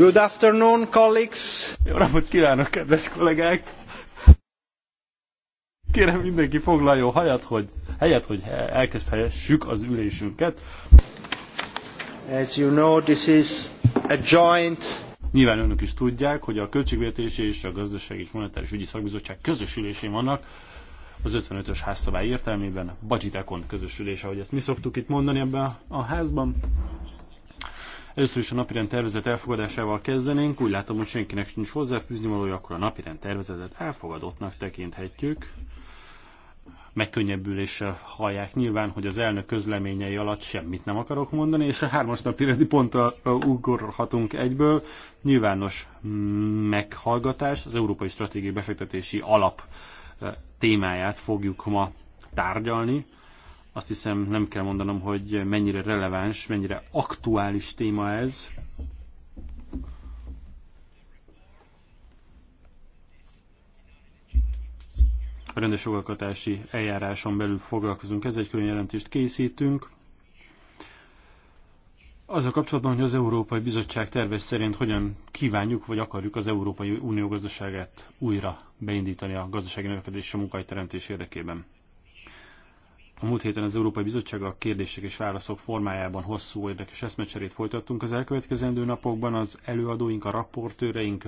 Good afternoon, colleagues. Jó napot kívánok, kedves kollégák! Kérem mindenki foglaljon helyet, hogy, helyet, hogy elkezdhessük az ülésünket. As you know, this is a joint... Nyilván önök is tudják, hogy a Költségvetési és a Gazdasági és Monetáris Ügyi Szakbizottság közös ülésén vannak, az 55-ös házszabály értelmében, Bajitekon közösülése, ahogy ezt mi szoktuk itt mondani ebben a házban. Először is a napirend tervezet elfogadásával kezdenénk. Úgy látom, hogy senkinek sincs hozzáfűzni valója, akkor a napirend tervezetet elfogadottnak tekinthetjük. Megkönnyebbüléssel hallják nyilván, hogy az elnök közleményei alatt semmit nem akarok mondani, és a hármas napirendi ponttal ugorhatunk egyből. Nyilvános mm, meghallgatás, az Európai Stratégiai Befektetési Alap témáját fogjuk ma tárgyalni azt hiszem nem kell mondanom, hogy mennyire releváns, mennyire aktuális téma ez. A rendes jogalkotási eljáráson belül foglalkozunk, ez egy külön jelentést készítünk. a kapcsolatban, hogy az Európai Bizottság tervez szerint hogyan kívánjuk vagy akarjuk az Európai Unió gazdaságát újra beindítani a gazdasági növekedés és a teremtés érdekében. A múlt héten az Európai Bizottság a kérdések és válaszok formájában hosszú érdekes eszmecserét folytattunk. Az elkövetkezendő napokban az előadóink, a raportőreink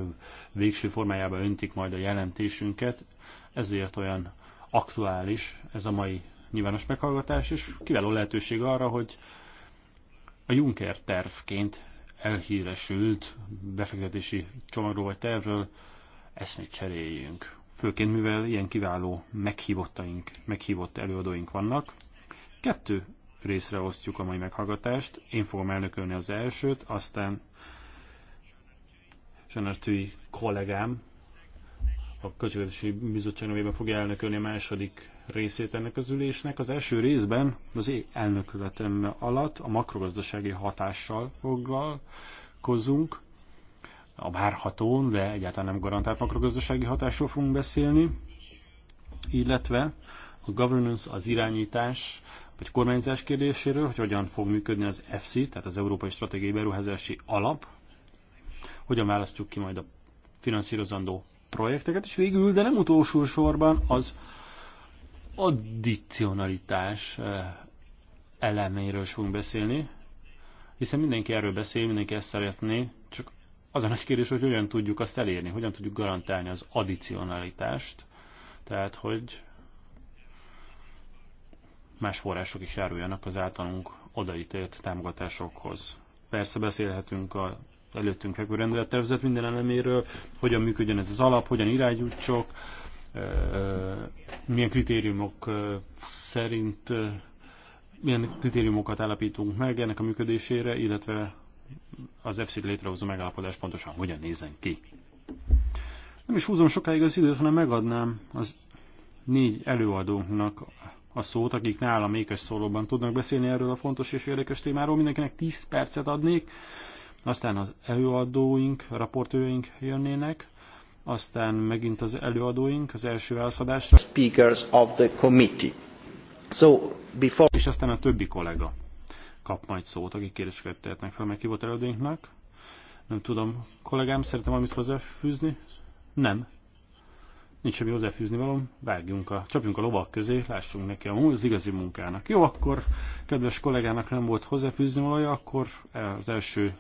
végső formájában öntik majd a jelentésünket, ezért olyan aktuális ez a mai nyilvános meghallgatás, és kiváló lehetőség arra, hogy a Juncker tervként elhíresült befektetési csomagról vagy tervről eszmét cseréljünk főként mivel ilyen kiváló meghívottaink, meghívott előadóink vannak. Kettő részre osztjuk a mai meghallgatást. Én fogom elnökölni az elsőt, aztán Zsanartői kollégám a Költségvetési Bizottság nevében fogja elnökölni a második részét ennek az ülésnek. Az első részben az én elnökületem alatt a makrogazdasági hatással foglalkozunk, a várható, de egyáltalán nem garantált makrogazdasági hatásról fogunk beszélni, illetve a governance, az irányítás, vagy kormányzás kérdéséről, hogy hogyan fog működni az FC, tehát az Európai Stratégiai Beruházási Alap, hogyan választjuk ki majd a finanszírozandó projekteket, és végül, de nem utolsó sorban az addicionalitás eh, eleméről is fogunk beszélni, hiszen mindenki erről beszél, mindenki ezt szeretné, az a nagy kérdés, hogy hogyan tudjuk azt elérni, hogyan tudjuk garantálni az addicionalitást, tehát hogy más források is járuljanak az általunk odaítélt támogatásokhoz. Persze beszélhetünk a előttünk fekvő rendelettervezet minden eleméről, hogyan működjön ez az alap, hogyan irányítsok, milyen kritériumok szerint milyen kritériumokat állapítunk meg ennek a működésére, illetve az EFSZ létrehozó megállapodás pontosan hogyan nézen ki. Nem is húzom sokáig az időt, hanem megadnám az négy előadónknak a szót, akik nálam ékes szólóban tudnak beszélni erről a fontos és érdekes témáról. Mindenkinek 10 percet adnék, aztán az előadóink, raportőink jönnének, aztán megint az előadóink az első elszadásra. Speakers of the committee. So, before... És aztán a többi kollega kap majd szót, akik kérdéseket tehetnek fel, mert ki volt előadóinknak. Nem tudom, kollégám, szeretem valamit hozzáfűzni? Nem. Nincs semmi hozzáfűzni valam. vágjunk a, csapjunk a lovak közé, lássunk neki a, az igazi munkának. Jó, akkor kedves kollégának nem volt hozzáfűzni valója, akkor az első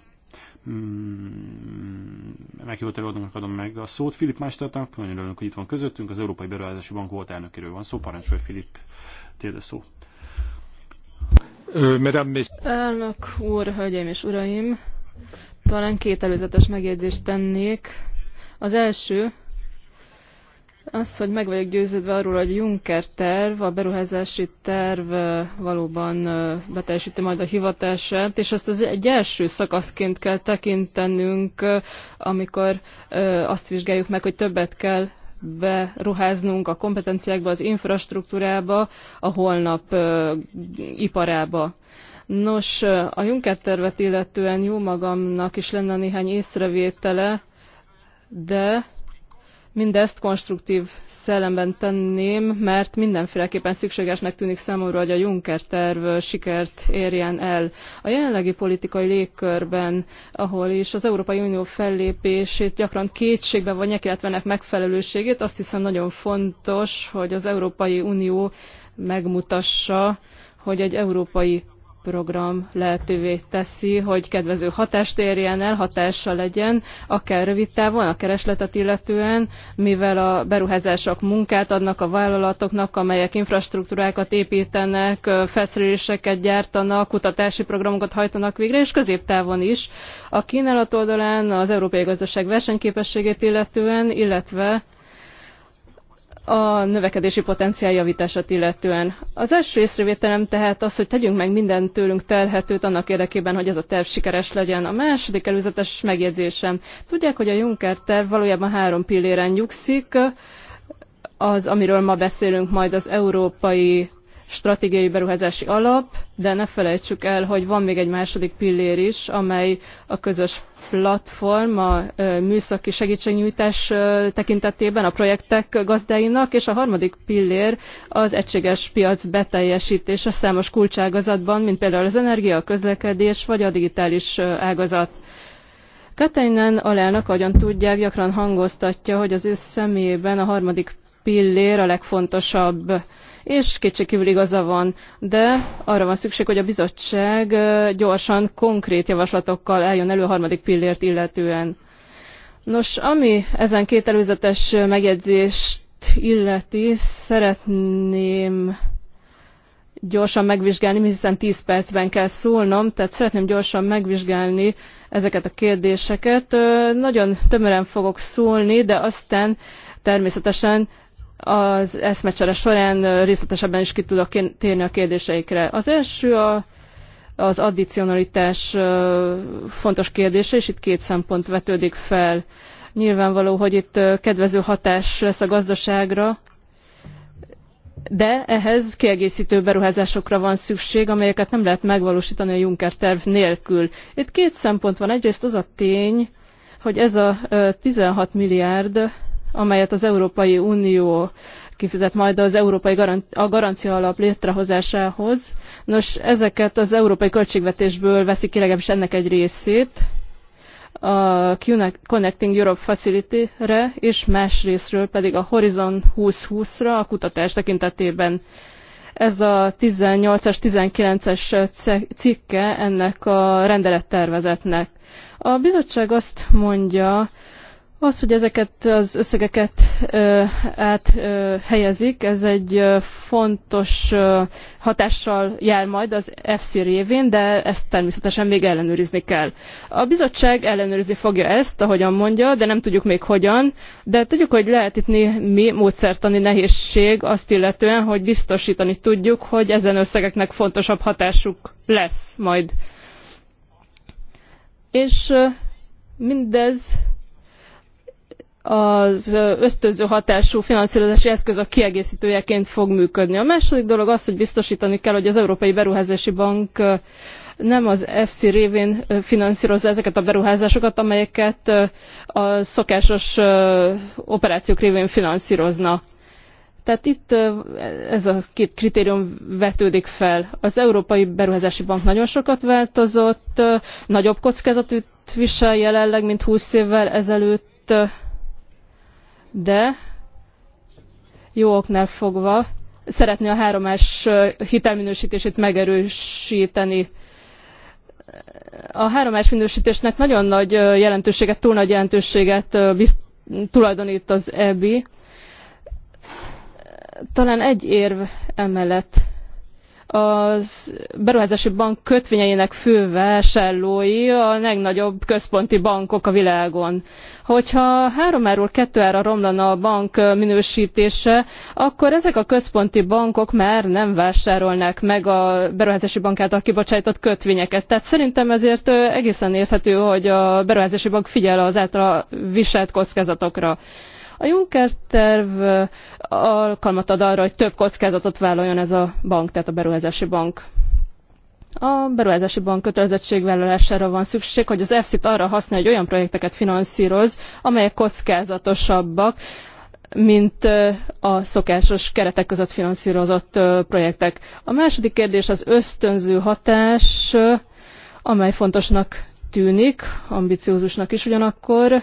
mm, meghívott előadónak adom meg a szót. Filip Mástartnak, nagyon örülünk, hogy itt van közöttünk, az Európai Beruházási Bank volt elnökéről van szó, parancsolj Filip, tiéd a szó. Elnök úr, hölgyeim és uraim! Talán két előzetes megjegyzést tennék. Az első, az, hogy meg vagyok győződve arról, hogy Juncker terv, a beruházási terv valóban beteljesíti majd a hivatását, és ezt az egy első szakaszként kell tekintenünk, amikor azt vizsgáljuk meg, hogy többet kell beruháznunk a kompetenciákba, az infrastruktúrába, a holnap iparába. Nos, a Juncker tervet illetően jó magamnak is lenne néhány észrevétele, de Mindezt konstruktív szellemben tenném, mert mindenféleképpen szükségesnek tűnik számomra, hogy a Juncker terv sikert érjen el. A jelenlegi politikai légkörben, ahol is az Európai Unió fellépését gyakran kétségbe vonják, illetve ennek megfelelőségét, azt hiszem nagyon fontos, hogy az Európai Unió megmutassa, hogy egy európai program lehetővé teszi, hogy kedvező hatást érjen el, hatással legyen, akár rövid távon, a keresletet illetően, mivel a beruházások munkát adnak a vállalatoknak, amelyek infrastruktúrákat építenek, felszereléseket gyártanak, kutatási programokat hajtanak végre, és középtávon is. A kínálat oldalán az európai gazdaság versenyképességét illetően, illetve a növekedési potenciál javítását illetően. Az első észrevételem tehát az, hogy tegyünk meg minden tőlünk telhetőt annak érdekében, hogy ez a terv sikeres legyen. A második előzetes megjegyzésem. Tudják, hogy a Juncker terv valójában három pilléren nyugszik. Az, amiről ma beszélünk, majd az európai stratégiai beruházási alap, de ne felejtsük el, hogy van még egy második pillér is, amely a közös platform a műszaki segítségnyújtás tekintetében a projektek gazdáinak, és a harmadik pillér az egységes piac beteljesítése számos kulcságazatban, mint például az energia, a közlekedés vagy a digitális ágazat. Katainen alelnök, ahogyan tudják, gyakran hangoztatja, hogy az ő személyében a harmadik pillér a legfontosabb, és kétségkívül igaza van, de arra van szükség, hogy a bizottság gyorsan konkrét javaslatokkal eljön elő a harmadik pillért illetően. Nos, ami ezen két előzetes megjegyzést illeti, szeretném gyorsan megvizsgálni, hiszen 10 percben kell szólnom, tehát szeretném gyorsan megvizsgálni ezeket a kérdéseket. Nagyon tömören fogok szólni, de aztán természetesen az eszmecsere során részletesebben is ki tudok térni a kérdéseikre. Az első a, az addicionalitás fontos kérdése, és itt két szempont vetődik fel. Nyilvánvaló, hogy itt kedvező hatás lesz a gazdaságra, de ehhez kiegészítő beruházásokra van szükség, amelyeket nem lehet megvalósítani a Juncker terv nélkül. Itt két szempont van. Egyrészt az a tény, hogy ez a 16 milliárd amelyet az Európai Unió kifizet majd az európai garanci- a garancia alap létrehozásához. Nos, ezeket az európai költségvetésből veszik ki legalábbis ennek egy részét a Connecting Europe Facility-re, és más részről pedig a Horizon 2020-ra a kutatás tekintetében. Ez a 18-as, 19-es cikke ennek a rendelettervezetnek. A bizottság azt mondja, az, hogy ezeket az összegeket ö, áthelyezik, ez egy fontos hatással jár majd az FC révén, de ezt természetesen még ellenőrizni kell. A bizottság ellenőrizni fogja ezt, ahogyan mondja, de nem tudjuk még hogyan, de tudjuk, hogy lehet itt mi módszertani nehézség azt illetően, hogy biztosítani tudjuk, hogy ezen összegeknek fontosabb hatásuk lesz majd. És mindez az ösztönző hatású finanszírozási eszköz a kiegészítőjeként fog működni. A második dolog az, hogy biztosítani kell, hogy az Európai Beruházási Bank nem az FC révén finanszírozza ezeket a beruházásokat, amelyeket a szokásos operációk révén finanszírozna. Tehát itt ez a két kritérium vetődik fel. Az Európai Beruházási Bank nagyon sokat változott, nagyobb kockázatot visel jelenleg, mint 20 évvel ezelőtt de jó oknál fogva szeretné a 3S hitelminősítését megerősíteni. A 3S minősítésnek nagyon nagy jelentőséget, túl nagy jelentőséget bizt, tulajdonít az EBI. Talán egy érv emellett az beruházási bank kötvényeinek fő vásárlói a legnagyobb központi bankok a világon. Hogyha háromáról ára romlana a bank minősítése, akkor ezek a központi bankok már nem vásárolnák meg a beruházási bank által kibocsájtott kötvényeket. Tehát szerintem ezért egészen érthető, hogy a beruházási bank figyel az által viselt kockázatokra. A Juncker terv alkalmat ad arra, hogy több kockázatot vállaljon ez a bank, tehát a beruházási bank. A beruházási bank kötelezettségvállalására van szükség, hogy az EFSZ-t arra használja, hogy olyan projekteket finanszíroz, amelyek kockázatosabbak, mint a szokásos keretek között finanszírozott projektek. A második kérdés az ösztönző hatás, amely fontosnak tűnik, ambiciózusnak is ugyanakkor,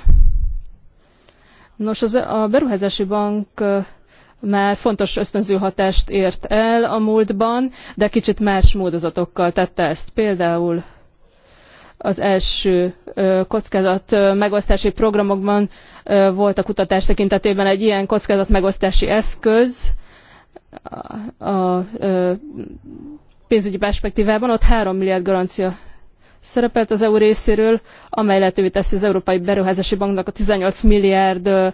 Nos, az, a beruházási bank már fontos ösztönző hatást ért el a múltban, de kicsit más módozatokkal tette ezt. Például az első kockázat megosztási programokban volt a kutatás tekintetében egy ilyen kockázat megosztási eszköz a pénzügyi perspektívában, ott 3 milliárd garancia szerepelt az EU részéről, amely lehetővé teszi az Európai Beruházási Banknak a 18 milliárd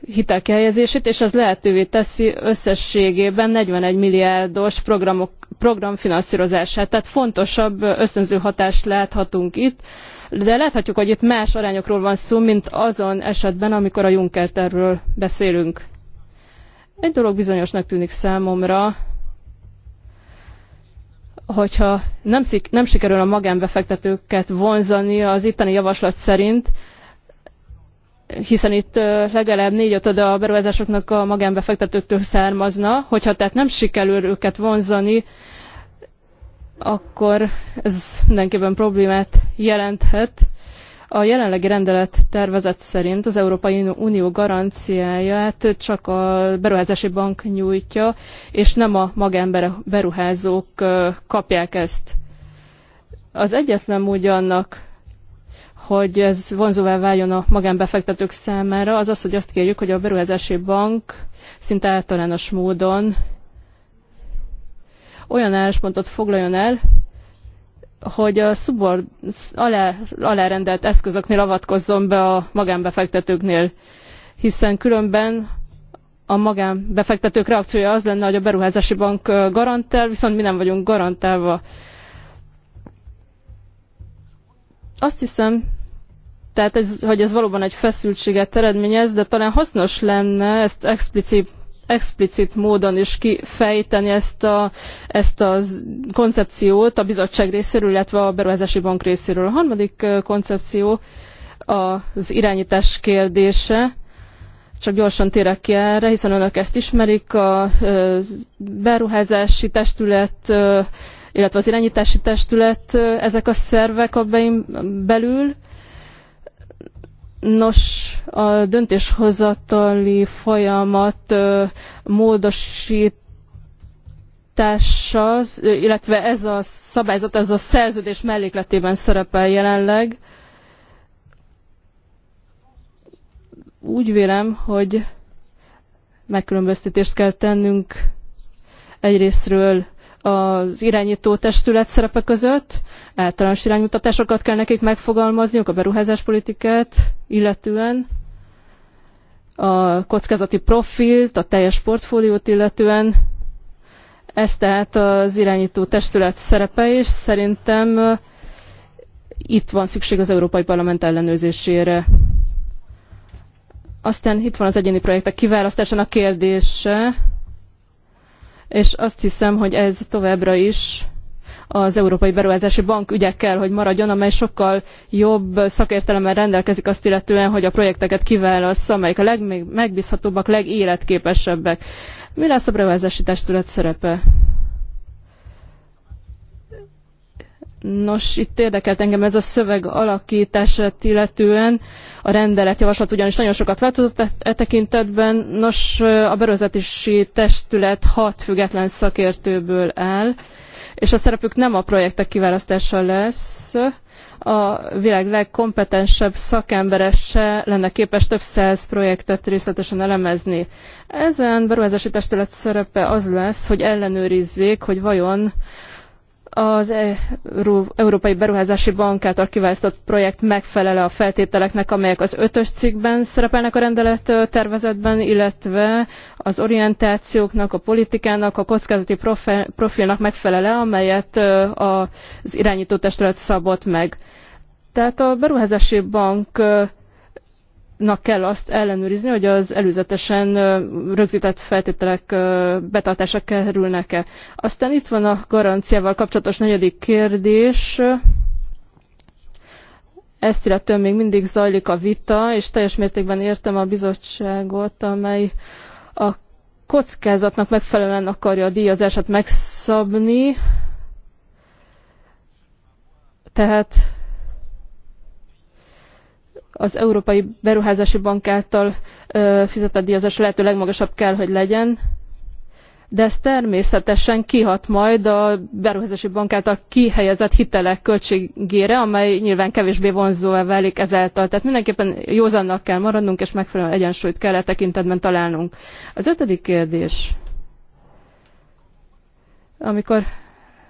hitelkehelyezését, és ez lehetővé teszi összességében 41 milliárdos programok, programfinanszírozását. Tehát fontosabb ösztönző hatást láthatunk itt, de láthatjuk, hogy itt más arányokról van szó, mint azon esetben, amikor a Juncker tervről beszélünk. Egy dolog bizonyosnak tűnik számomra, hogyha nem, nem sikerül a magánbefektetőket vonzani az itteni javaslat szerint, hiszen itt legalább ötöd a beruházásoknak a magánbefektetőktől származna, hogyha tehát nem sikerül őket vonzani, akkor ez mindenképpen problémát jelenthet a jelenlegi rendelet tervezet szerint az Európai Unió garanciáját csak a beruházási bank nyújtja, és nem a beruházók kapják ezt. Az egyetlen módja annak, hogy ez vonzóvá váljon a magánbefektetők számára, az az, hogy azt kérjük, hogy a beruházási bank szinte általános módon olyan álláspontot foglaljon el, hogy a szubor alá, alárendelt eszközöknél avatkozzon be a magánbefektetőknél, hiszen különben a magánbefektetők reakciója az lenne, hogy a beruházási bank garantál, viszont mi nem vagyunk garantálva. Azt hiszem, tehát ez, hogy ez valóban egy feszültséget eredményez, de talán hasznos lenne ezt explicit explicit módon is kifejteni ezt a, ezt a koncepciót a bizottság részéről, illetve a beruházási bank részéről. A harmadik koncepció az irányítás kérdése. Csak gyorsan térek ki erre, hiszen önök ezt ismerik. A beruházási testület illetve az irányítási testület, ezek a szervek abban belül, Nos, a döntéshozatali folyamat módosít illetve ez a szabályzat, ez a szerződés mellékletében szerepel jelenleg. Úgy vélem, hogy megkülönböztetést kell tennünk egyrésztről az irányító testület szerepe között. Általános iránymutatásokat kell nekik megfogalmazniuk a beruházáspolitikát illetően a kockázati profilt, a teljes portfóliót illetően. Ez tehát az irányító testület szerepe, és szerintem itt van szükség az Európai Parlament ellenőrzésére. Aztán itt van az egyéni projektek kiválasztásának kérdése és azt hiszem, hogy ez továbbra is az Európai Beruházási Bank ügye kell, hogy maradjon, amely sokkal jobb szakértelemmel rendelkezik azt illetően, hogy a projekteket kiválassza, amelyek a legmegbízhatóbbak, legéletképesebbek. Mi lesz a beruházási testület szerepe? Nos, itt érdekelt engem ez a szöveg alakítását illetően. A rendelet javaslat ugyanis nagyon sokat változott e, e tekintetben. Nos, a bevezetési testület hat független szakértőből áll, és a szerepük nem a projektek kiválasztása lesz. A világ legkompetensebb szakembere lenne képes több száz projektet részletesen elemezni. Ezen beruházási testület szerepe az lesz, hogy ellenőrizzék, hogy vajon az e- Európai Beruházási Bank által kiválasztott projekt megfelele a feltételeknek, amelyek az ötös cikkben szerepelnek a rendelet tervezetben, illetve az orientációknak, a politikának, a kockázati profilnak megfelele, amelyet az irányító testület szabott meg. Tehát a beruházási bank nak kell azt ellenőrizni, hogy az előzetesen rögzített feltételek betartása kerülnek-e. Aztán itt van a garanciával kapcsolatos negyedik kérdés. Ezt illetően még mindig zajlik a vita, és teljes mértékben értem a bizottságot, amely a kockázatnak megfelelően akarja a díjazását megszabni. Tehát az Európai Beruházási Bank által fizetett díjazás lehető legmagasabb kell, hogy legyen, de ez természetesen kihat majd a Beruházási Bank által kihelyezett hitelek költségére, amely nyilván kevésbé vonzóvá e válik ezáltal. Tehát mindenképpen józannak kell maradnunk, és megfelelő egyensúlyt kell e tekintetben találnunk. Az ötödik kérdés. Amikor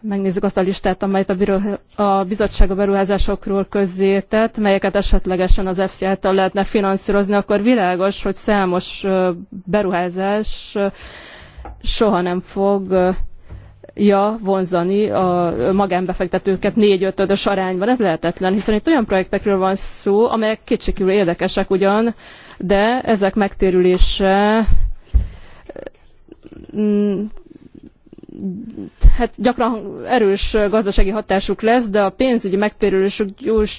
megnézzük azt a listát, amelyet a, a bizottság a beruházásokról közzétett, melyeket esetlegesen az FC által lehetne finanszírozni, akkor világos, hogy számos beruházás soha nem fog ja vonzani a magánbefektetőket négy ötödös arányban. Ez lehetetlen, hiszen itt olyan projektekről van szó, amelyek kétségkívül érdekesek ugyan, de ezek megtérülése mm, hát gyakran erős gazdasági hatásuk lesz, de a pénzügyi megtérülésük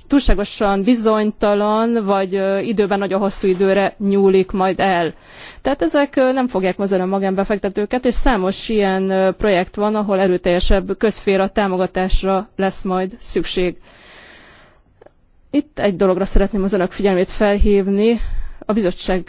túlságosan bizonytalan, vagy időben nagyon hosszú időre nyúlik majd el. Tehát ezek nem fogják mozani a magánbefektetőket, és számos ilyen projekt van, ahol erőteljesebb közféra támogatásra lesz majd szükség. Itt egy dologra szeretném az önök figyelmét felhívni. A bizottság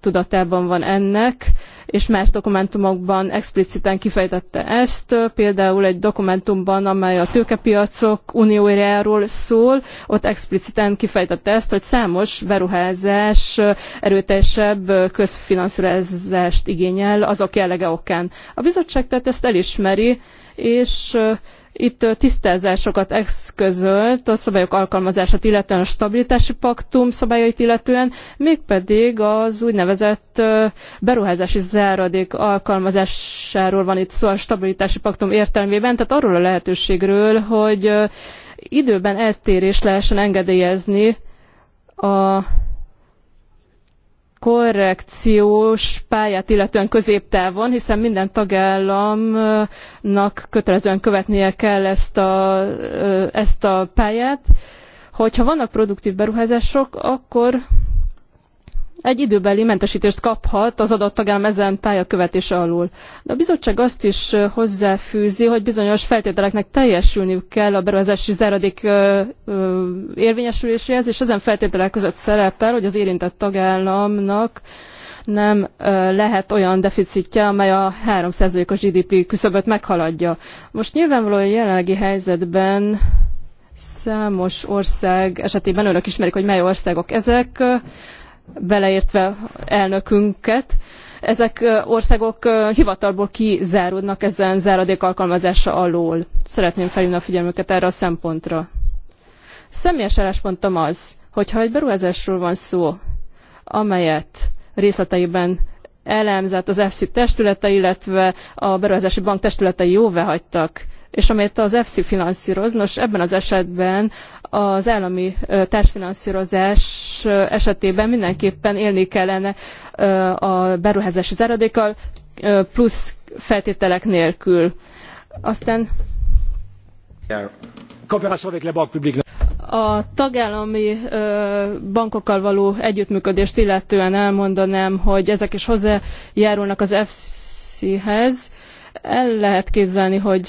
tudatában van ennek, és más dokumentumokban expliciten kifejtette ezt, például egy dokumentumban, amely a tőkepiacok uniójáról szól, ott expliciten kifejtette ezt, hogy számos beruházás erőteljesebb közfinanszírozást igényel azok jellege okán. A bizottság tehát ezt elismeri, és itt tisztázásokat eszközölt a szabályok alkalmazását, illetően a stabilitási paktum szabályait illetően, mégpedig az úgynevezett beruházási záradék alkalmazásáról van itt szó a stabilitási paktum értelmében, tehát arról a lehetőségről, hogy időben eltérés lehessen engedélyezni a korrekciós pályát illetően középtávon, hiszen minden tagállamnak kötelezően követnie kell ezt a, ezt a pályát. Hogyha vannak produktív beruházások, akkor egy időbeli mentesítést kaphat az adott tagállam ezen követése alól. De a bizottság azt is hozzáfűzi, hogy bizonyos feltételeknek teljesülniük kell a beruházási záradék érvényesüléséhez, és ezen feltételek között szerepel, hogy az érintett tagállamnak nem lehet olyan deficitje, amely a 3%-os GDP küszöböt meghaladja. Most nyilvánvalóan a jelenlegi helyzetben számos ország esetében önök ismerik, hogy mely országok ezek, beleértve elnökünket, ezek országok hivatalból kizáródnak ezen záradék alkalmazása alól. Szeretném felhívni a figyelmüket erre a szempontra. Személyes álláspontom az, hogyha egy beruházásról van szó, amelyet részleteiben elemzett az EFSI testülete, illetve a beruházási bank testületei jóváhagytak, és amelyet az EFSI finanszíroz, nos ebben az esetben az állami társfinanszírozás esetében mindenképpen élni kellene a beruházási záradékkal plusz feltételek nélkül. Aztán a tagállami bankokkal való együttműködést illetően elmondanám, hogy ezek is hozzájárulnak az FC-hez. El lehet képzelni, hogy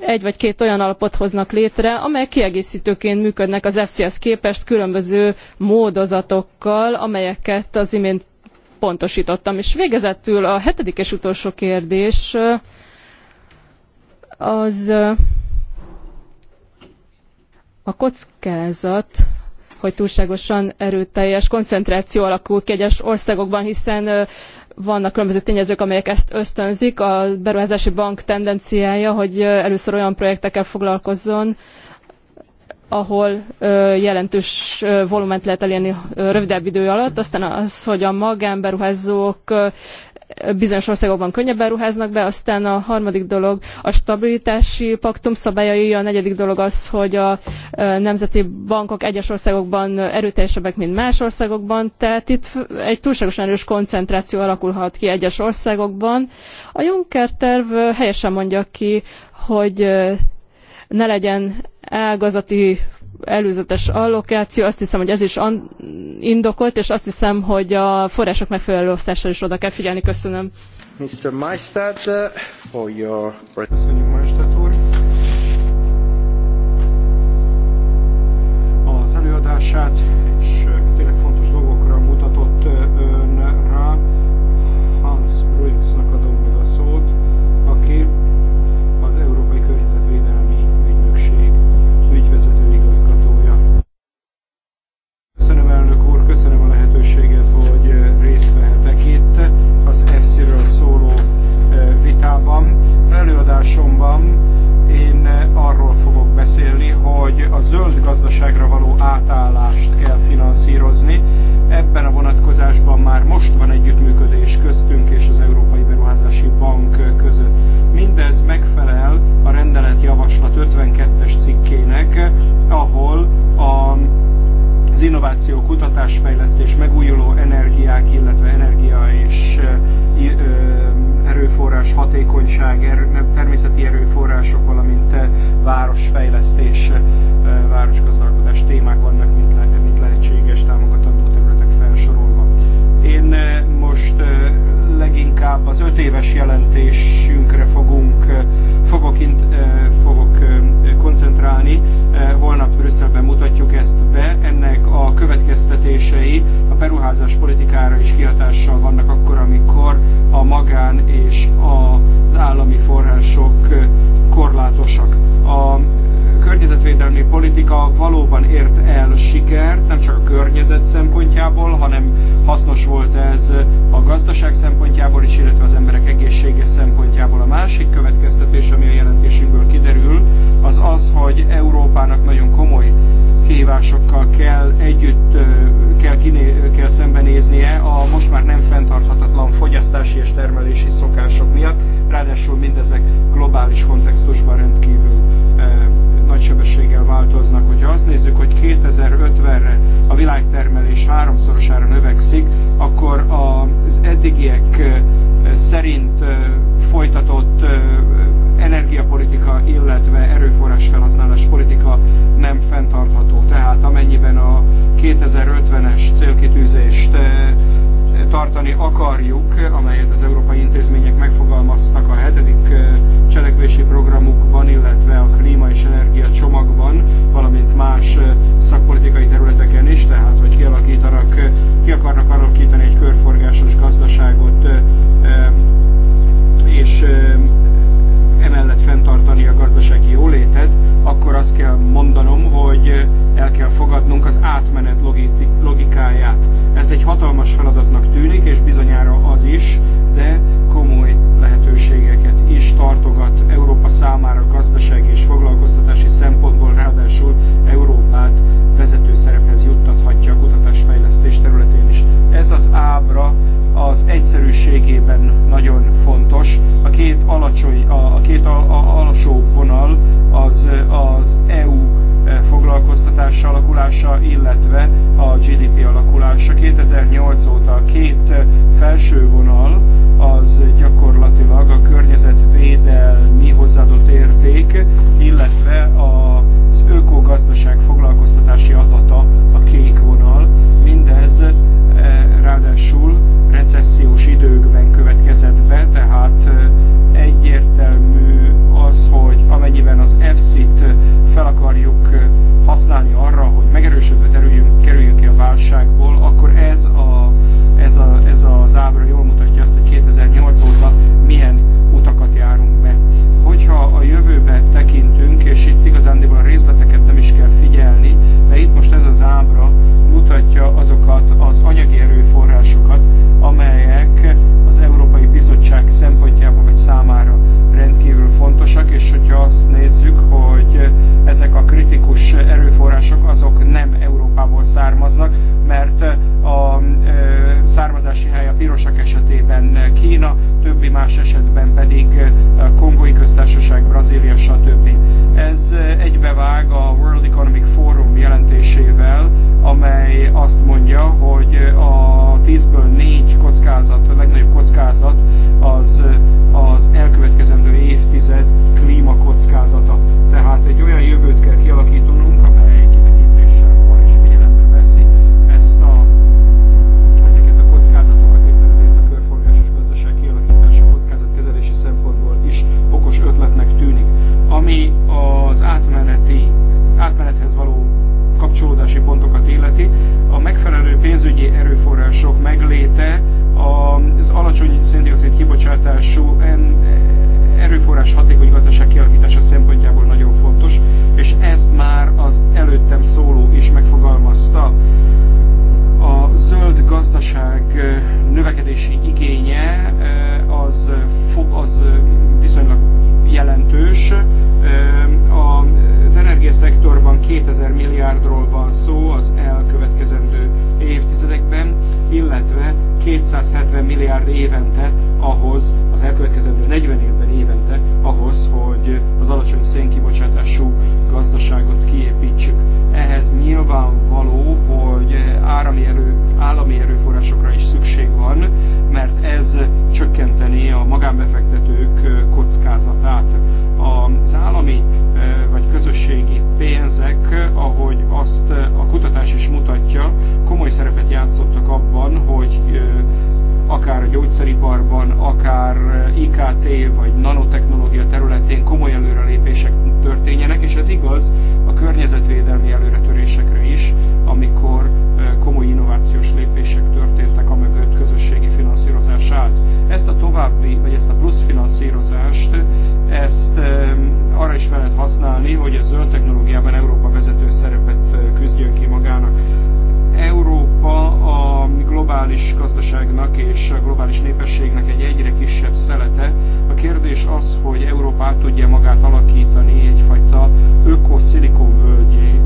egy vagy két olyan alapot hoznak létre, amelyek kiegészítőként működnek az FCS képest különböző módozatokkal, amelyeket az imént pontosítottam. És végezetül a hetedik és utolsó kérdés az a kockázat, hogy túlságosan erőteljes koncentráció alakul ki egyes országokban, hiszen vannak különböző tényezők, amelyek ezt ösztönzik. A beruházási bank tendenciája, hogy először olyan projektekkel foglalkozzon, ahol jelentős volument lehet elérni rövidebb idő alatt, aztán az, hogy a magánberuházók bizonyos országokban könnyebben ruháznak be, aztán a harmadik dolog a stabilitási paktum szabályai, a negyedik dolog az, hogy a nemzeti bankok egyes országokban erőteljesebbek, mint más országokban, tehát itt egy túlságosan erős koncentráció alakulhat ki egyes országokban. A Juncker terv helyesen mondja ki, hogy ne legyen ágazati előzetes allokáció, azt hiszem, hogy ez is indokolt, és azt hiszem, hogy a források megfelelő osztására is oda kell figyelni. Köszönöm. Mr. Maestad, uh, for your... Köszönjük, Maestad úr. Az előadását az innováció, kutatásfejlesztés, megújuló energiák, illetve energia és erőforrás hatékonyság, természeti erőforrások, valamint városfejlesztés, városgazdálkodás témák vannak, mint lehetséges támogatandó területek felsorolva. Én most leginkább az öt éves jelentésünkre fogunk, fogok, koncentrálni. Eh, holnap Brüsszelben mutatjuk ezt be. Ennek a következtetései a beruházás politikára is kihatással vannak akkor, amikor a magán és az állami források eh, korlátosak. A környezetvédelmi politika valóban ért el sikert, nem csak a környezet szempontjából, hanem hasznos volt ez a gazdaság szempontjából is, illetve az emberek egészsége szempontjából. A másik következtetés, ami a jelentésünkből kiderül, az az, hogy Európának nagyon komoly kihívásokkal kell együtt kell, kiné, kell szembenéznie a most már nem fenntarthatatlan fogyasztási és termelési szokások miatt, ráadásul mindezek globális kontextusban rendkívül nagy sebességgel változnak. Hogyha azt nézzük, hogy 2050-re a világtermelés háromszorosára növekszik, akkor az eddigiek szerint folytatott energiapolitika, illetve erőforrás felhasználás politika nem fenntartható. Tehát amennyiben a 2050-es célkitűzést tartani akarjuk, amelyet az európai intézmények megfogalmaztak a hetedik cselekvési programukban, illetve a klíma és energia csomagban, valamint más szakpolitikai területeken is, tehát hogy kialakítanak, ki akarnak alakítani egy körforgásos gazdaságot, és emellett fenntartani a gazdasági jólétet, akkor azt kell mondanom, hogy el kell fogadnunk az átmenet logikáját. Ez egy hatalmas feladatnak tűnik, és bizonyára az is, de komoly lehetőségeket is tartogat Európa számára gazdasági és foglalkoztatási szempontból, ráadásul Európát vezető szerephez juttathatja a kutatásfejlesztés területén. Ez az ábra az egyszerűségében nagyon fontos. A két, alacsony, a, a két al, a, alsó vonal az az EU eh, foglalkoztatása alakulása, illetve a GDP alakulása. 2008 óta a két eh, felső vonal az gyakorlatilag a környezetvédelmi hozzáadott érték, illetve az ökogazdaság foglalkoztatási adata a kék vonal. Mindez E, ráadásul recessziós időkben következett be, tehát e, egyértelmű az, hogy amennyiben az EFSZ-t e, fel akarjuk használni arra, hogy megerősödve kerüljünk ki a válságból, akkor ez, a, ez, a, ez az ábra jól mutatja, megmutatja azokat az anyagi erőforrásokat, amelyek az Európai Bizottság szempontjából vagy számára rendkívül fontosak, és hogyha azt nézzük, migránsok azok nem Európából származnak, mert a származási hely a pirosak esetében Kína, többi más esetben pedig Kongói Köztársaság, Brazília, stb. Ez egybevág a World Economic Forum jelentésével, amely azt mondja, hogy a 10-ből 4 kockázat, a legnagyobb kockázat az, az elkövetkezendő évtized klímakockázata. Tehát egy olyan jövőt kell kialakítunk, ami az átmeneti, átmenethez való kapcsolódási pontokat illeti, a megfelelő pénzügyi erőforrások megléte az alacsony széndiokszid kibocsátású erőforrás hatékony gazdaság kialakítása szempontjából nagyon fontos, és ezt már az előttem szóló is megfogalmazta. A zöld gazdaság növekedési igénye az, az viszonylag jelentős. Az energiaszektorban 2000 milliárdról van szó az elkövetkezendő évtizedekben, illetve 270 milliárd évente ahhoz, az elkövetkezendő 40 évben évente ahhoz, hogy az alacsony szénkibocsátású gazdaságot akár a gyógyszeriparban, akár IKT vagy nanotechnológia területén komoly előrelépések történjenek, és ez igaz a környezetvédelmi előretörésekre is, amikor komoly innovációs lépések történtek, a mögött közösségi finanszírozás állt. Ezt a további, vagy ezt a plusz finanszírozást, ezt arra is fel lehet használni, hogy a zöld technológiában Európa vezető szerepet küzdjön ki magának. Európa a globális gazdaságnak és a globális népességnek egy egyre kisebb szelete. A kérdés az, hogy Európa tudja magát alakítani egyfajta öko-szilikonvölgyé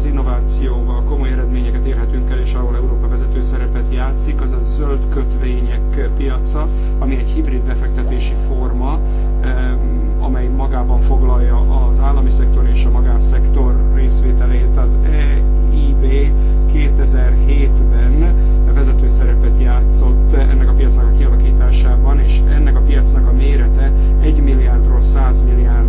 az innovációval komoly eredményeket érhetünk el, és ahol Európa vezető szerepet játszik, az a zöld kötvények piaca, ami egy hibrid befektetési forma, eh, amely magában foglalja az állami szektor és a magánszektor részvételét. Az EIB 2007-ben vezető szerepet játszott ennek a piacnak a kialakításában, és ennek a piacnak a mérete 1 milliárdról 100 milliárd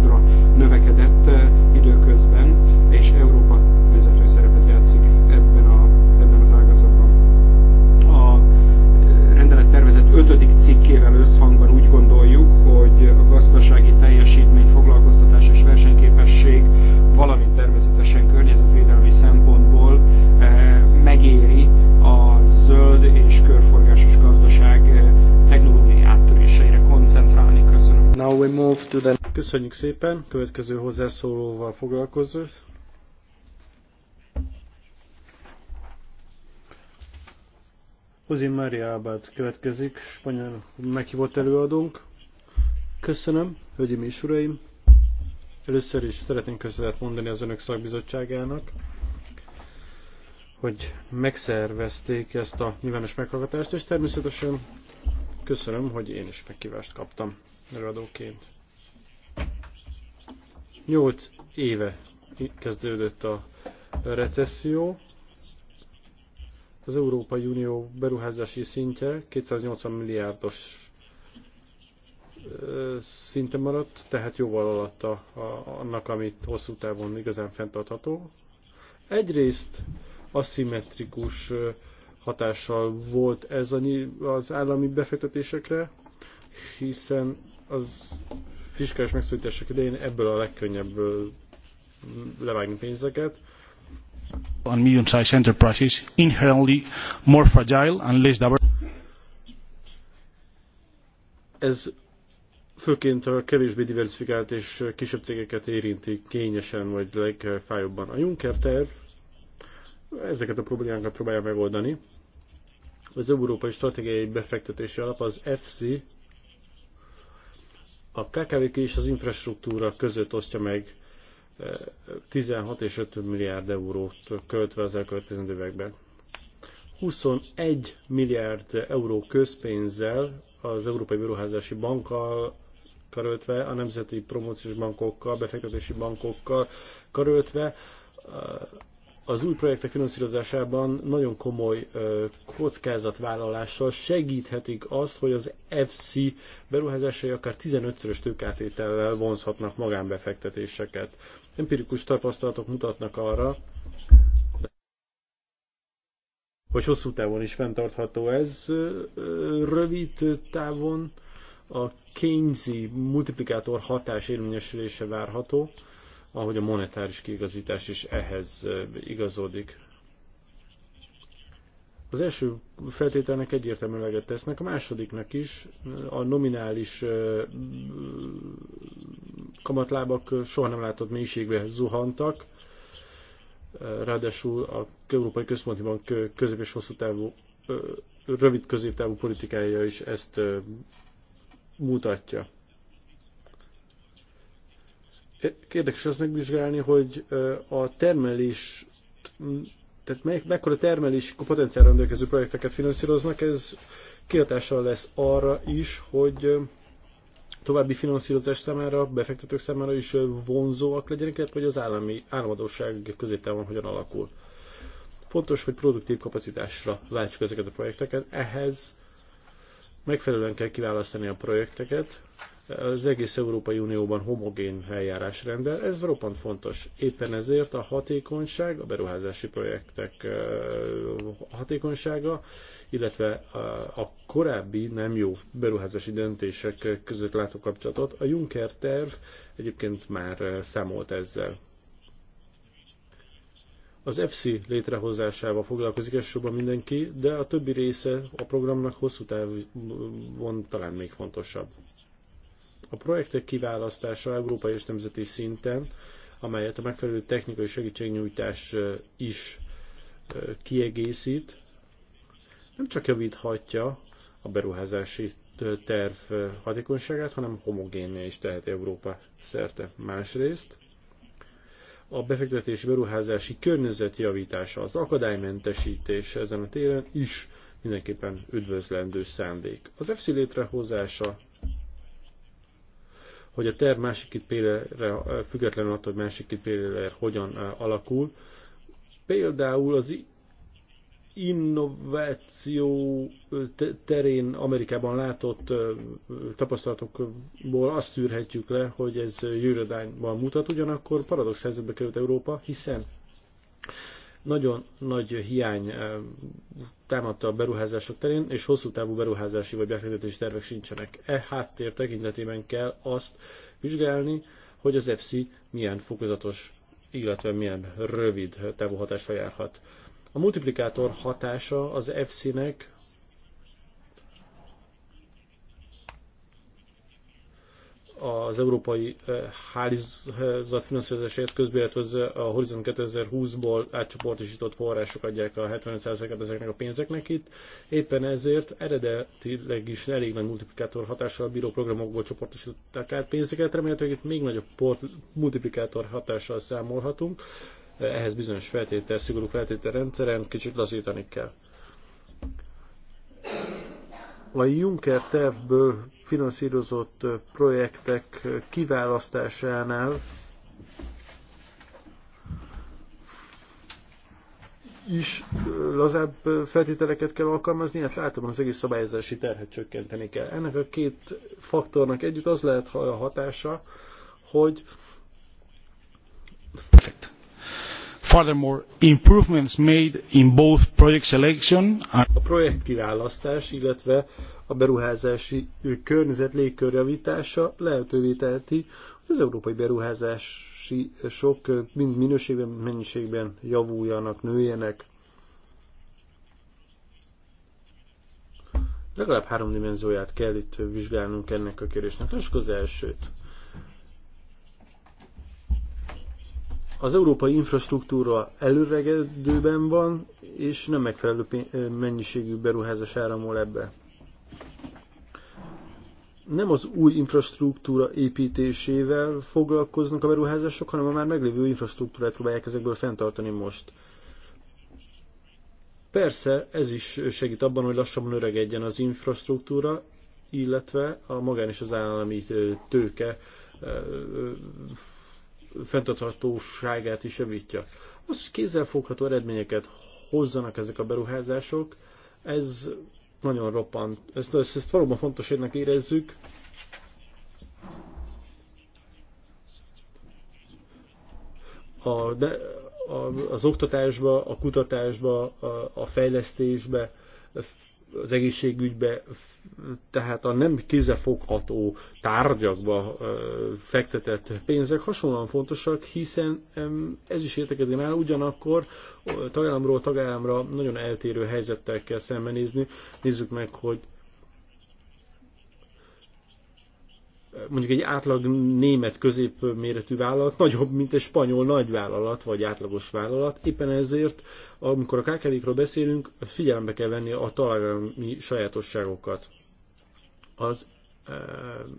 Köszönjük szépen, következő hozzászólóval foglalkozó. Hozi Maria Abad következik, spanyol meghívott előadónk. Köszönöm, hölgyeim és uraim! Először is szeretnénk köszönet mondani az Önök szakbizottságának, hogy megszervezték ezt a nyilvános meghallgatást, és természetesen köszönöm, hogy én is megkívást kaptam előadóként. 8 éve kezdődött a recesszió. Az Európai Unió beruházási szintje 280 milliárdos szinte maradt, tehát jóval alatta annak, amit hosszú távon igazán fenntartható. Egyrészt aszimmetrikus hatással volt ez az állami befektetésekre, hiszen az fiskális megszorítások idején ebből a legkönnyebb levágni pénzeket. On medium-sized enterprises inherently more fragile and less diverse. Ez főként a kevésbé diversifikált és kisebb cégeket érinti kényesen vagy legfájóbban. A Juncker terv ezeket a problémákat próbálja megoldani. Az Európai Stratégiai Befektetési Alap, az EFSI a kkv és az infrastruktúra között osztja meg 16 eh, és 5 milliárd eurót költve az elkövetkező években. 21 milliárd euró közpénzzel az Európai Beruházási Bankkal karöltve, a nemzeti promóciós bankokkal, befektetési bankokkal karöltve eh, az új projektek finanszírozásában nagyon komoly kockázatvállalással segíthetik azt, hogy az FC beruházásai akár 15-szörös tőkátétellel vonzhatnak magánbefektetéseket. Empirikus tapasztalatok mutatnak arra, hogy hosszú távon is fenntartható ez, rövid távon a Keynesi multiplikátor hatás érvényesülése várható, ahogy a monetáris kiigazítás is ehhez igazodik. Az első feltételnek egyértelműleget tesznek, a másodiknak is a nominális kamatlábak soha nem látott mélységbe zuhantak, ráadásul a Európai Központi Bank közép és hosszú távú, rövid középtávú politikája is ezt mutatja. Érdekes azt megvizsgálni, hogy a termelés, tehát melyik, mekkora termelési potenciál rendelkező projekteket finanszíroznak, ez kihatással lesz arra is, hogy további finanszírozás számára, befektetők számára is vonzóak legyenek, illetve hogy az állami államadóság középtávon hogyan alakul. Fontos, hogy produktív kapacitásra váltsuk ezeket a projekteket, ehhez megfelelően kell kiválasztani a projekteket, az egész Európai Unióban homogén eljárás rendel. Ez roppant fontos. Éppen ezért a hatékonyság, a beruházási projektek hatékonysága, illetve a korábbi nem jó beruházási döntések között látó kapcsolatot. A Juncker terv egyébként már számolt ezzel. Az EFSI létrehozásával foglalkozik elsősorban mindenki, de a többi része a programnak hosszú távon talán még fontosabb. A projektek kiválasztása európai és nemzeti szinten, amelyet a megfelelő technikai segítségnyújtás is kiegészít, nem csak javíthatja a beruházási terv hatékonyságát, hanem homogénné is tehet Európa szerte. Másrészt a befektetési beruházási környezet javítása, az akadálymentesítés ezen a téren is mindenképpen üdvözlendő szándék. Az EFSZI létrehozása hogy a terv másik két pillére, függetlenül attól, hogy másik két pillére hogyan alakul, például az innováció terén Amerikában látott tapasztalatokból azt tűrhetjük le, hogy ez jövődányban mutat, ugyanakkor paradox helyzetbe került Európa, hiszen nagyon nagy hiány támadta a beruházások terén, és hosszú távú beruházási vagy befektetési tervek sincsenek. E háttér tekintetében kell azt vizsgálni, hogy az EFSI milyen fokozatos, illetve milyen rövid távú hatásra járhat. A multiplikátor hatása az EFSI-nek az európai eh, hálózatfinanszírozási eszközbe, illetve eh, a Horizon 2020-ból átcsoportosított források adják a 75%-et ezeknek a pénzeknek itt. Éppen ezért eredetileg is elég nagy multiplikátor hatással bíró programokból csoportosították át pénzeket, remélhetőleg itt még nagyobb multiplikátor hatással számolhatunk. Eh, ehhez bizonyos feltétel, szigorú feltétel rendszeren kicsit lazítani kell. A Juncker tervből finanszírozott projektek kiválasztásánál is lazább feltételeket kell alkalmazni, hát látom, az egész szabályozási terhet csökkenteni kell. Ennek a két faktornak együtt az lehet a hatása, hogy Furthermore, improvements made in both project selection and a projekt kiválasztás, illetve a beruházási környezet légkörjavítása lehetővé teheti, hogy az európai beruházási sok mind minőségben, mennyiségben javuljanak, nőjenek. Legalább három dimenzióját kell itt vizsgálnunk ennek a kérdésnek. Lássuk az elsőt. Az európai infrastruktúra előregedőben van, és nem megfelelő mennyiségű beruházás áramol ebbe. Nem az új infrastruktúra építésével foglalkoznak a beruházások, hanem a már meglévő infrastruktúrát próbálják ezekből fenntartani most. Persze ez is segít abban, hogy lassabban öregedjen az infrastruktúra, illetve a magán és az állami tőke fenntarthatóságát is javítja. Az, hogy kézzelfogható eredményeket hozzanak ezek a beruházások, ez nagyon roppant. Ezt, ezt, ezt valóban érnek érezzük. A, de, a, az oktatásba, a kutatásba, a, a fejlesztésbe az egészségügybe, tehát a nem kézefogható tárgyakba fektetett pénzek hasonlóan fontosak, hiszen ez is értekedik már, ugyanakkor tagállamról tagállamra nagyon eltérő helyzettel kell szembenézni. Nézzük meg, hogy mondjuk egy átlag német középméretű vállalat nagyobb, mint egy spanyol nagyvállalat, vagy átlagos vállalat. Éppen ezért, amikor a kkv beszélünk, figyelembe kell venni a tagállami sajátosságokat. Az e,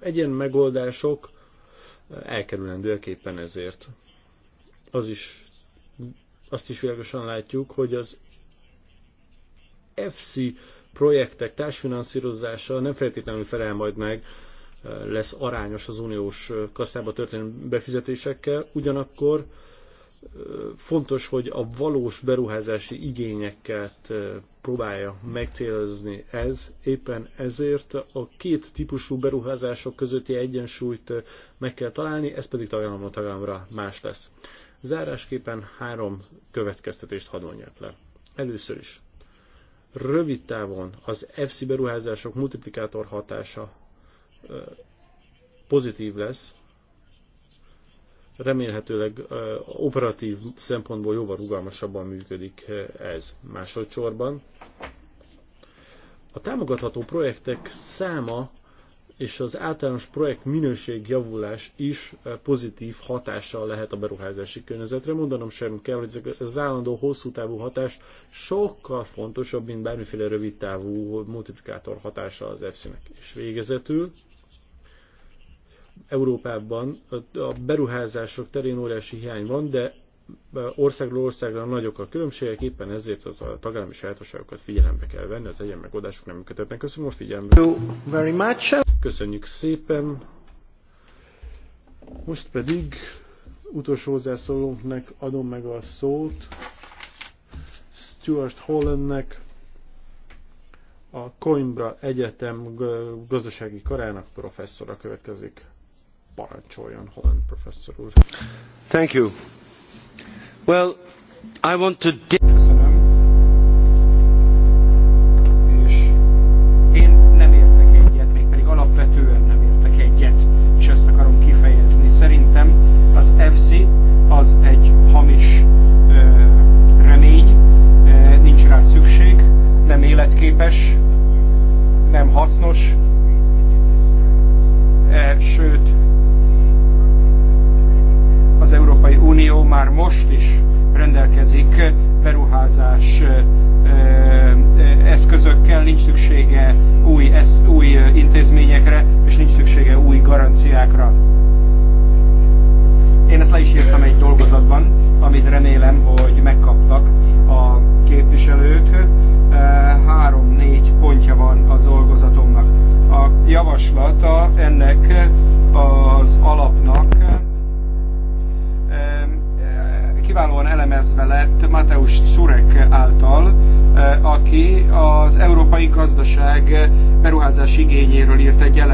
egyen megoldások e, elkerülendőek éppen ezért. Az is, azt is világosan látjuk, hogy az FC projektek társfinanszírozása nem feltétlenül felel majd meg lesz arányos az uniós kasszába történő befizetésekkel, ugyanakkor fontos, hogy a valós beruházási igényeket próbálja megcélozni ez. Éppen ezért a két típusú beruházások közötti egyensúlyt meg kell találni, ez pedig tagállamra tagállamra más lesz. Zárásképpen három következtetést hadd mondjak le. Először is. Rövid távon az FC beruházások multiplikátor hatása pozitív lesz, remélhetőleg operatív szempontból jóval rugalmasabban működik ez másodszorban. A támogatható projektek száma és az általános projekt minőség javulás is eh, pozitív hatással lehet a beruházási környezetre. Mondanom sem kell, hogy ez az állandó hosszú távú hatás sokkal fontosabb, mint bármiféle rövid távú multiplikátor hatása az EFSZ-nek. És végezetül Európában a beruházások terén óriási hiány van, de országról országra nagyok a különbségek, éppen ezért az a tagállami sajátosságokat figyelembe kell venni, az egyen megoldások nem működhetnek. Köszönöm a figyelmet. Very much. Köszönjük szépen. Most pedig utolsó hozzászólónknak adom meg a szót. Stuart Hollandnek, a Coimbra Egyetem gazdasági karának professzora következik. Parancsoljon, Holland professzor úr. Thank you. Well, I want to...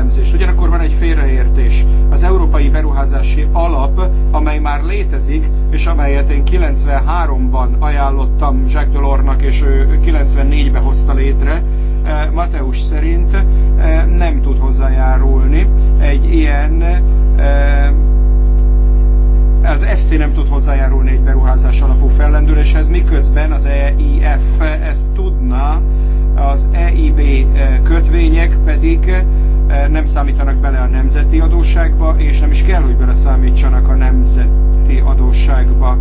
elemzés. Ugyanakkor van egy félreértés. Az Európai Beruházási Alap, amely már létezik, és amelyet én 93-ban ajánlottam Jacques Delornak, és ő 94-be hozta létre, eh, Mateus szerint eh, nem tud hozzájárulni egy ilyen eh, az FC nem tud hozzájárulni egy beruházás alapú fellendüléshez, miközben az EIF ezt tudna, az EIB kötvények pedig Eh, nem számítanak bele a nemzeti adósságba, és nem is kell, hogy beleszámítsanak a nemzet nemzeti adósságba.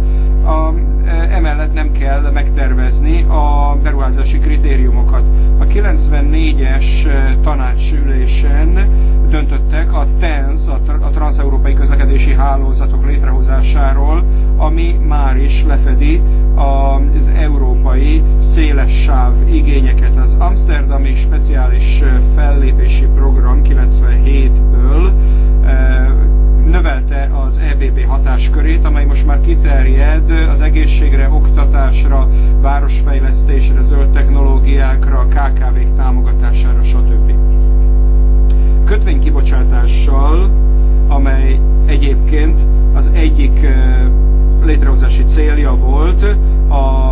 A, e, emellett nem kell megtervezni a beruházási kritériumokat. A 94-es e, tanácsülésen döntöttek a TENS, a transeurópai közlekedési hálózatok létrehozásáról, ami már is lefedi az európai széles sáv igényeket. Az Amsterdami speciális fellépési program 97-ből növelte az EBB hatáskörét, amely most már kiterjed az egészségre, oktatásra, városfejlesztésre, zöld technológiákra, KKV-k támogatására, stb. Kötvénykibocsátással, amely egyébként az egyik létrehozási célja volt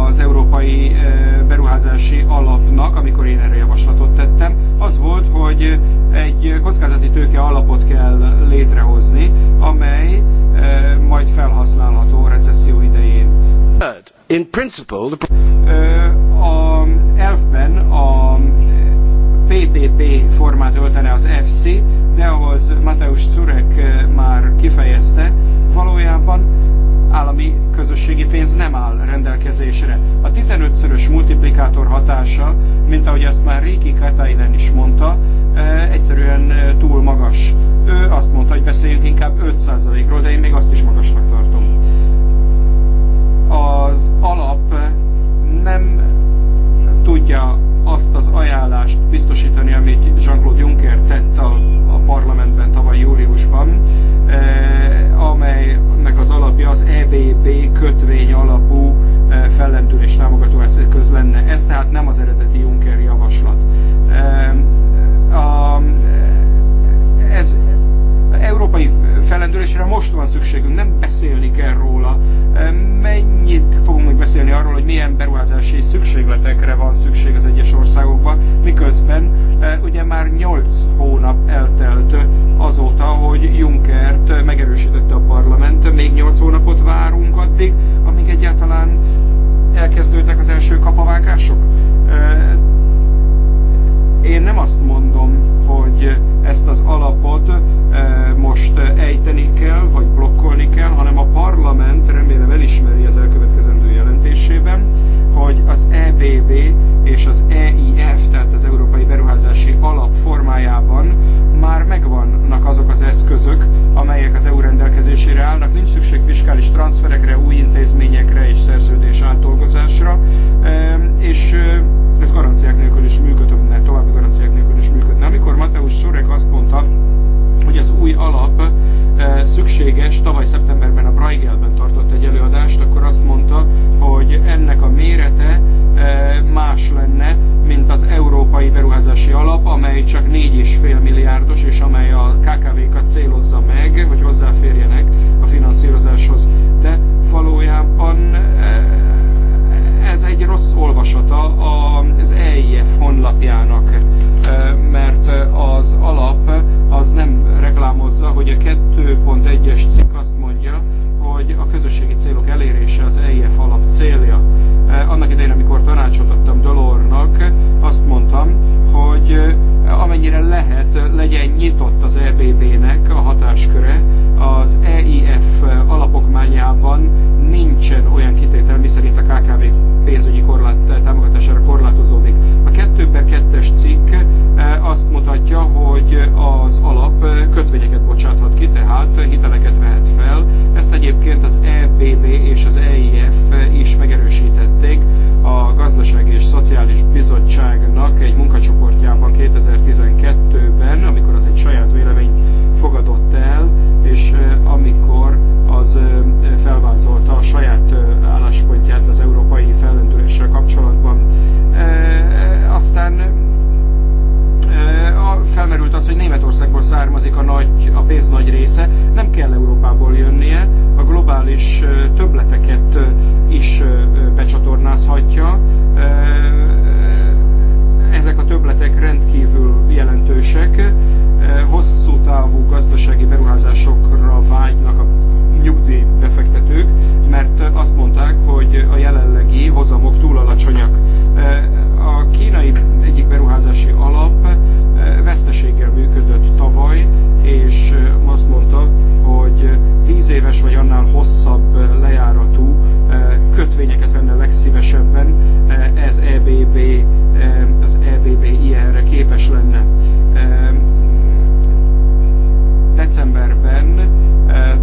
az Európai eh, Beruházási Alapnak, amikor én erre javaslatot tettem, az volt, hogy egy kockázati tőke alapot kell létrehozni, amely eh, majd felhasználható recesszió idején. In principle, the... Eh, a elfben a PPP formát öltene az FC, de ahhoz Mateusz Curek már kifejezte, valójában állami közösségi pénz nem áll rendelkezésre. A 15-szörös multiplikátor hatása, mint ahogy ezt már Réki Katainen is mondta, egyszerűen túl magas. Ő azt mondta, hogy beszéljünk inkább 5%-ról, de én még azt is magasnak tartom. Az alap nem tudja azt az ajánlást biztosítani, amit Jean-Claude Juncker tett a, a parlamentben tavaly júliusban, e, amelynek az alapja az EBB kötvény alapú e, fellendülés támogató eszköz lenne. Ez tehát nem az eredeti Juncker javaslat. E, a, ez európai fellendülésre most van szükségünk, nem beszélni kell róla. Mennyit fogunk még beszélni arról, hogy milyen beruházási szükségletekre van szükség az egyes országokban, miközben ugye már 8 hónap eltelt azóta, hogy Junkert megerősítette a parlament, még 8 hónapot várunk addig, amíg egyáltalán elkezdődnek az első kapavágások. Én nem azt mondom, hogy ezt az alapot eh, most ejteni kell, vagy blokkolni kell, hanem a parlament remélem elismeri az elkövetkezendő jelentésében, hogy az EBB és az EIF, tehát az Európai Beruházási Alap formájában már megvannak azok az eszközök, amelyek az EU rendelkezésére állnak. Nincs szükség fiskális transferekre, új intézményekre és szerződés átdolgozásra, és eh, ez garanciák nélkül is működhetne amikor Mateusz Sorek azt mondta, hogy az új alap eh, szükséges, tavaly szeptemberben a Braigelben tartott egy előadást, akkor azt mondta, hogy hogy az alap kötvényeket bocsáthat ki, tehát hiteleket vehet fel. Ezt egyébként az EBB és az EIF is megerősítették a Gazdasági és Szociális Bizottságnak egy munkacsoportjában 2012-ben, amikor az egy saját véleményt fogadott el, és amikor az felvázolta a saját álláspontját az európai fellendüléssel kapcsolatban. Aztán felmerült az, hogy Németországból származik a, nagy, a pénz nagy része, nem kell Európából jönnie, a globális töbleteket is becsatornázhatja. Ezek a töbletek rendkívül jelentősek, hosszú távú gazdasági beruházásokra vágynak a nyugdíjbefektetők, mert azt mondták, hogy a jelenlegi hozamok túl alacsonyak. A kínai egyik beruházási alap veszteséggel működött tavaly, és azt mondta, hogy 10 éves vagy annál hosszabb lejáratú kötvényeket venne legszívesebben, ez EBB, az EBB ilyenre képes lenne. Decemberben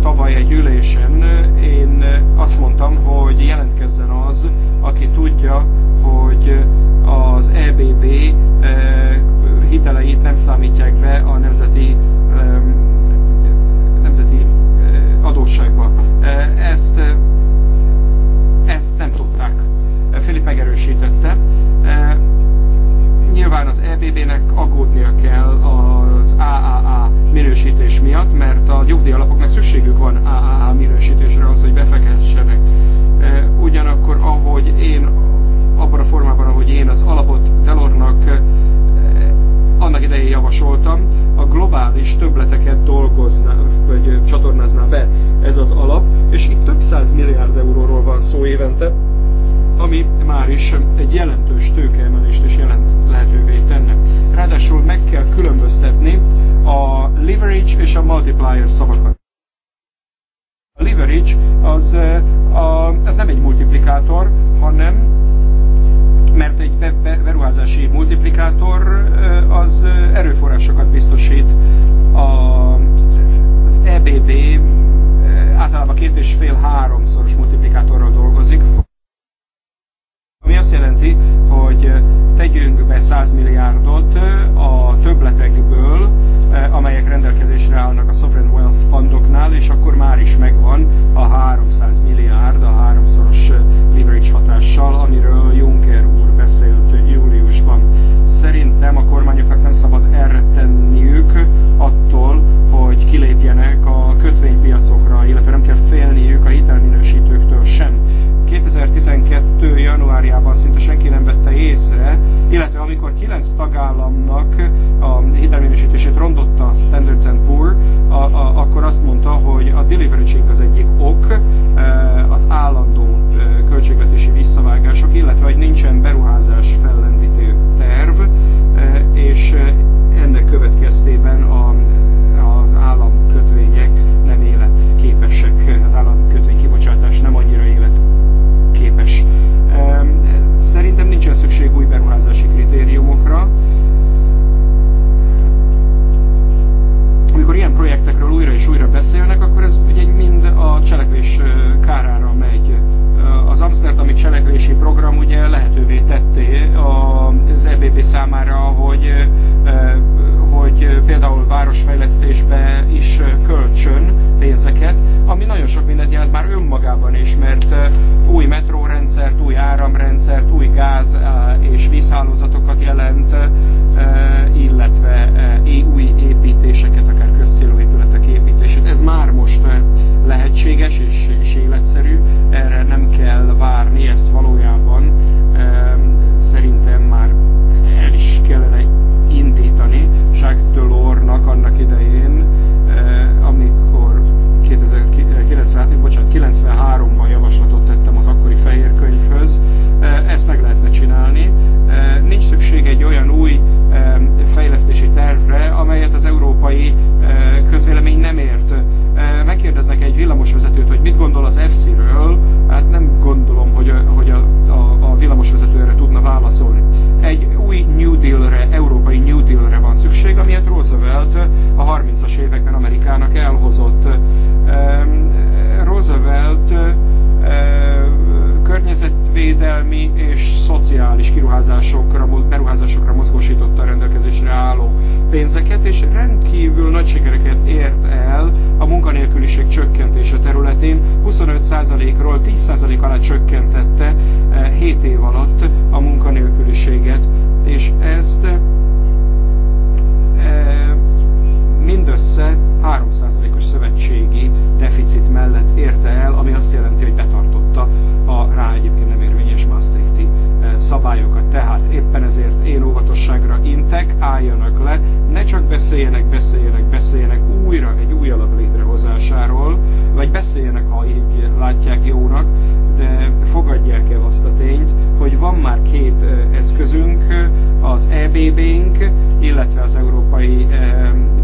tavaly egy ülésen én azt mondtam, hogy jelentkezzen az, aki tudja, hogy az EBB hiteleit nem számítják be a nemzeti, nemzeti eh, adósságba. Eh, ezt, eh, ezt nem tudták. Filip megerősítette. Nyilván az EBB-nek aggódnia kell az AAA minősítés miatt, mert a nyugdíjalapoknak szükségük van AAA minősítésre az, hogy befekhessenek. Ugyanakkor, ahogy én abban a formában, ahogy én az alapot Delornak annak idején javasoltam, a globális töbleteket dolgozná, vagy csatornázná be ez az alap, és itt több száz milliárd euróról van szó évente, ami már is egy jelentős tőkeemelést is jelent lehetővé tenne. Ráadásul meg kell különböztetni a leverage és a multiplier szavakat. A leverage az, a, az nem egy multiplikátor, hanem mert egy beruházási multiplikátor az erőforrásokat biztosít az EBB általában két és fél háromszoros multiplikátorral dolgozik, ami azt jelenti, hogy tegyünk be 100 milliárdot a többletekből, amelyek rendelkezésre állnak a Sovereign Wealth fundoknál, és akkor már is megvan a 300 milliárd a háromszoros leverage hatással, amiről Juncker úr beszélt júliusban. Szerintem a kormányoknak nem szabad elrettenniük attól, hogy kilépjenek a kötvénypiacokra, illetve nem kell félniük a hitelminősítőktől sem 2012. januárjában szinte senki nem vette észre, illetve amikor 9 tagállamnak a hitelminősítését rondotta a Standards Poor, a, a, akkor azt mondta, hogy a deleveraging az egyik ok, e, az állandó e, költségvetési visszavágások, illetve hogy nincsen beruházás fellendítő terv, e, és ennek következtében a cselekvés kárára megy. Az Amsterdami cselekvési program ugye lehetővé tetté az EBB számára, hogy, hogy például városfejlesztésbe is költsön pénzeket, ami nagyon sok mindent jelent már önmagában is, mert új metrórendszert, új áramrendszert, új gáz és vízhálózatokat jelent, illetve új építéseket, akár épületek építését. Ez már most a 30-as években Amerikának elhozott. Roosevelt környezetvédelmi és szociális kiruházásokra, beruházásokra mozgósította a rendelkezésre álló pénzeket, és rendkívül nagy sikereket ért el a munkanélküliség csökkentése területén. 25%-ról 10% alá csökkentette 7 e, év alatt a munkanélküliséget, és ezt e, mindössze 3%-os szövetségi deficit mellett érte el, ami azt jelenti, hogy betartotta a rá egyébként szabályokat. Tehát éppen ezért én óvatosságra intek, álljanak le, ne csak beszéljenek, beszéljenek, beszéljenek újra egy új alap létrehozásáról, vagy beszéljenek, ha így látják jónak, de fogadják el azt a tényt, hogy van már két eszközünk, az EBB-nk, illetve az Európai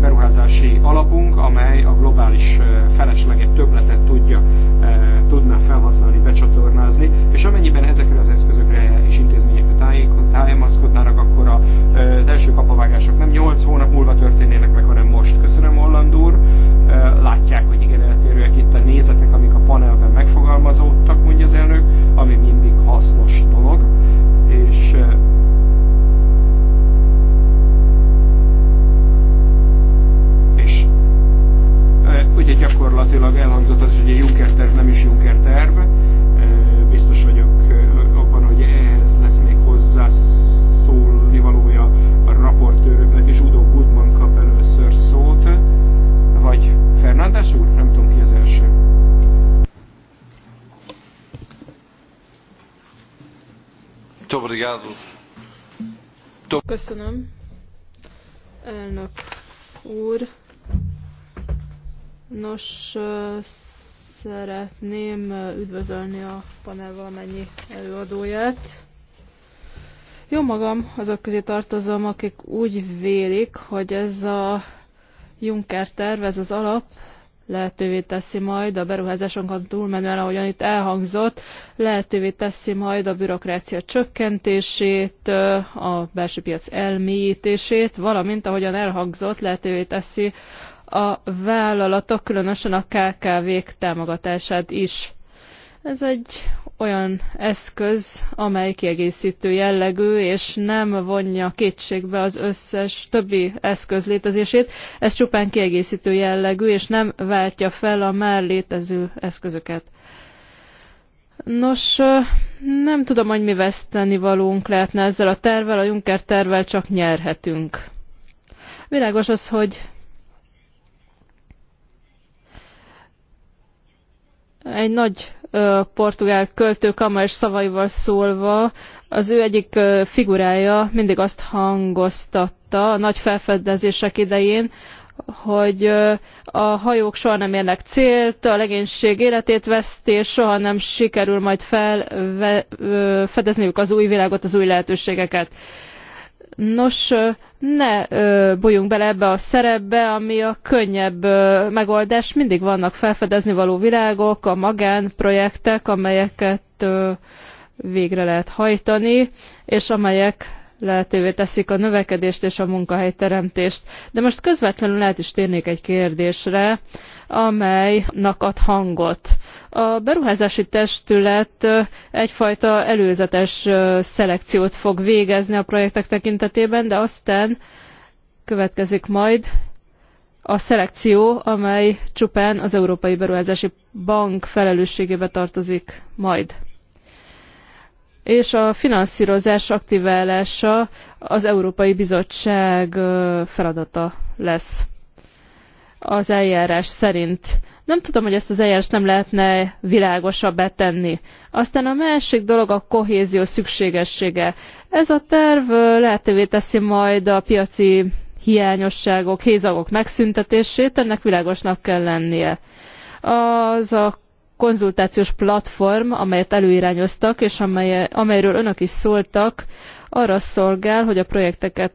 Beruházási Alapunk, amely a globális felesleget, többletet tudja, tudná felhasználni, becsatornázni, és amennyiben ezekre az eszközökre és intézményekre intézményekre tájékoz, tájékoznának, akkor a, az első kapavágások nem 8 hónap múlva történnének meg, hanem most. Köszönöm, Holland úr. Látják, hogy igen eltérőek itt a nézetek, amik a panelben megfogalmazódtak, mondja az elnök, ami mindig hasznos dolog. És és ugye gyakorlatilag elhangzott az, hogy a Juncker terv nem is Juncker terv, Köszönöm. Elnök úr. Nos, szeretném üdvözölni a panel valamennyi előadóját. Jó magam, azok közé tartozom, akik úgy vélik, hogy ez a Juncker terv, ez az alap, lehetővé teszi majd a beruházásokon túlmenően, ahogyan itt elhangzott, lehetővé teszi majd a bürokrácia csökkentését, a belső piac elmélyítését, valamint ahogyan elhangzott, lehetővé teszi a vállalatok, különösen a KKV-k támogatását is. Ez egy olyan eszköz, amely kiegészítő jellegű, és nem vonja kétségbe az összes többi eszköz létezését. Ez csupán kiegészítő jellegű, és nem váltja fel a már létező eszközöket. Nos, nem tudom, hogy mi veszteni valónk lehetne ezzel a tervel, a Juncker tervel csak nyerhetünk. Világos az, hogy Egy nagy ö, portugál költő kamás szavaival szólva, az ő egyik ö, figurája mindig azt hangoztatta a nagy felfedezések idején, hogy ö, a hajók soha nem érnek célt, a legénység életét veszti, és soha nem sikerül majd felfedezniük az új világot, az új lehetőségeket. Nos, ne bújjunk bele ebbe a szerepbe, ami a könnyebb megoldás. Mindig vannak felfedezni való világok, a magánprojektek, amelyeket végre lehet hajtani, és amelyek lehetővé teszik a növekedést és a munkahelyteremtést. De most közvetlenül lehet is térnék egy kérdésre, amelynak ad hangot. A beruházási testület egyfajta előzetes szelekciót fog végezni a projektek tekintetében, de aztán következik majd a szelekció, amely csupán az Európai Beruházási Bank felelősségébe tartozik majd. És a finanszírozás aktiválása az Európai Bizottság feladata lesz az eljárás szerint. Nem tudom, hogy ezt az eljárást nem lehetne világosabbá tenni. Aztán a másik dolog a kohézió szükségessége. Ez a terv lehetővé teszi majd a piaci hiányosságok, hézagok megszüntetését, ennek világosnak kell lennie. Az a konzultációs platform, amelyet előirányoztak, és amely, amelyről önök is szóltak, arra szolgál, hogy a projekteket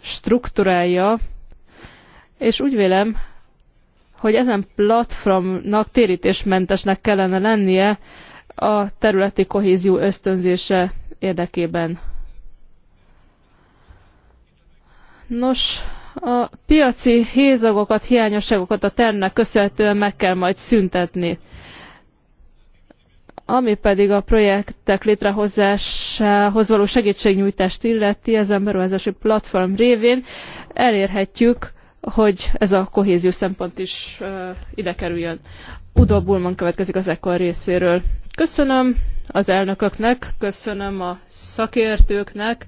strukturálja, és úgy vélem, hogy ezen platformnak térítésmentesnek kellene lennie a területi kohézió ösztönzése érdekében. Nos, a piaci hézagokat, hiányosságokat a termnek köszönhetően meg kell majd szüntetni. Ami pedig a projektek létrehozásához való segítségnyújtást illeti ezen beruházási platform révén, elérhetjük hogy ez a kohézió szempont is ide kerüljön. Udo Bulman következik az ekkor részéről. Köszönöm az elnököknek, köszönöm a szakértőknek.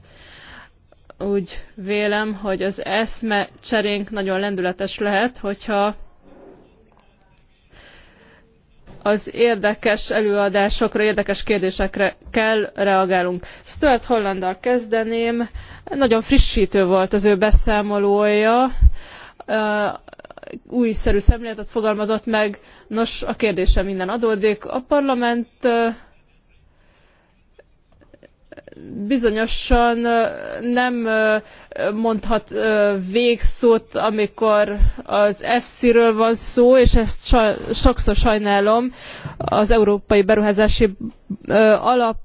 Úgy vélem, hogy az eszme cserénk nagyon lendületes lehet, hogyha az érdekes előadásokra, érdekes kérdésekre kell reagálunk. Stuart Hollandal kezdeném. Nagyon frissítő volt az ő beszámolója újszerű szemléletet fogalmazott meg. Nos, a kérdésem minden adódik. A parlament bizonyosan nem mondhat végszót, amikor az EFSZ-ről van szó, és ezt sokszor sajnálom az Európai Beruházási Alap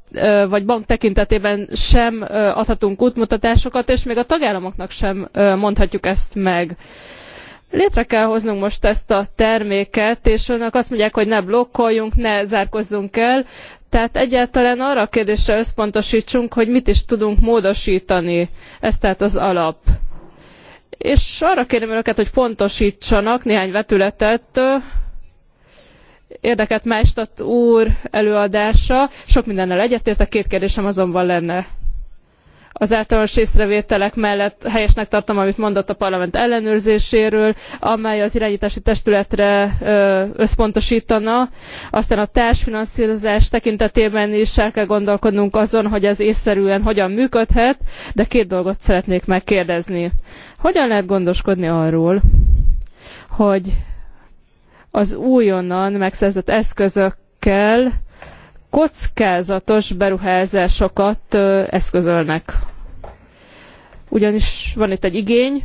vagy bank tekintetében sem adhatunk útmutatásokat, és még a tagállamoknak sem mondhatjuk ezt meg létre kell hoznunk most ezt a terméket, és önök azt mondják, hogy ne blokkoljunk, ne zárkozzunk el. Tehát egyáltalán arra a kérdésre összpontosítsunk, hogy mit is tudunk módosítani. Ez tehát az alap. És arra kérem önöket, hogy pontosítsanak néhány vetületet, érdekelt Maestat úr előadása. Sok mindennel egyetértek, két kérdésem azonban lenne az általános észrevételek mellett helyesnek tartom, amit mondott a parlament ellenőrzéséről, amely az irányítási testületre összpontosítana. Aztán a társfinanszrozás tekintetében is el kell gondolkodnunk azon, hogy ez ésszerűen hogyan működhet, de két dolgot szeretnék megkérdezni. Hogyan lehet gondoskodni arról, hogy az újonnan megszerzett eszközökkel kockázatos beruházásokat eszközölnek. Ugyanis van itt egy igény,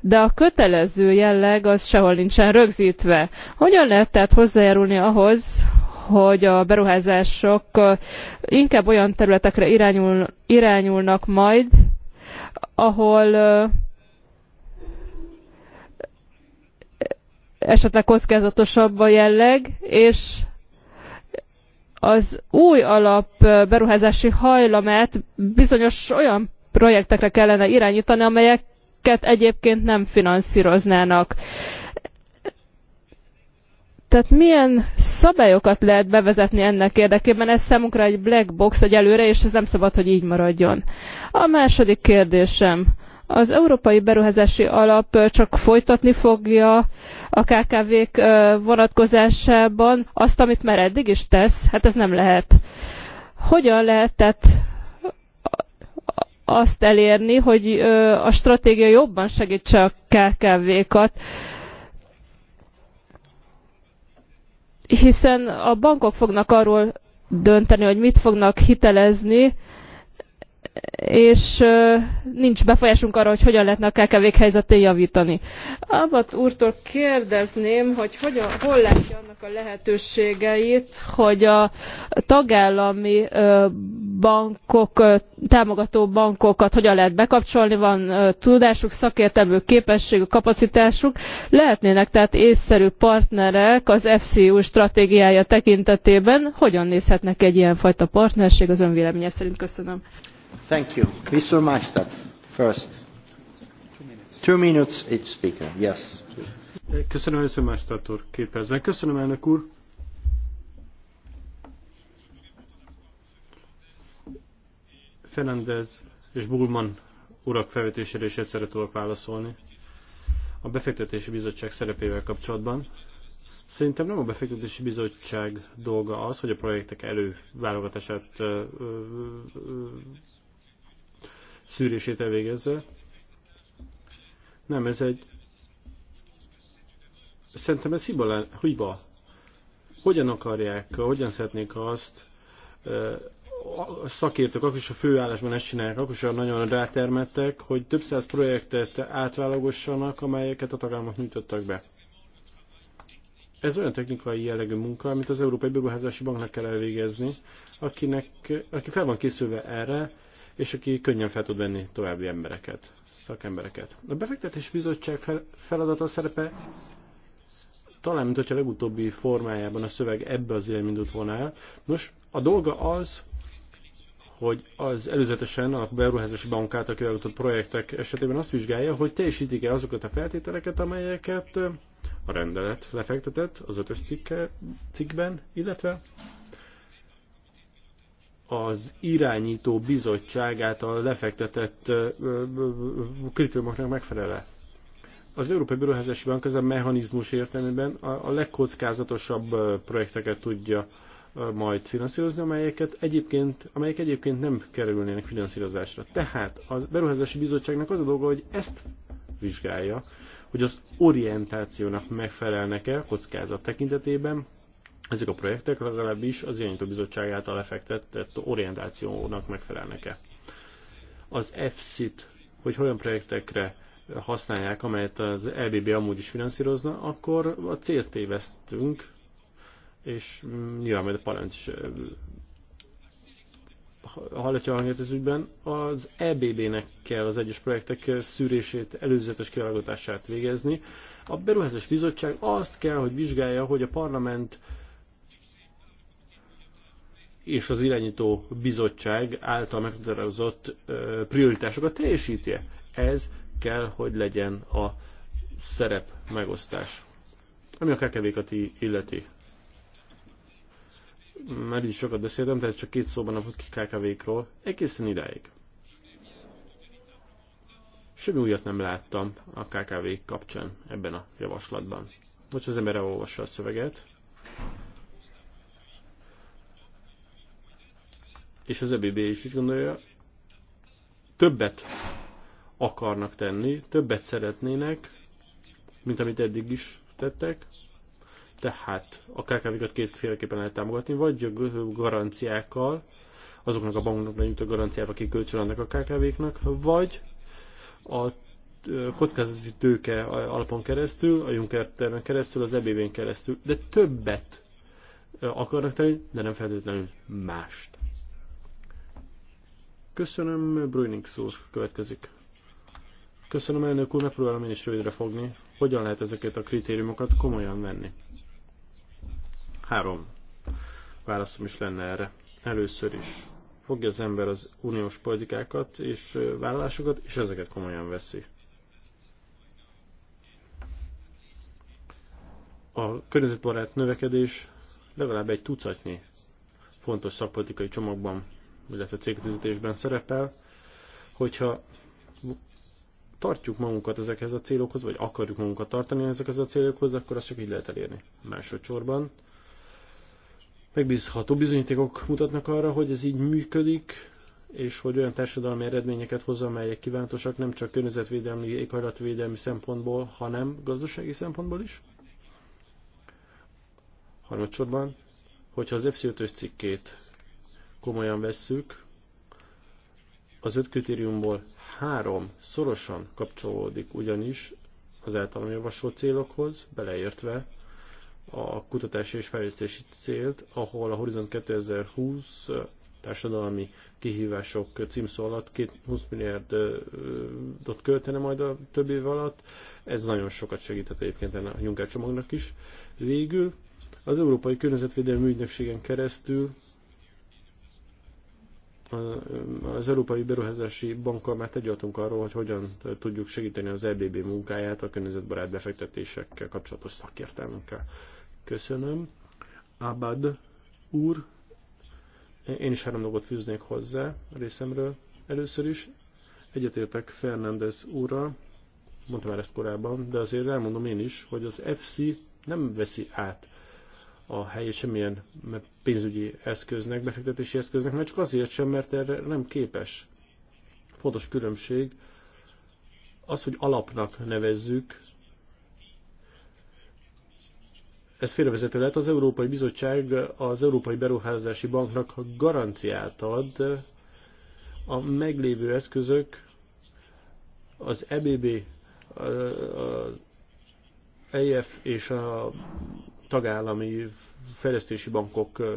de a kötelező jelleg az sehol nincsen rögzítve. Hogyan lehet tehát hozzájárulni ahhoz, hogy a beruházások inkább olyan területekre irányul, irányulnak majd, ahol esetleg kockázatosabb a jelleg, és az új alap beruházási hajlamát bizonyos olyan projektekre kellene irányítani, amelyeket egyébként nem finanszíroznának. Tehát milyen szabályokat lehet bevezetni ennek érdekében? Ez számunkra egy black box, egy előre, és ez nem szabad, hogy így maradjon. A második kérdésem. Az Európai Beruházási Alap csak folytatni fogja a KKV-k vonatkozásában azt, amit már eddig is tesz, hát ez nem lehet. Hogyan lehetett azt elérni, hogy a stratégia jobban segítse a KKV-kat, hiszen a bankok fognak arról dönteni, hogy mit fognak hitelezni, és nincs befolyásunk arra, hogy hogyan lehetne a kkv helyzetét javítani. Abbat úrtól kérdezném, hogy hogyan, hol látja annak a lehetőségeit, hogy a tagállami bankok, támogató bankokat hogyan lehet bekapcsolni, van tudásuk, szakértelmű képességük, kapacitásuk, lehetnének tehát észszerű partnerek az FCU stratégiája tekintetében, hogyan nézhetnek egy ilyenfajta partnerség az önvéleménye szerint? Köszönöm. Thank you. Mr. Maestad, first. Two minutes. Two minutes each speaker, yes. Köszönöm először Maestad úr, két percben. Köszönöm elnök úr. Fernandez és Bulman urak felvetésére is egyszerre tudok válaszolni. A befektetési bizottság szerepével kapcsolatban. Szerintem nem a befektetési bizottság dolga az, hogy a projektek előválogatását szűrését elvégezze. Nem, ez egy... Szerintem ez hiba, lenne, hiba. Hogyan akarják, hogyan szeretnék azt, a szakértők, akkor is a főállásban ezt csinálják, akkor is nagyon rátermettek, hogy több száz projektet átválogossanak, amelyeket a tagállamok nyújtottak be. Ez olyan technikai jellegű munka, amit az Európai Beruházási Banknak kell elvégezni, akinek, aki fel van készülve erre, és aki könnyen fel tud venni további embereket, szakembereket. A befektetés bizottság fel, feladata szerepe talán, mint hogyha a legutóbbi formájában a szöveg ebbe az irányba indult volna el. Nos, a dolga az, hogy az előzetesen a beruházási bankát, a kiválasztott projektek esetében azt vizsgálja, hogy teljesítik-e azokat a feltételeket, amelyeket a rendelet lefektetett az ötös cikke, cikkben, illetve az irányító bizottság által lefektetett kritériumoknak megfelele. Az Európai Bíróházási Bank ez a mechanizmus értelmében a legkockázatosabb projekteket tudja majd finanszírozni, amelyeket egyébként, amelyek egyébként nem kerülnének finanszírozásra. Tehát a Beruházási Bizottságnak az a dolga, hogy ezt vizsgálja, hogy az orientációnak megfelelnek-e kockázat tekintetében, ezek a projektek legalábbis az irányító bizottság által lefektetett orientációnak megfelelnek-e. Az EFSIT, hogy olyan projektekre használják, amelyet az EBB amúgy is finanszírozna, akkor a célt tévesztünk, és nyilván majd a parlament is hallatja a hangját az ügyben, az EBB-nek kell az egyes projektek szűrését, előzetes kialakítását végezni. A Beruházás Bizottság azt kell, hogy vizsgálja, hogy a parlament és az irányító bizottság által meghatározott prioritásokat teljesíti -e? Ez kell, hogy legyen a szerep megosztás. Ami a KKV-kat illeti. Már így sokat beszéltem, tehát csak két szóban napot ki KKV-król, egészen idáig. Semmi újat nem láttam a KKV kapcsán ebben a javaslatban. Hogyha az ember elolvassa a szöveget, és az EBB is úgy gondolja, többet akarnak tenni, többet szeretnének, mint amit eddig is tettek, tehát a KKV-kat kétféleképpen lehet támogatni, vagy garanciákkal, azoknak a bankoknak nyújtott garanciával, akik kölcsönadnak a KKV-knak, vagy a kockázati tőke alapon keresztül, a Juncker terven keresztül, az EBV-n keresztül, de többet akarnak tenni, de nem feltétlenül mást. Köszönöm, Brüning úr következik. Köszönöm, elnök úr, megpróbálom én is rövidre fogni. Hogyan lehet ezeket a kritériumokat komolyan venni? Három válaszom is lenne erre. Először is fogja az ember az uniós politikákat és vállalásokat, és ezeket komolyan veszi. A környezetbarát növekedés legalább egy tucatnyi fontos szakpolitikai csomagban illetve cégkötőzésben szerepel, hogyha tartjuk magunkat ezekhez a célokhoz, vagy akarjuk magunkat tartani ezekhez a célokhoz, akkor azt csak így lehet elérni. Másodszorban megbízható bizonyítékok mutatnak arra, hogy ez így működik, és hogy olyan társadalmi eredményeket hoz, amelyek kívántosak nem csak környezetvédelmi, éghajlatvédelmi szempontból, hanem gazdasági szempontból is. Harmadsorban, hogyha az F5-ös cikkét komolyan vesszük, az öt kritériumból három szorosan kapcsolódik ugyanis az általam javasolt célokhoz, beleértve a kutatási és fejlesztési célt, ahol a Horizon 2020 társadalmi kihívások címszó alatt 20 milliárdot költene majd a több év alatt. Ez nagyon sokat segíthet egyébként a Juncker csomagnak is. Végül az Európai Környezetvédelmi Ügynökségen keresztül az Európai Beruházási Bankkal már tegyeltünk arról, hogy hogyan tudjuk segíteni az EBB munkáját a környezetbarát befektetésekkel kapcsolatos szakértelmünkkel. Köszönöm. Abad úr, én is három dolgot fűznék hozzá részemről. Először is egyetértek Fernández úrra, mondtam már ezt korábban, de azért elmondom én is, hogy az FC nem veszi át a helyi semmilyen pénzügyi eszköznek, befektetési eszköznek, mert csak azért sem, mert erre nem képes. Fontos különbség az, hogy alapnak nevezzük, ez félrevezető lehet, az Európai Bizottság az Európai Beruházási Banknak garanciát ad a meglévő eszközök az EBB, az EIF és a tagállami fejlesztési bankok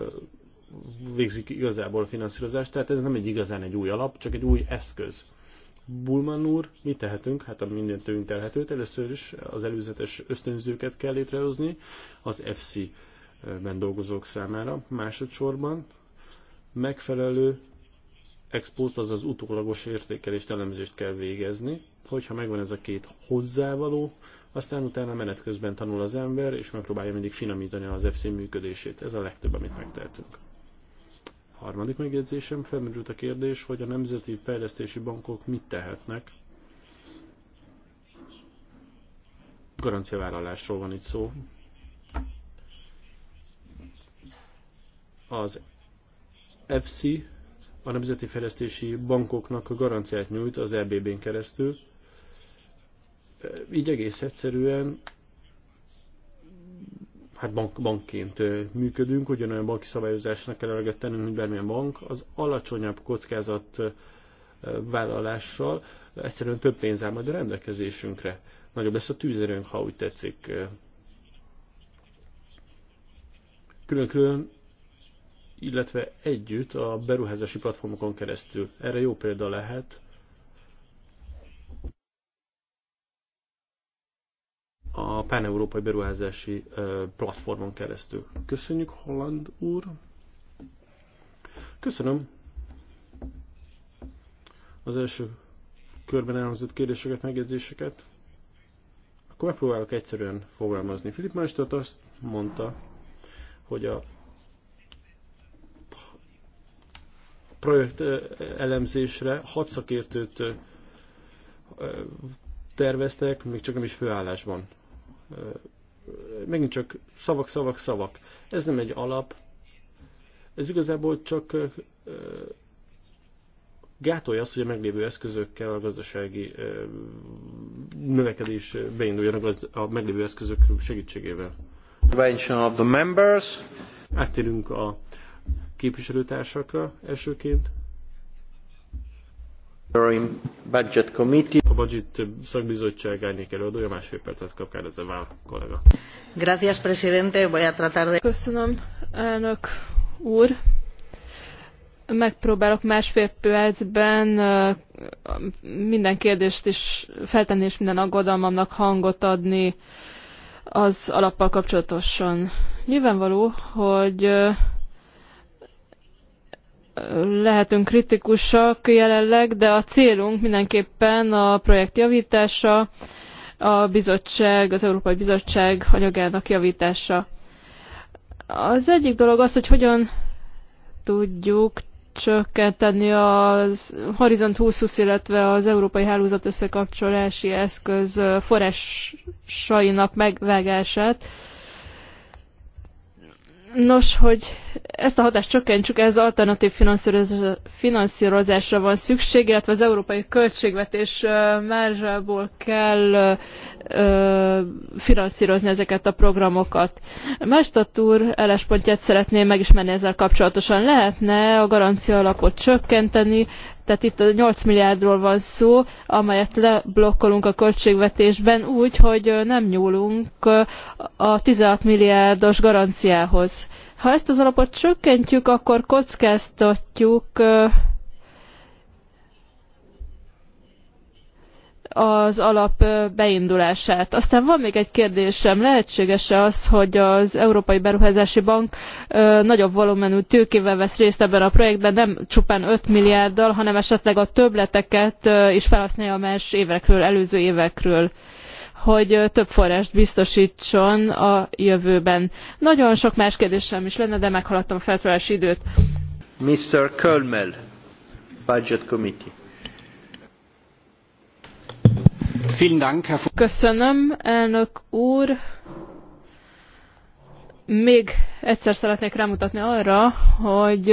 végzik igazából a finanszírozást, tehát ez nem egy igazán egy új alap, csak egy új eszköz. Bulman úr, mi tehetünk? Hát a minden tőlünk telhetőt. Először is az előzetes ösztönzőket kell létrehozni az FC-ben dolgozók számára. Másodszorban megfelelő expózt, azaz utólagos értékelést, elemzést kell végezni. Hogyha megvan ez a két hozzávaló, aztán utána menet közben tanul az ember, és megpróbálja mindig finomítani az FC működését. Ez a legtöbb, amit megtehetünk. Harmadik megjegyzésem, felmerült a kérdés, hogy a nemzeti fejlesztési bankok mit tehetnek. Garanciavállalásról van itt szó. Az EFSI a nemzeti fejlesztési bankoknak a garanciát nyújt az EBB-n keresztül, így egész egyszerűen hát bank, bankként működünk, ugyanolyan banki szabályozásnak kell eleget tennünk, mint bármilyen bank, az alacsonyabb kockázat vállalással egyszerűen több pénz áll majd a rendelkezésünkre. Nagyobb lesz a tűzerőnk, ha úgy tetszik. Külön-külön, illetve együtt a beruházási platformokon keresztül. Erre jó példa lehet a Pán-Európai Beruházási Platformon keresztül. Köszönjük, Holland úr! Köszönöm az első körben elhangzott kérdéseket, megjegyzéseket. Akkor megpróbálok egyszerűen fogalmazni. Filip Mástot azt mondta, hogy a projekt elemzésre hat szakértőt terveztek, még csak nem is főállásban. Megint csak szavak, szavak, szavak. Ez nem egy alap. Ez igazából csak gátolja azt, hogy a meglévő eszközökkel a gazdasági növekedés beinduljon a meglévő eszközök segítségével. Of the members. Áttérünk a képviselőtársakra elsőként. Budget Committee budget szakbizottság árnyék előadója, másfél percet kap kérdezze Vál kollega. Gracias, presidente. Voy a tratar de... Köszönöm, elnök úr. Megpróbálok másfél percben minden kérdést is feltenni, és minden aggodalmamnak hangot adni az alappal kapcsolatosan. Nyilvánvaló, hogy lehetünk kritikusak jelenleg, de a célunk mindenképpen a projekt javítása, a bizottság, az Európai Bizottság anyagának javítása. Az egyik dolog az, hogy hogyan tudjuk csökkenteni az Horizont 2020, illetve az Európai Hálózat összekapcsolási eszköz forrásainak megvágását, Nos, hogy ezt a hatást csökkentsük, ez alternatív finanszírozásra van szükség, illetve az európai költségvetés márzsából kell finanszírozni ezeket a programokat. Mestat úr álláspontját szeretném megismerni ezzel kapcsolatosan. Lehetne a garancia alapot csökkenteni, tehát itt 8 milliárdról van szó, amelyet leblokkolunk a költségvetésben úgy, hogy nem nyúlunk a 16 milliárdos garanciához. Ha ezt az alapot csökkentjük, akkor kockáztatjuk az alap beindulását. Aztán van még egy kérdésem, lehetséges-e az, hogy az Európai Beruházási Bank nagyobb volumenű tőkével vesz részt ebben a projektben, nem csupán 5 milliárddal, hanem esetleg a többleteket is felhasználja más évekről, előző évekről hogy több forrást biztosítson a jövőben. Nagyon sok más kérdésem is lenne, de meghaladtam a felszólási időt. Mr. Kölmel, Budget Committee. Köszönöm, elnök úr. Még egyszer szeretnék rámutatni arra, hogy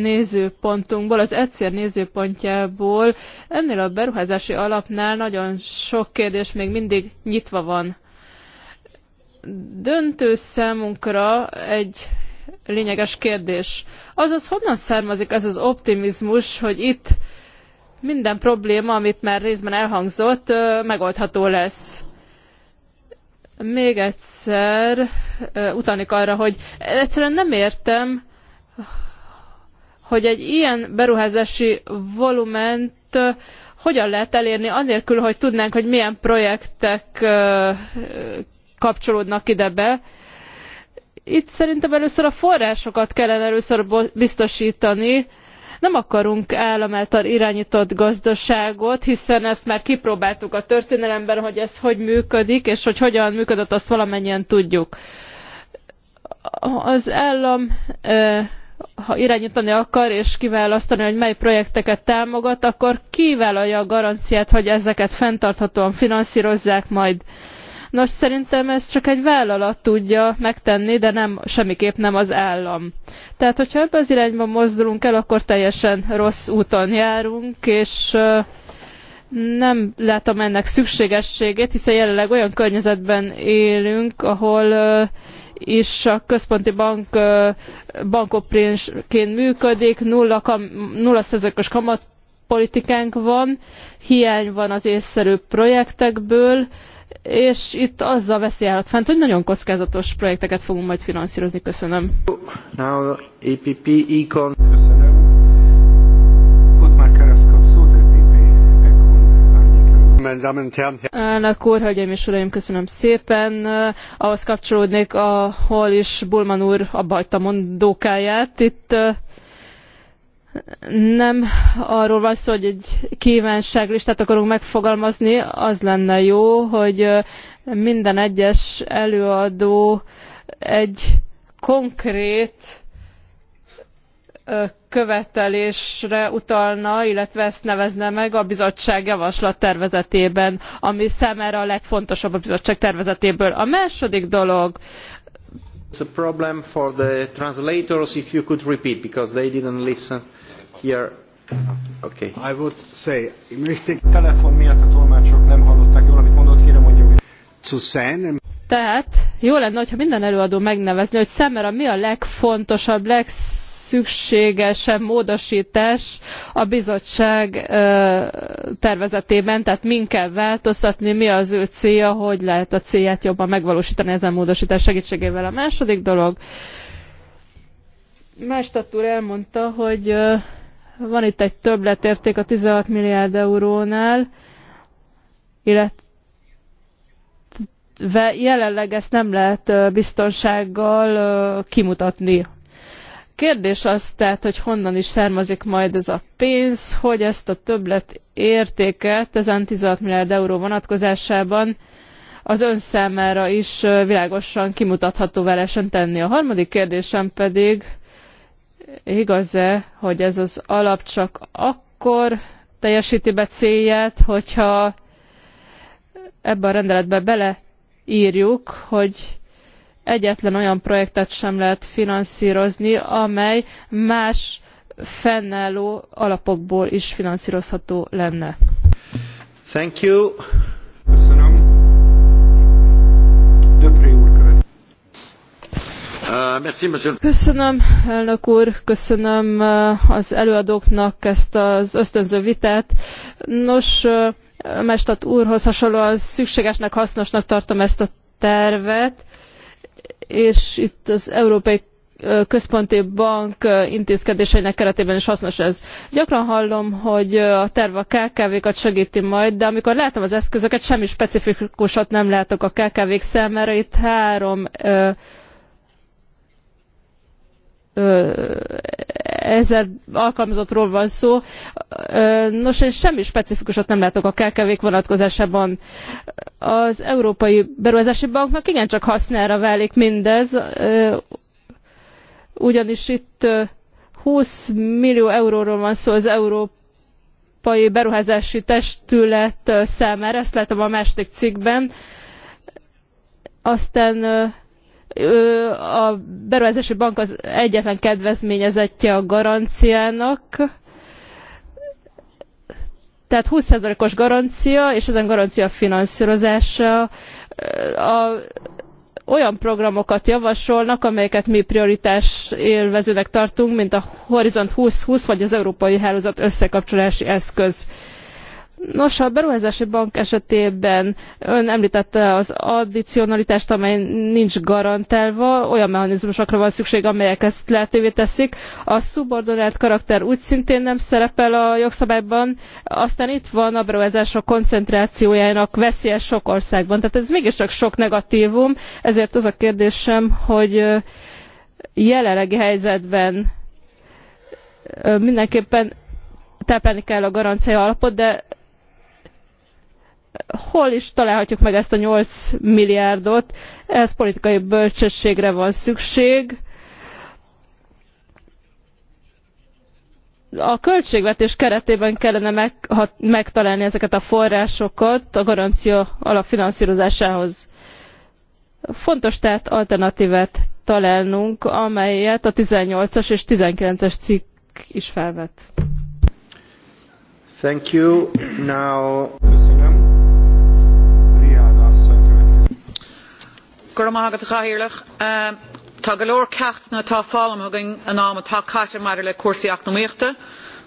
nézőpontunkból, az egyszer nézőpontjából ennél a beruházási alapnál nagyon sok kérdés még mindig nyitva van. Döntő számunkra egy lényeges kérdés. Azaz, honnan származik ez az optimizmus, hogy itt minden probléma, amit már részben elhangzott, megoldható lesz. Még egyszer utalnék arra, hogy egyszerűen nem értem, hogy egy ilyen beruházási volument hogyan lehet elérni, anélkül, hogy tudnánk, hogy milyen projektek kapcsolódnak ide be. Itt szerintem először a forrásokat kellene először biztosítani, nem akarunk állam által irányított gazdaságot, hiszen ezt már kipróbáltuk a történelemben, hogy ez hogy működik, és hogy hogyan működött, azt valamennyien tudjuk. Az állam ha irányítani akar és kiválasztani, hogy mely projekteket támogat, akkor kivállalja a garanciát, hogy ezeket fenntarthatóan finanszírozzák majd. Nos, szerintem ezt csak egy vállalat tudja megtenni, de nem, semmiképp nem az állam. Tehát, hogyha ebbe az irányba mozdulunk el, akkor teljesen rossz úton járunk, és nem látom ennek szükségességét, hiszen jelenleg olyan környezetben élünk, ahol is a központi bank bankoprénsként működik, nulla, kam, nulla százalékos kamatpolitikánk van, hiány van az észszerű projektekből, és itt azzal veszély állat fent, hogy nagyon kockázatos projekteket fogunk majd finanszírozni. Köszönöm. Now, EPP, Econ. Köszönöm. Elnök úr, hölgyeim és uraim, köszönöm szépen. Ahhoz kapcsolódnék, ahol is Bulman úr abbahagyta mondókáját. Itt nem arról van szó, hogy egy kívánságlistát akarunk megfogalmazni, az lenne jó, hogy minden egyes előadó egy konkrét követelésre utalna, illetve ezt nevezne meg a bizottság javaslat tervezetében, ami számára a legfontosabb a bizottság tervezetéből. A második dolog, It's a problem for the translators if you could repeat because they didn't listen. Okay. I would say, Telefon miatt a tolmácsok nem hallották jól, amit mondott, kérem mondjuk. Tehát jó lenne, hogyha minden előadó megnevezni, hogy szemre mi a legfontosabb, legszükségesebb módosítás a bizottság ö, tervezetében, tehát min kell változtatni, mi az ő célja, hogy lehet a célját jobban megvalósítani ezen módosítás segítségével. A második dolog, Mástatúr elmondta, hogy ö, van itt egy többletérték a 16 milliárd eurónál, illetve jelenleg ezt nem lehet biztonsággal kimutatni. Kérdés az tehát, hogy honnan is származik majd ez a pénz, hogy ezt a többlet értéket ezen 16 milliárd euró vonatkozásában az ön számára is világosan kimutathatóvá lehessen tenni. A harmadik kérdésem pedig igaz-e, hogy ez az alap csak akkor teljesíti be célját, hogyha ebben a rendeletben beleírjuk, hogy egyetlen olyan projektet sem lehet finanszírozni, amely más fennálló alapokból is finanszírozható lenne. Thank you. Köszönöm. Döpré Uh, köszönöm, elnök úr, köszönöm uh, az előadóknak ezt az ösztönző vitát. Nos, uh, Mestat úrhoz hasonlóan szükségesnek, hasznosnak tartom ezt a tervet, és itt az Európai Központi Bank intézkedéseinek keretében is hasznos ez. Gyakran hallom, hogy a terv a KKV-kat segíti majd, de amikor látom az eszközöket, semmi specifikusat nem látok a KKV-k számára. Itt három ezer alkalmazottról van szó. Nos, én semmi specifikusat nem látok a kelkevék vonatkozásában. Az Európai Beruházási Banknak igencsak hasznára válik mindez, ugyanis itt 20 millió euróról van szó az Európai Beruházási Testület számára, ezt látom a második cikkben. Aztán a beruházási bank az egyetlen kedvezményezettje a garanciának, tehát 20%-os garancia, és ezen garancia finanszírozása a, olyan programokat javasolnak, amelyeket mi prioritás élvezőnek tartunk, mint a Horizont 2020 vagy az Európai Hálózat összekapcsolási eszköz Nos, a beruházási bank esetében ön említette az addicionalitást, amely nincs garantálva, olyan mechanizmusokra van szükség, amelyek ezt lehetővé teszik. A szubordinált karakter úgy szintén nem szerepel a jogszabályban, aztán itt van a beruházások koncentrációjának veszélye sok országban. Tehát ez mégiscsak sok negatívum, ezért az a kérdésem, hogy jelenlegi helyzetben mindenképpen táplálni kell a garancia alapot, de hol is találhatjuk meg ezt a 8 milliárdot. Ez politikai bölcsességre van szükség. a költségvetés keretében kellene meg, ha, megtalálni ezeket a forrásokat a garancia alapfinanszírozásához. Fontos tehát alternatívet találnunk, amelyet a 18-as és 19-es cikk is felvet. Thank you. Now... Gurm agat a chahéirlech. Eh, tá go leor cecht na tá fálam agin an am atá caiir mar le cuasaíach nóíochta.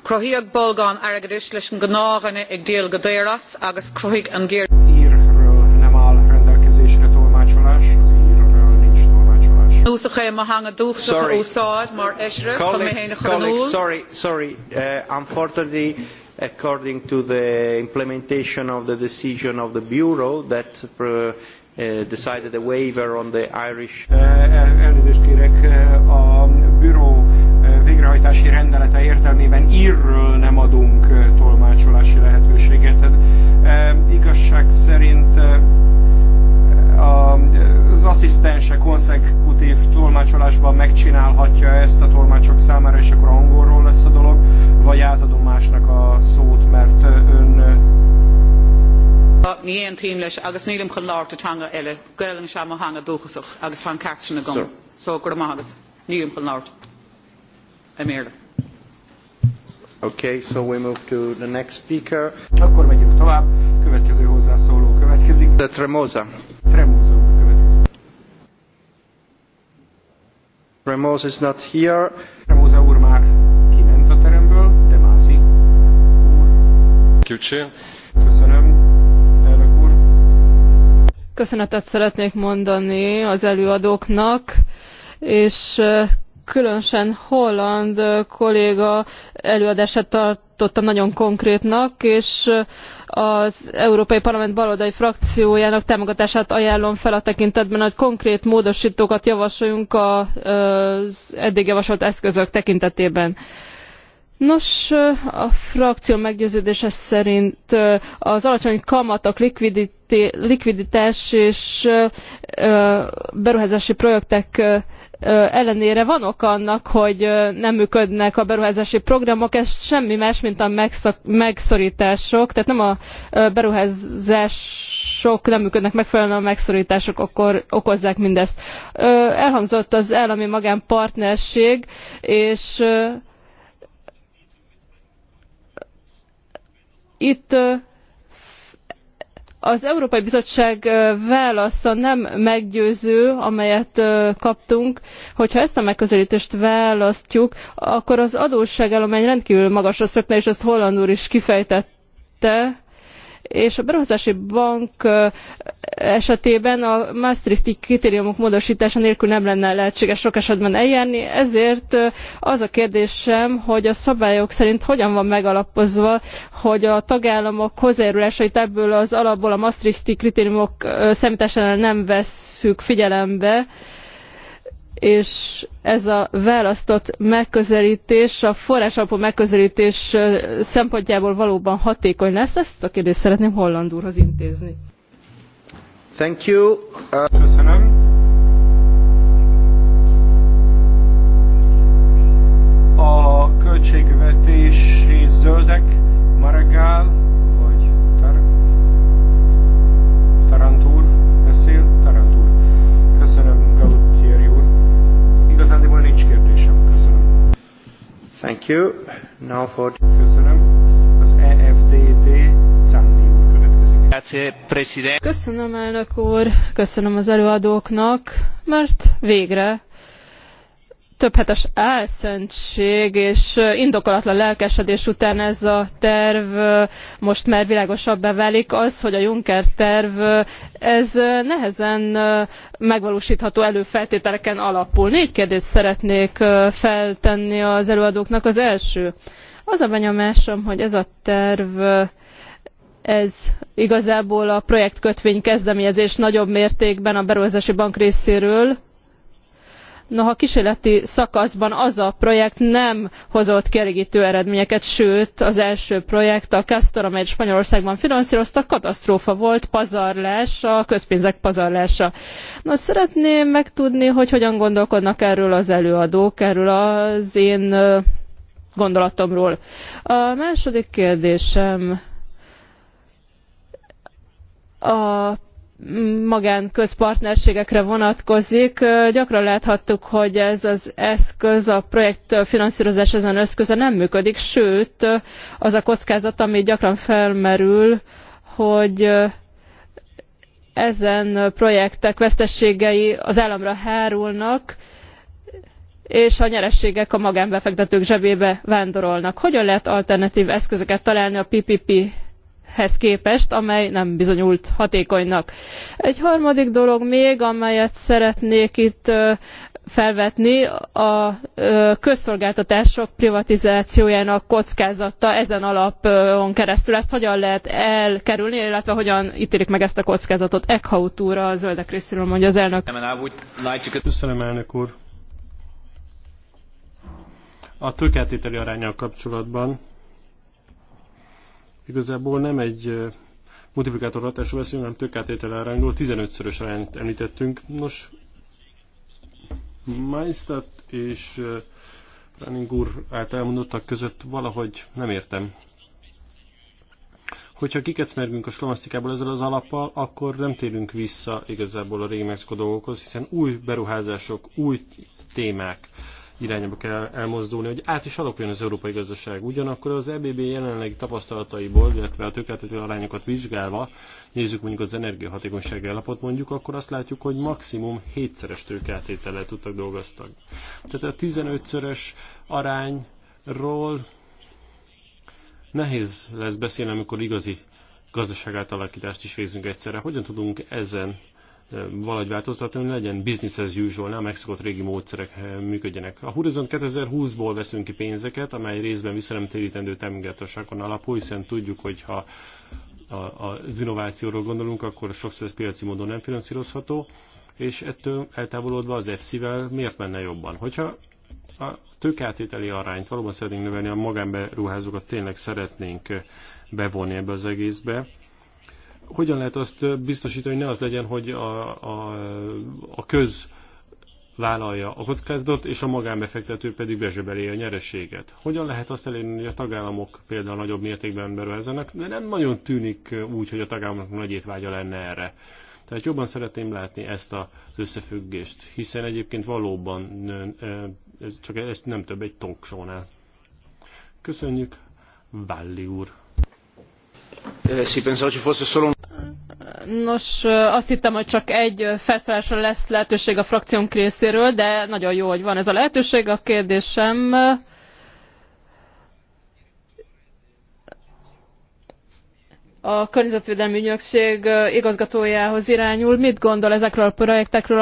Crohíag bolgán agadis leis an gnáhanna ag déal go déras agus croigh an géir. hanga mar eisre Sorry, sorry, eh, unfortunately according to the implementation of the decision of the Bureau that eh, Uh, decided a waiver on the Irish. Uh, elnézést kérek, uh, a büro végrehajtási rendelete értelmében írről nem adunk tolmácsolási lehetőséget. Hát, igazság szerint az asszisztense konszekutív tolmácsolásban megcsinálhatja ezt a tolmácsok számára, és akkor angolról lesz a dolog, vagy átadom másnak a szót, mert ön ní an tíim leis agus nílim chun láir atanga eile gailann se mo hanga dúchasach agus tá cena gom so gur mágad nílim chun láir a méle. Okay, so we move to the next speaker. Akkor megyünk tovább. Következő hozzászóló következik. The Tremosa. Tremosa következik. Tremosa is not here. Tremosa úr már kiment a teremből, de mászik. Úr. Köszönetet szeretnék mondani az előadóknak, és különösen holland kolléga előadását tartottam nagyon konkrétnak, és az Európai Parlament baloldali frakciójának támogatását ajánlom fel a tekintetben, hogy konkrét módosítókat javasoljunk az eddig javasolt eszközök tekintetében. Nos, a frakció meggyőződése szerint az alacsony kamatok, likviditás és beruházási projektek ellenére van ok annak, hogy nem működnek a beruházási programok, ez semmi más, mint a megszorítások, tehát nem a beruházás sok nem működnek megfelelően a megszorítások akkor okozzák mindezt. Elhangzott az állami magánpartnerség, és Itt az Európai Bizottság válasza nem meggyőző, amelyet kaptunk, hogyha ezt a megközelítést választjuk, akkor az adósságállomány rendkívül magasra szökne, és ezt Holland úr is kifejtette, és a beruházási bank esetében a Maastrichti kritériumok módosítása nélkül nem lenne lehetséges sok esetben eljárni, ezért az a kérdésem, hogy a szabályok szerint hogyan van megalapozva, hogy a tagállamok hozzájárulásait ebből az alapból a Maastrichti kritériumok számításánál nem vesszük figyelembe, és ez a választott megközelítés a forrásalapú megközelítés szempontjából valóban hatékony lesz? Ezt a kérdést szeretném Holland úrhoz intézni. Thank you. Uh... Köszönöm. A költségvetési zöldek you. Now for... Köszönöm. Az EFDD Czandi úr következik. Grazie, Köszönöm elnök úr, köszönöm az előadóknak, mert végre hetes álszentség és indokolatlan lelkesedés után ez a terv most már világosabbá válik. Az, hogy a Juncker terv, ez nehezen megvalósítható előfeltételeken alapul. Négy kérdést szeretnék feltenni az előadóknak. Az első, az a benyomásom, hogy ez a terv ez igazából a projektkötvény kezdeményezés nagyobb mértékben a beruházási bank részéről, Noha ksérleti szakaszban az a projekt nem hozott kielégtő eredményeket, sőt az első projekt, a Castor, amelyet Spanyolországban finanszroztak katasztrófa volt, pazarlás, a közpénzek pazarlása. Nos, szeretném megtudni, hogy hogyan gondolkodnak erről az előadók, erről az én gondolatomról. A második kérdésem a magánközpartnerségekre vonatkozik. Gyakran láthattuk, hogy ez az eszköz, a projekt ezen eszköze nem működik, sőt, az a kockázat, ami gyakran felmerül, hogy ezen projektek veszteségei az államra hárulnak, és a nyereségek a magánbefektetők zsebébe vándorolnak. Hogyan lehet alternatív eszközöket találni a PPP hez képest, amely nem bizonyult hatékonynak. Egy harmadik dolog még, amelyet szeretnék itt felvetni, a közszolgáltatások privatizációjának kockázata ezen alapon keresztül. Ezt hogyan lehet elkerülni, illetve hogyan ítélik meg ezt a kockázatot? Eckhout úr a zöldek részéről mondja az elnök. Köszönöm, elnök úr. A tőkeltételi arányal kapcsolatban Igazából nem egy multiplikátor hatású beszélünk, hanem tökkátétel arányról 15-szörös arányt említettünk. Nos, Maistat és Running úr által elmondottak között valahogy nem értem. Hogyha kikecmergünk a slomasztikából ezzel az alappal, akkor nem térünk vissza igazából a régi dolgokhoz, hiszen új beruházások, új témák, irányba kell elmozdulni, hogy át is alakuljon az európai gazdaság. Ugyanakkor az EBB jelenlegi tapasztalataiból, illetve a tökéletető arányokat vizsgálva, nézzük mondjuk az energiahatékonysági állapot mondjuk, akkor azt látjuk, hogy maximum 7-szeres tőkeátétellel tudtak dolgoztak. Tehát a 15-szörös arányról nehéz lesz beszélni, amikor igazi gazdaságátalakítást is végzünk egyszerre. Hogyan tudunk ezen valahogy változtatni, hogy legyen business as usual, nem megszokott régi módszerek eh, működjenek. A Horizon 2020-ból veszünk ki pénzeket, amely részben visszanemtérítendő támogatásokon alapul, hiszen tudjuk, hogy ha az innovációról gondolunk, akkor sokszor ez piaci módon nem finanszírozható, és ettől eltávolodva az FC-vel miért menne jobban? Hogyha a tőkátételi arányt valóban szeretnénk növelni, a magánberuházókat tényleg szeretnénk eh, bevonni ebbe az egészbe, hogyan lehet azt biztosítani, hogy ne az legyen, hogy a, a, a köz vállalja a kockázatot, és a magánbefektető pedig bezsebelé a nyereséget. Hogyan lehet azt elérni, hogy a tagállamok például nagyobb mértékben beruházzanak, de nem nagyon tűnik úgy, hogy a tagállamok nagy étvágya lenne erre. Tehát jobban szeretném látni ezt az összefüggést, hiszen egyébként valóban ez csak ez nem több egy talk Köszönjük, Valli úr! Eh, Nos, eh, azt hittem, hogy csak egy eh, felszólásra lesz lehetőség a frakciónk részéről, de nagyon jó, hogy van ez a lehetőség. A kérdésem a Környezetvédelmi Ügynökség igazgatójához irányul. Mit gondol ezekről a projektekről,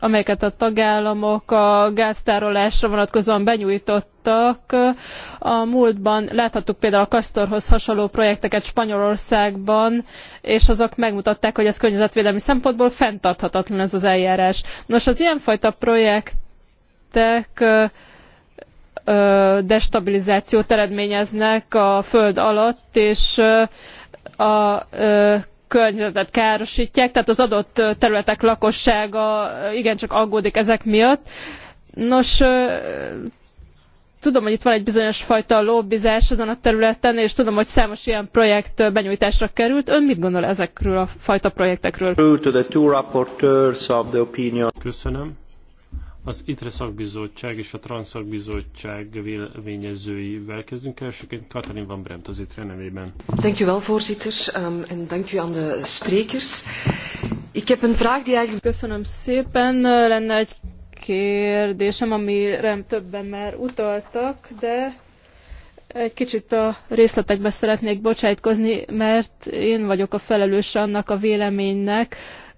amelyeket a tagállamok a gáztárolásra vonatkozóan benyújtottak? A múltban láthattuk például a Kastorhoz hasonló projekteket Spanyolországban, és azok megmutatták, hogy ez környezetvédelmi szempontból fenntarthatatlan ez az eljárás. Nos, az ilyenfajta projektek destabilizációt eredményeznek a föld alatt, és a környezetet károsítják, tehát az adott területek lakossága igencsak aggódik ezek miatt. Nos, tudom, hogy itt van egy bizonyos fajta lobbizás ezen a területen, és tudom, hogy számos ilyen projekt benyújtásra került. Ön mit gondol ezekről a fajta projektekről? Köszönöm. Az ITRE szakbizottság és a TRANS szakbizottság véleményezőivel kezdünk elsőként. Katalin van Bremt az ITRE nevében. Dank u wel, voorzitter, um, en dank u aan de sprekers. Ik heb een vraag die eigenlijk... Köszönöm szépen. Lenne egy kérdésem, amire többen már utaltak, de egy kicsit a részletekbe szeretnék bocsájtkozni, mert én vagyok a felelős annak a véleménynek,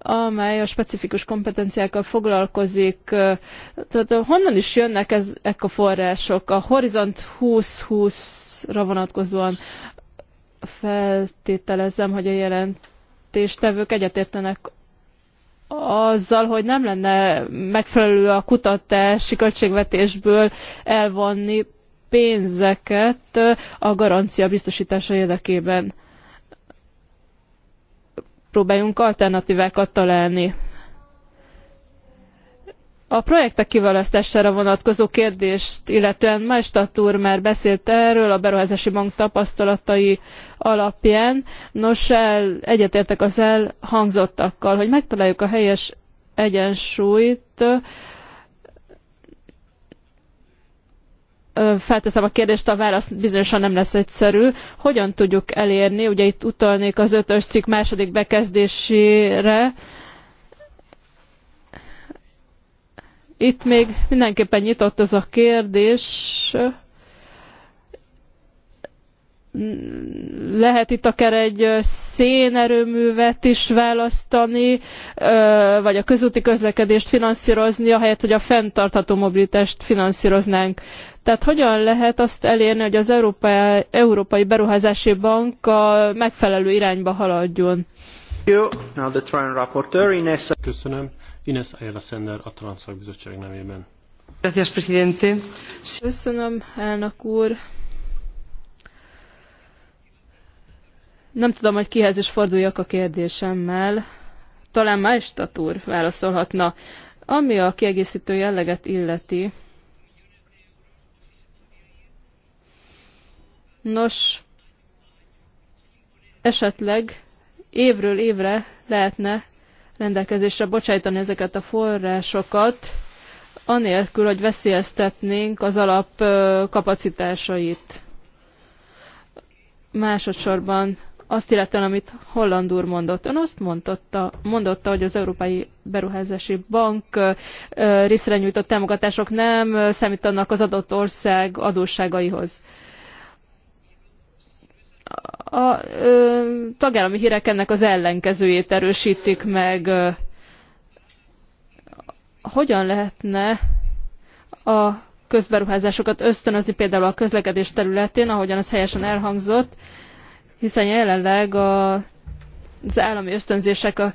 amely a specifikus kompetenciákkal foglalkozik. Tehát honnan is jönnek ezek a források? A Horizont 2020-ra vonatkozóan feltételezem, hogy a jelentéstevők egyetértenek azzal, hogy nem lenne megfelelő a kutatási költségvetésből elvonni pénzeket a garancia biztosítása érdekében próbáljunk alternatívákat találni. A projektek kiválasztására vonatkozó kérdést, illetően Maestat úr már beszélt erről a beruházási bank tapasztalatai alapján. Nos, el, egyetértek az elhangzottakkal, hogy megtaláljuk a helyes egyensúlyt, felteszem a kérdést, a válasz bizonyosan nem lesz egyszerű. Hogyan tudjuk elérni, ugye itt utalnék az ötös cikk második bekezdésére, itt még mindenképpen nyitott ez a kérdés. Lehet itt akár egy szénerőművet is választani, vagy a közúti közlekedést finanszírozni, ahelyett, hogy a fenntartható mobilitást finanszíroznánk. Tehát hogyan lehet azt elérni, hogy az Európa, Európai Beruházási Bank a megfelelő irányba haladjon? Köszönöm. Ines Ayala Sender a Transzak Bizottság nevében. Köszönöm, elnök úr. Nem tudom, hogy kihez is forduljak a kérdésemmel. Talán Maestat úr válaszolhatna. Ami a kiegészítő jelleget illeti, Nos, esetleg évről évre lehetne rendelkezésre bocsájtani ezeket a forrásokat, anélkül, hogy veszélyeztetnénk az alap kapacitásait. Másodszorban azt illetően, amit Holland úr mondott. Ön azt mondotta, mondotta hogy az Európai Beruházási Bank részre nyújtott támogatások nem számítanak az adott ország adósságaihoz a ö, tagállami hírek ennek az ellenkezőjét erősítik meg. Hogyan lehetne a közberuházásokat ösztönözni például a közlekedés területén, ahogyan az helyesen elhangzott, hiszen jelenleg a, az állami ösztönzések a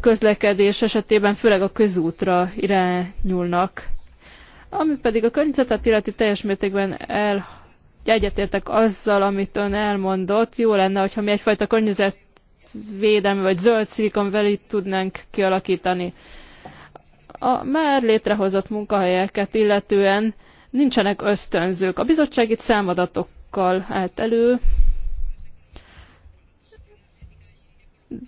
közlekedés esetében főleg a közútra irányulnak. Ami pedig a környezetet illeti teljes mértékben el egyetértek azzal, amit ön elmondott. Jó lenne, hogyha mi egyfajta környezetvédelmi vagy zöld szilikon velét tudnánk kialakítani. A már létrehozott munkahelyeket illetően nincsenek ösztönzők. A bizottság itt számadatokkal állt elő,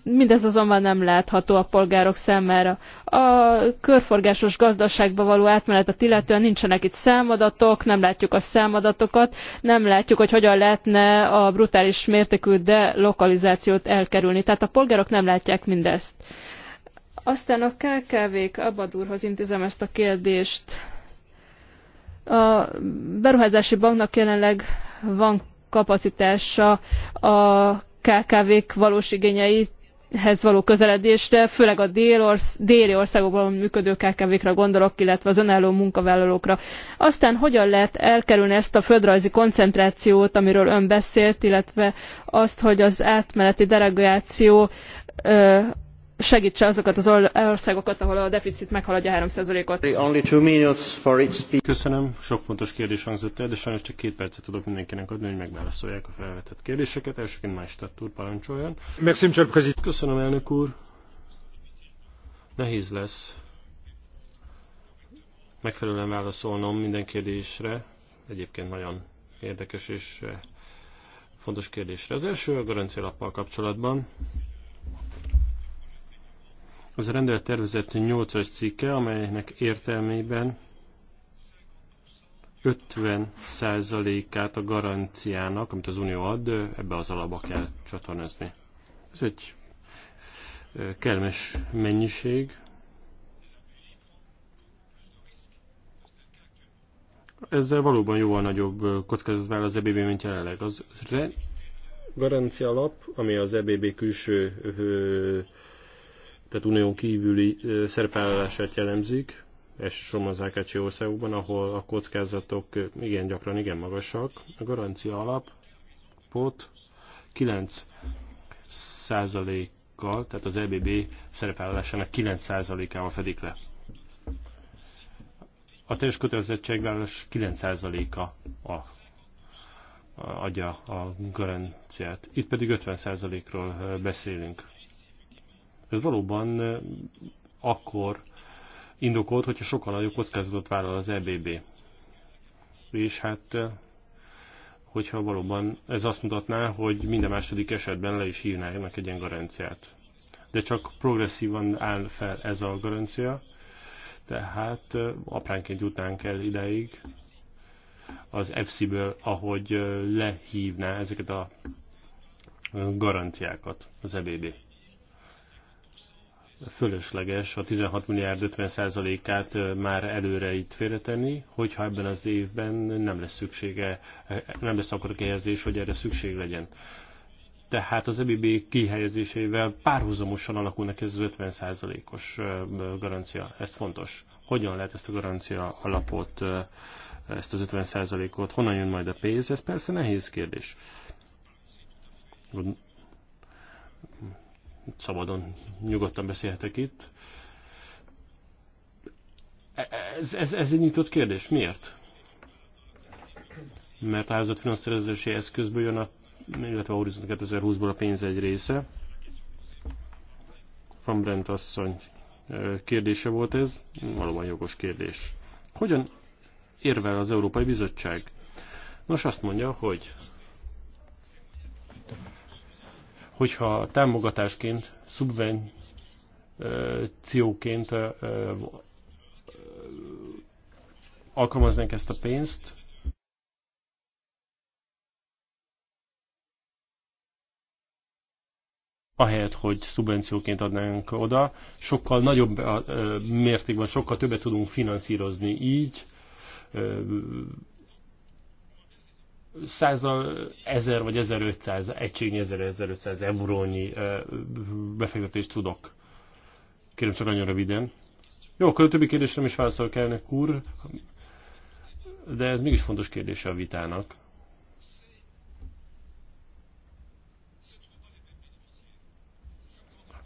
Mindez azonban nem látható a polgárok számára. A körforgásos gazdaságba való átmenetet illetően nincsenek itt számadatok, nem látjuk a számadatokat, nem látjuk, hogy hogyan lehetne a brutális mértékű delokalizációt elkerülni. Tehát a polgárok nem látják mindezt. Aztán a KKV-k, Abadúrhoz intézem ezt a kérdést. A beruházási banknak jelenleg van kapacitása a KKV-k valós igényeit hez való közeledésre, főleg a délorsz, déli országokban működő KKV-kra gondolok, illetve az önálló munkavállalókra. Aztán hogyan lehet elkerülni ezt a földrajzi koncentrációt, amiről ön beszélt, illetve azt, hogy az átmeneti delegáció segítse azokat az országokat, ahol a deficit meghaladja 3%-ot. Köszönöm, sok fontos kérdés hangzott el, de sajnos csak két percet tudok mindenkinek adni, hogy megválaszolják a felvetett kérdéseket. Elsőként Mástert úr parancsoljon. Köszönöm, elnök úr. Nehéz lesz megfelelően válaszolnom minden kérdésre. Egyébként nagyon érdekes és eh, fontos kérdésre. Az első a garancialappal kapcsolatban az a rendelet tervezett 8-as cikke, amelynek értelmében 50%-át a garanciának, amit az Unió ad, ebbe az alapba kell csatornázni. Ez egy kellemes mennyiség. Ezzel valóban jóval nagyobb kockázat vál az EBB, mint jelenleg. Az re- garancia alap, ami az EBB külső tehát unión kívüli szerepállását jellemzik, elsősorban az AKC országokban, ahol a kockázatok igen gyakran igen magasak. A garancia alapot 9 kal tehát az EBB szerepállásának 9 ával fedik le. A teljes kötelezettségvállalás 9 a, a adja a garanciát. Itt pedig 50%-ról beszélünk. Ez valóban akkor indokolt, hogyha sokkal nagyobb kockázatot vállal az EBB. És hát, hogyha valóban ez azt mutatná, hogy minden második esetben le is írnának egy ilyen garanciát. De csak progresszívan áll fel ez a garancia, tehát apránként jutnánk el ideig az EFSI-ből, ahogy lehívná ezeket a garanciákat az EBB fölösleges a 16 milliárd 50%-át már előre itt félretenni, hogyha ebben az évben nem lesz szüksége, nem lesz akkor kihelyezés, hogy erre szükség legyen. Tehát az EBB kihelyezésével párhuzamosan alakulnak ez az 50%-os garancia. Ez fontos. Hogyan lehet ezt a garancia alapot, ezt az 50%-ot, honnan jön majd a pénz? Ez persze nehéz kérdés szabadon, nyugodtan beszélhetek itt. Ez, ez, ez egy nyitott kérdés. Miért? Mert finanszírozási eszközből jön a, illetve a Horizon 2020-ból a pénz egy része. Van Brent asszony kérdése volt ez, valóban jogos kérdés. Hogyan érvel az Európai Bizottság? Nos, azt mondja, hogy hogyha támogatásként, szubvencióként alkalmaznánk ezt a pénzt, ahelyett, hogy szubvencióként adnánk oda, sokkal nagyobb mértékben, sokkal többet tudunk finanszírozni így, százal ezer vagy 1500 egységnyi 1500 eurónyi befektetést tudok. Kérem csak nagyon röviden. Jó, akkor a többi kérdésre is válaszolok elnök úr, de ez mégis fontos kérdése a vitának.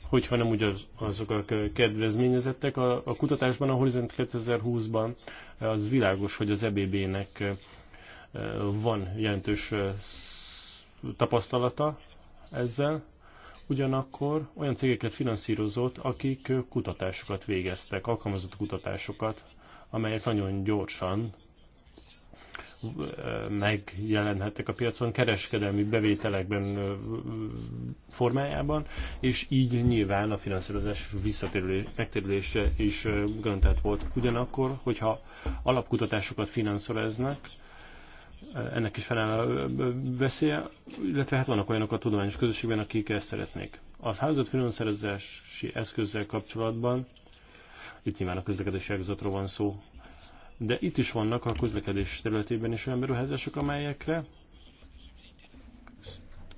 hogyha nem úgy az, azok a kedvezményezettek. A, a kutatásban, a Horizont 2020-ban az világos, hogy az EBB-nek Eh, van jelentős eh, tapasztalata ezzel, ugyanakkor olyan cégeket finanszírozott, akik eh, kutatásokat végeztek, alkalmazott kutatásokat, amelyek nagyon gyorsan megjelenhettek a piacon kereskedelmi bevételekben formájában, és így nyilván a finanszírozás megtérülése is garantált volt. Ugyanakkor, hogyha alapkutatásokat finanszíroznak, ennek is felel a veszélye, illetve hát vannak olyanok a tudományos közösségben, akik ezt szeretnék. Az hálózat finanszírozási eszközzel kapcsolatban, itt nyilván a közlekedési ágazatról van szó, de itt is vannak a közlekedés területében is olyan beruházások, amelyekre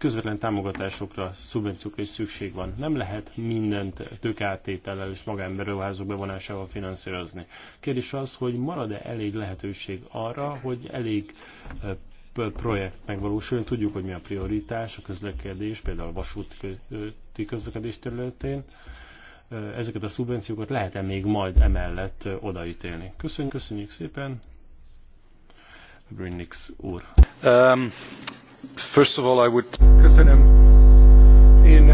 közvetlen támogatásokra, szubvenciókra is szükség van. Nem lehet mindent tőkeáttétellel és magánberuházók bevonásával finanszírozni. Kérdés az, hogy marad-e elég lehetőség arra, hogy elég projekt megvalósuljon. Tudjuk, hogy mi a prioritás a közlekedés, például a vasúti közlekedés területén. Ezeket a szubvenciókat lehet-e még majd emellett odaítélni? Köszönjük, köszönjük szépen! Brinnix úr. Um, First of all, I would... Köszönöm. Én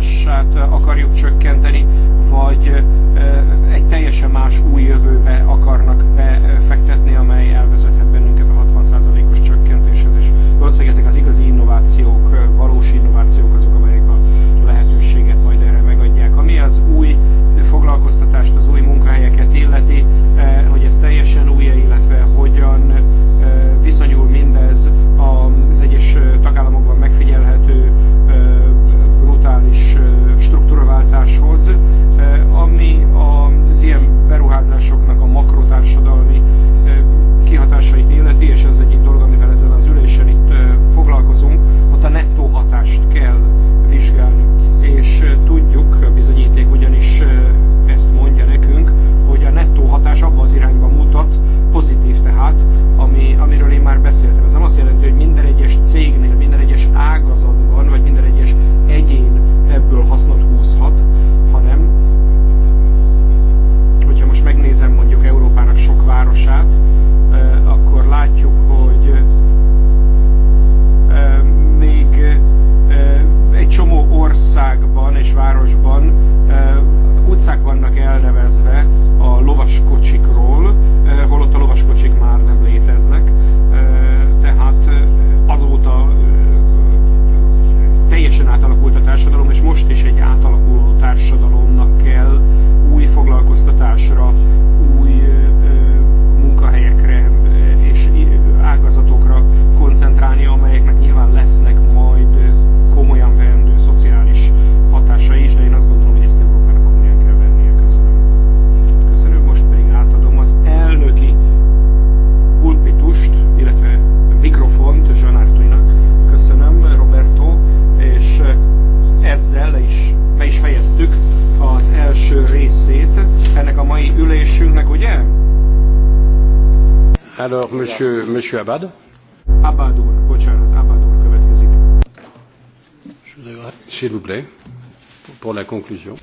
kibocsátását akarjuk csökkenteni, vagy egy teljesen más új jövőbe akarnak be conclusion.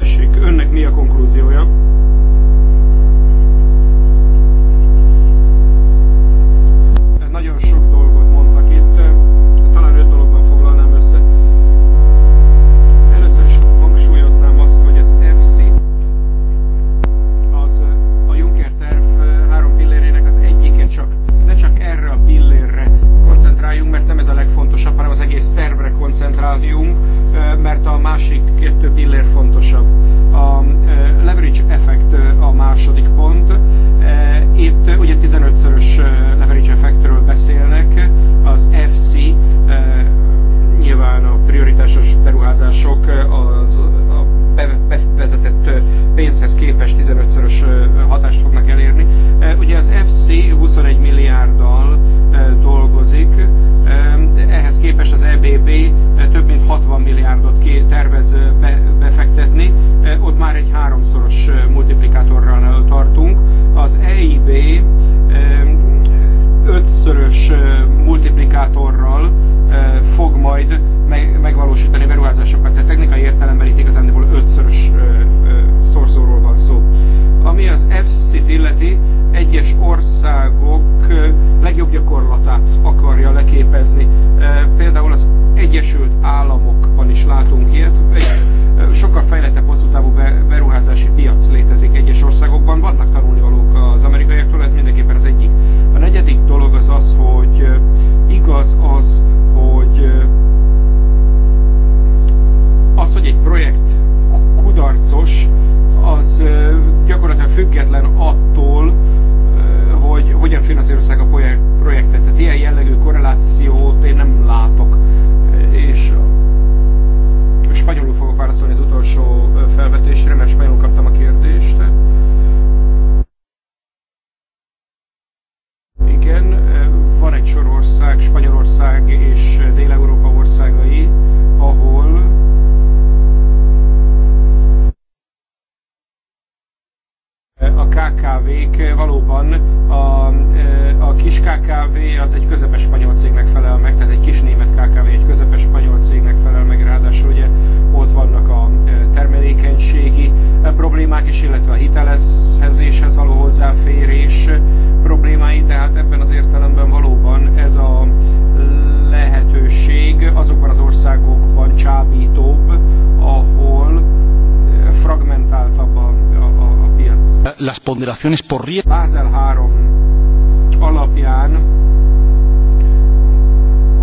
las ponderaciones por riesgo. Basel 3 alapján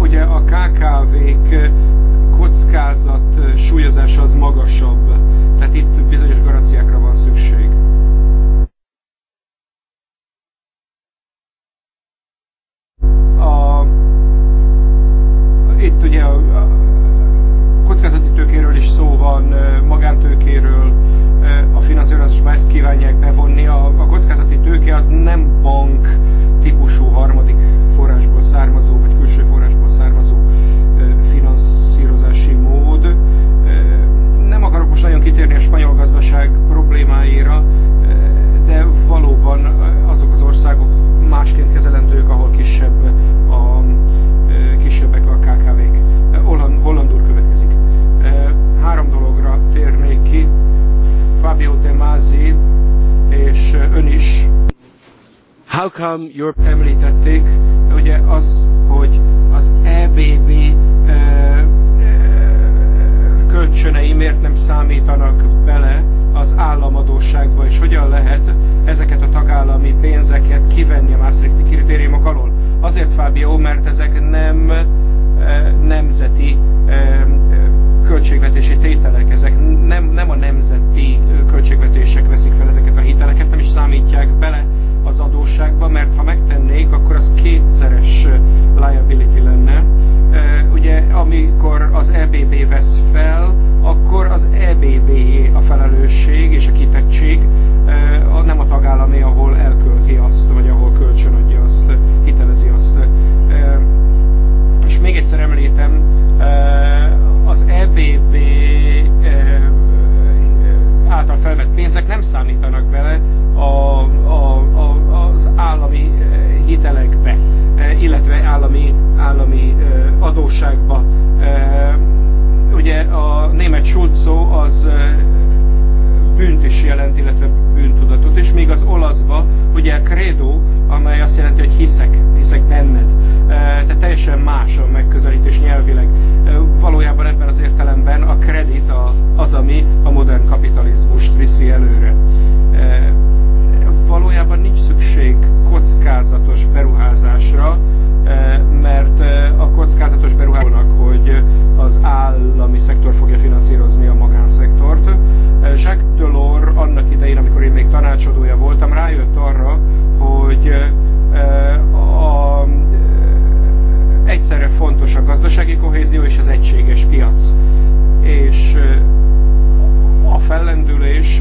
ugye a KKV-k kockázat súlyozása az magasabb, tehát itt bizonyos garanciákra van szükség. A, itt ugye a, a kockázati tőkéről is szó van, magántőkéről, már ezt kívánják bevonni. A, a kockázati tőke az nem bank típusú harmadik forrásból származó, vagy külső forrásból származó finanszírozási mód. Nem akarok most nagyon kitérni a spanyol gazdaság problémáira, de valóban azok az országok másként kezelendők, ahol kisebb a, kisebbek a KKV-k. Holland, Holland úr következik. Három dologra térnék ki. Fabio De Masi és ön is How come your... említették, ugye az, hogy az EBB kölcsönei miért nem számítanak bele az államadóságba, és hogyan lehet ezeket a tagállami pénzeket kivenni a Maastrichti kritériumok alól. Azért, Fábio, mert ezek nem nemzeti költségvetési tételek, ezek nem, nem a nemzeti költségvetések veszik fel ezeket a hiteleket, nem is számítják bele az adósságba, mert ha megtennék, akkor az kétszeres liability lenne. Ugye, amikor az EBB vesz fel, akkor az EBB a felelősség és a kitettség, nem a tagállamé, ahol elkölti azt, vagy ahol kölcsönadja azt, hitelezi azt. És még egyszer említem, az EBB által felvett pénzek nem számítanak bele a, a, a, az állami hitelekbe, illetve állami, állami adósságba. Ugye a német Schulz szó az bűnt is jelent, illetve bűntudatot és még az olaszba ugye a credo, amely azt jelenti, hogy hiszek, hiszek benned. Tehát teljesen más a megközelítés nyelvileg. Valójában ebben az értelemben a kredit az, ami a modern kapitalizmust viszi előre valójában nincs szükség kockázatos beruházásra, Eh, mert eh, a kockázatos beruházónak, hogy az állami szektor fogja finanszírozni a magánszektort. Eh, Jacques Delors annak idején, amikor én még tanácsadója voltam, rájött arra, hogy a, egyszerre fontos a gazdasági kohézió és az egységes piac. És a fellendülés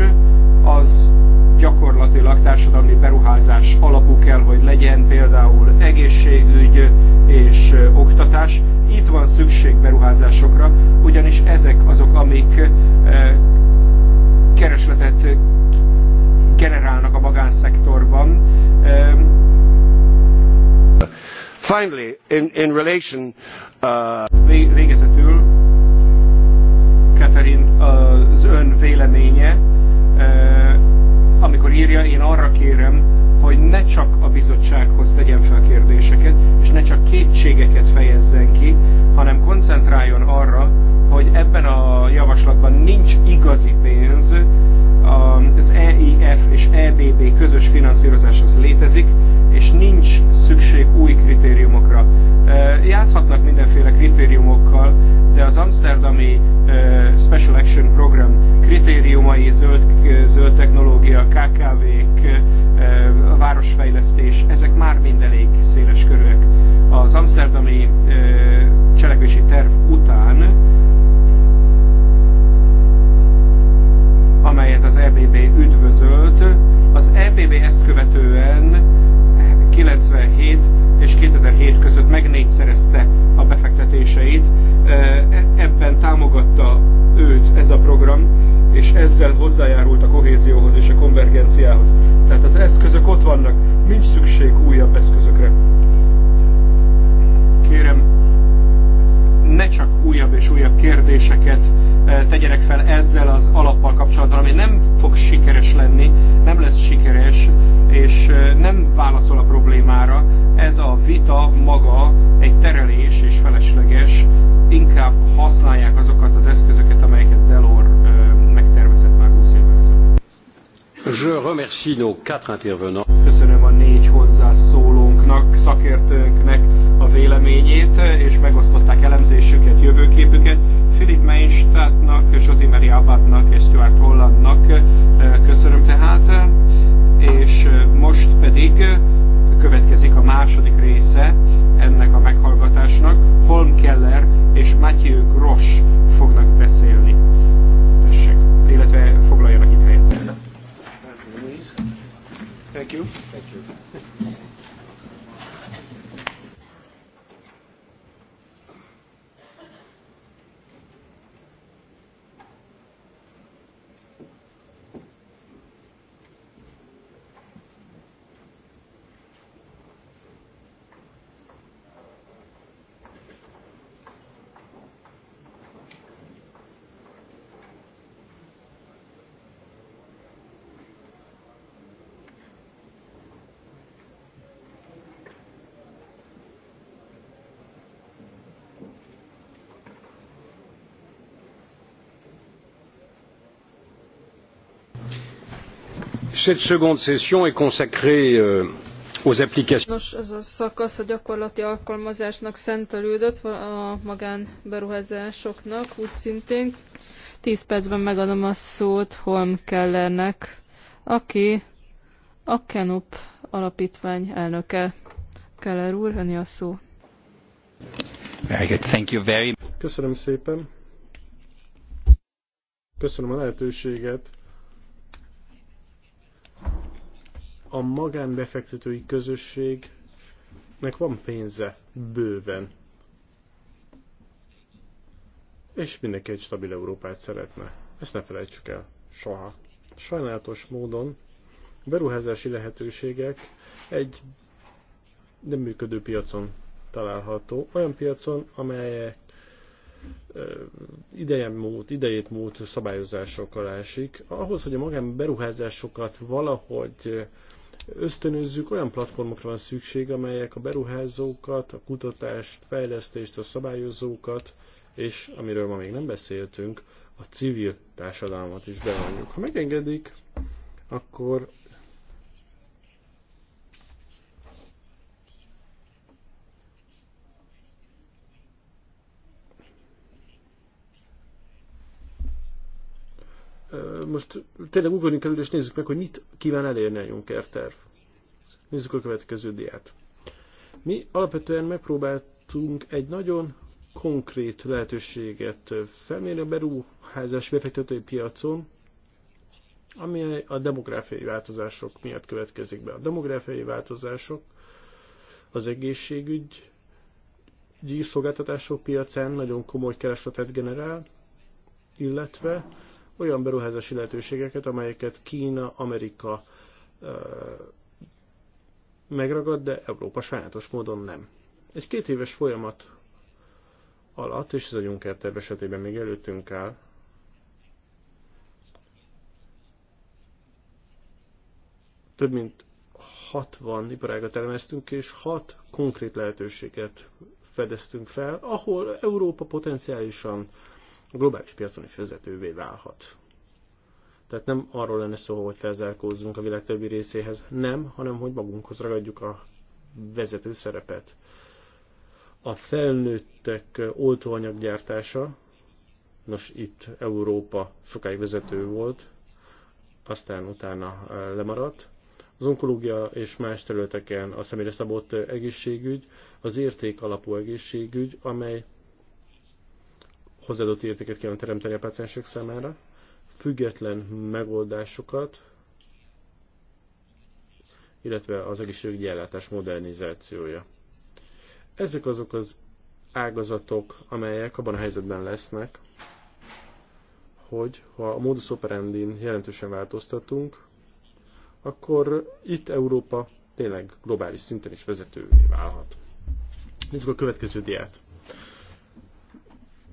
az gyakorlatilag társadalmi beruházás alapú kell, hogy legyen például egészségügy és oktatás. Itt van szükség beruházásokra, ugyanis ezek azok, amik keresletet generálnak a magánszektorban. Finally, in, in relation... Uh... Végezetül, Katerin, az ön véleménye, uh, amikor írja, én arra kérem, hogy ne csak a bizottsághoz tegyen fel kérdéseket, és ne csak kétségeket fejezzen ki, hanem koncentráljon arra, hogy ebben a javaslatban nincs igazi pénz, az EIF és EBB közös finanszírozás az létezik, és nincs szükség új kritériumokra. Játszhatnak mindenféle kritériumokkal, de az Amsterdami Special Action Program kritériumai, zöld, zöld technológia, KKV-k, városfejlesztés, ezek már mind elég széles körűek. Az Amsterdami cselekvési terv után amelyet az EBB üdvözölt. Az EBB ezt követően 97 és 2007 között megnégyszerezte a befektetéseit. E, ebben támogatta őt ez a program, és ezzel hozzájárult a kohézióhoz és a konvergenciához. Tehát az eszközök ott vannak, nincs szükség újabb eszközökre. Kérem, ne csak újabb és újabb kérdéseket tegyenek fel ezzel az alappal kapcsolatban, ami nem fog sikeres lenni, nem lesz sikeres, és nem válaszol a problémára. Ez a vita maga egy terelés és felesleges, inkább használják azokat az eszközöket, amelyeket Delor megtervezett már 20 évvel ezelőtt. Köszönöm a négy hozzászólónknak, szakértőnknek a véleményét, és megosztották elemzésüket Zimeri Abbatnak és Stuart Hollandnak köszönöm tehát, és most pedig következik a második része ennek a meghallgatásnak. Holm Keller és Matthew Gross fognak beszélni. Tessék, illetve foglaljanak itt helyet. Thank you. Thank you. cette seconde session est consacrée euh, aux applications. Nos, ez a szakasz a gyakorlati alkalmazásnak szentelődött a magánberuházásoknak, úgy szintén. 10 percben megadom a szót Holm Kellernek, aki a Kenup alapítvány elnöke. Keller úr, a szó. Very good. Thank you very... Köszönöm szépen. Köszönöm a lehetőséget a magánbefektetői közösségnek van pénze bőven. És mindenki egy stabil Európát szeretne. Ezt ne felejtsük el. Soha. Sajnálatos módon beruházási lehetőségek egy nem működő piacon található. Olyan piacon, amelyek idejen múlt, idejét múlt szabályozásokkal esik. Ahhoz, hogy a magán beruházásokat valahogy ösztönözzük, olyan platformokra van szükség, amelyek a beruházókat, a kutatást, fejlesztést, a szabályozókat, és amiről ma még nem beszéltünk, a civil társadalmat is bevonjuk. Ha megengedik, akkor most tényleg ugorjunk előre, és nézzük meg, hogy mit kíván elérni a Juncker terv. Nézzük a következő diát. Mi alapvetően megpróbáltunk egy nagyon konkrét lehetőséget felmérni a beruházás befektetői piacon, ami a demográfiai változások miatt következik be. A demográfiai változások az egészségügy szolgáltatások piacán nagyon komoly keresletet generál, illetve olyan beruházási lehetőségeket, amelyeket Kína, Amerika megragad, de Európa sajátos módon nem. Egy két éves folyamat alatt, és ez a Juncker terv esetében még előttünk áll, több mint 60 iparágat elemeztünk, és 6 konkrét lehetőséget fedeztünk fel, ahol Európa potenciálisan a globális piacon is vezetővé válhat. Tehát nem arról lenne szó, hogy felzárkózzunk a világ többi részéhez, nem, hanem hogy magunkhoz ragadjuk a vezető szerepet. A felnőttek oltóanyaggyártása, nos itt Európa sokáig vezető volt, aztán utána e, lemaradt. Az onkológia és más területeken a személyre szabott egészségügy, az érték alapú egészségügy, amely hozzáadott értéket kellene teremteni a páciensek számára, független megoldásokat, illetve az egészségügyi ellátás modernizációja. Ezek azok az ágazatok, amelyek abban a helyzetben lesznek, hogy ha a modus operandi jelentősen változtatunk, akkor itt Európa tényleg globális szinten is vezetővé válhat. Nézzük a következő diát.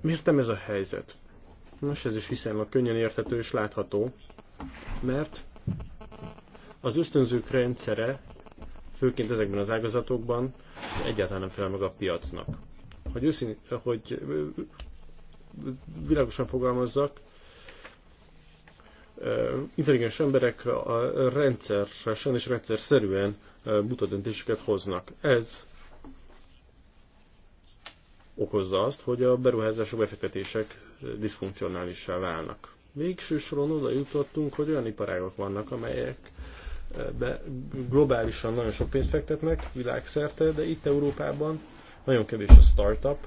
Miért nem ez a helyzet? Nos, ez is viszonylag könnyen érthető és látható, mert az ösztönzők rendszere, főként ezekben az ágazatokban, egyáltalán nem felel meg a piacnak. Hogy, őszín, hogy világosan fogalmazzak, intelligens emberek a rendszeresen és rendszer szerűen buta döntéseket hoznak. Ez okozza azt, hogy a beruházások, befektetések diszfunkcionálissá válnak. Végső soron oda jutottunk, hogy olyan iparágok vannak, amelyek eh, be globálisan nagyon sok pénzt fektetnek világszerte, de itt Európában nagyon kevés a startup,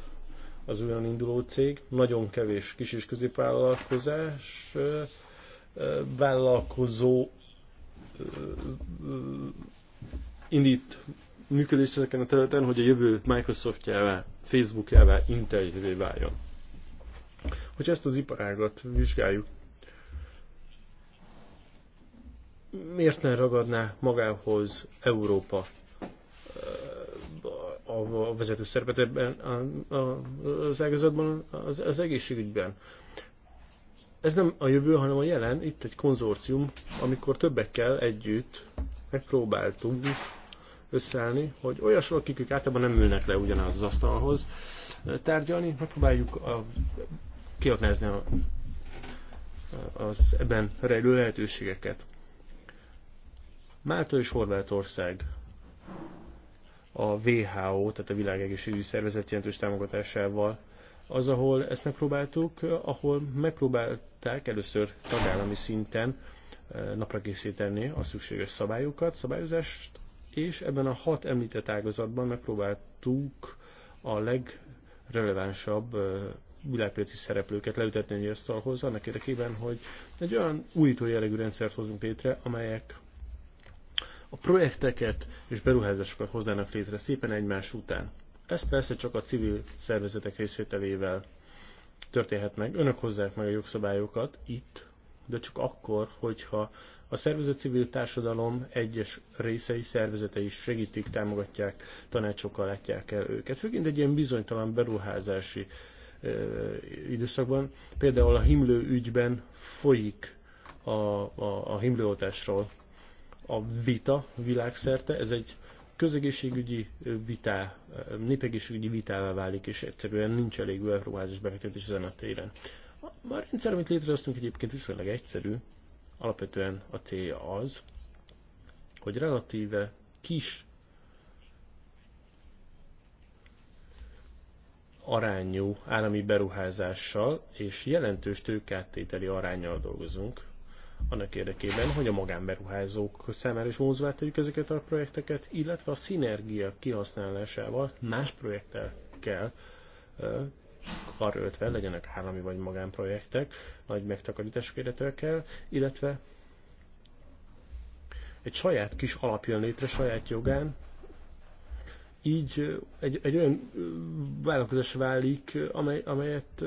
az olyan induló cég, nagyon kevés kis és középvállalkozás, eh, eh, vállalkozó indít működés ezeken a területen, hogy a jövő Microsoftjává, intel Intellivé váljon. Hogy ezt az iparágat vizsgáljuk, miért ne ragadná magához Európa eh, a vezető szerepet ebben az ágazatban, az egészségügyben? Ez nem a jövő, hanem a jelen. Itt egy konzorcium, amikor többekkel együtt megpróbáltunk összeállni, hogy olyasról, akik ők általában nem ülnek le ugyanaz az asztalhoz tárgyalni, megpróbáljuk kiaknázni a, az ebben rejlő lehetőségeket. Málta és Horvátország a WHO, tehát a Világegészségügyi Szervezet jelentős támogatásával az, ahol ezt megpróbáltuk, ahol megpróbálták először tagállami szinten napra készíteni a szükséges szabályokat, szabályozást, és ebben a hat említett ágazatban megpróbáltuk a legrelevánsabb világpiaci szereplőket leütetni egy asztalhoz annak érdekében, hogy egy olyan újító jellegű rendszert hozunk létre, amelyek a projekteket és beruházásokat hoznának létre szépen egymás után. Ez persze csak a civil szervezetek részvételével történhet meg. Önök hozzák meg a jogszabályokat itt, de csak akkor, hogyha a szervezett civil társadalom egyes részei, szervezetei is segítik, támogatják, tanácsokkal látják el őket. Főként egy ilyen bizonytalan beruházási időszakban. Például a himlő ügyben folyik a, a, a himlőoltásról a vita világszerte. Ez egy közegészségügyi vitá, népegészségügyi vitává válik, és egyszerűen nincs elég beruházás befektetés ezen a téren. A rendszer, amit létrehoztunk egyébként viszonylag egyszerű, Alapvetően a célja az, hogy relatíve kis arányú állami beruházással és jelentős tőkátételi arányjal dolgozunk annak érdekében, hogy a magánberuházók számára is vonzóvá tegyük ezeket a projekteket, illetve a szinergia kihasználásával más projektekkel karöltve, legyenek állami vagy magánprojektek, nagy megtakarítások érdekekkel, illetve egy saját kis alap jön létre saját jogán, így egy, egy olyan vállalkozás válik, amely, amelyet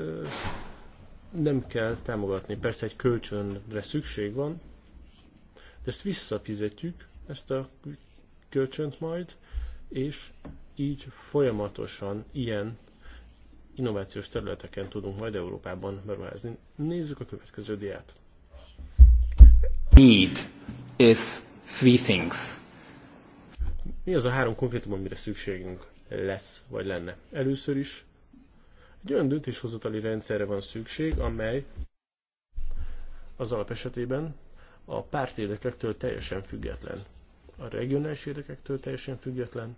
nem kell támogatni. Persze egy kölcsönre szükség van, de ezt visszafizetjük, ezt a kölcsönt majd, és így folyamatosan ilyen innovációs területeken tudunk majd Európában beruházni. Nézzük a következő diát. Need is three things. Mi az a három konkrétum, amire szükségünk lesz, vagy lenne? Először is egy olyan döntéshozatali rendszerre van szükség, amely az alap esetében a párt érdekektől teljesen független. A regionális érdekektől teljesen független,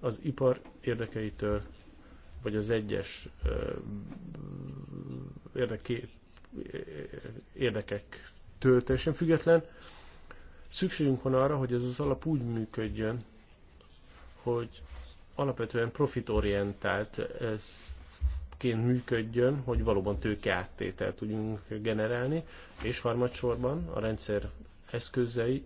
az ipar érdekeitől vagy az egyes érdeke, érdekek töltésen független. Szükségünk van arra, hogy ez az alap úgy működjön, hogy alapvetően profitorientált ez ként működjön, hogy valóban tőke áttételt tudjunk generálni, és harmadsorban a rendszer eszközei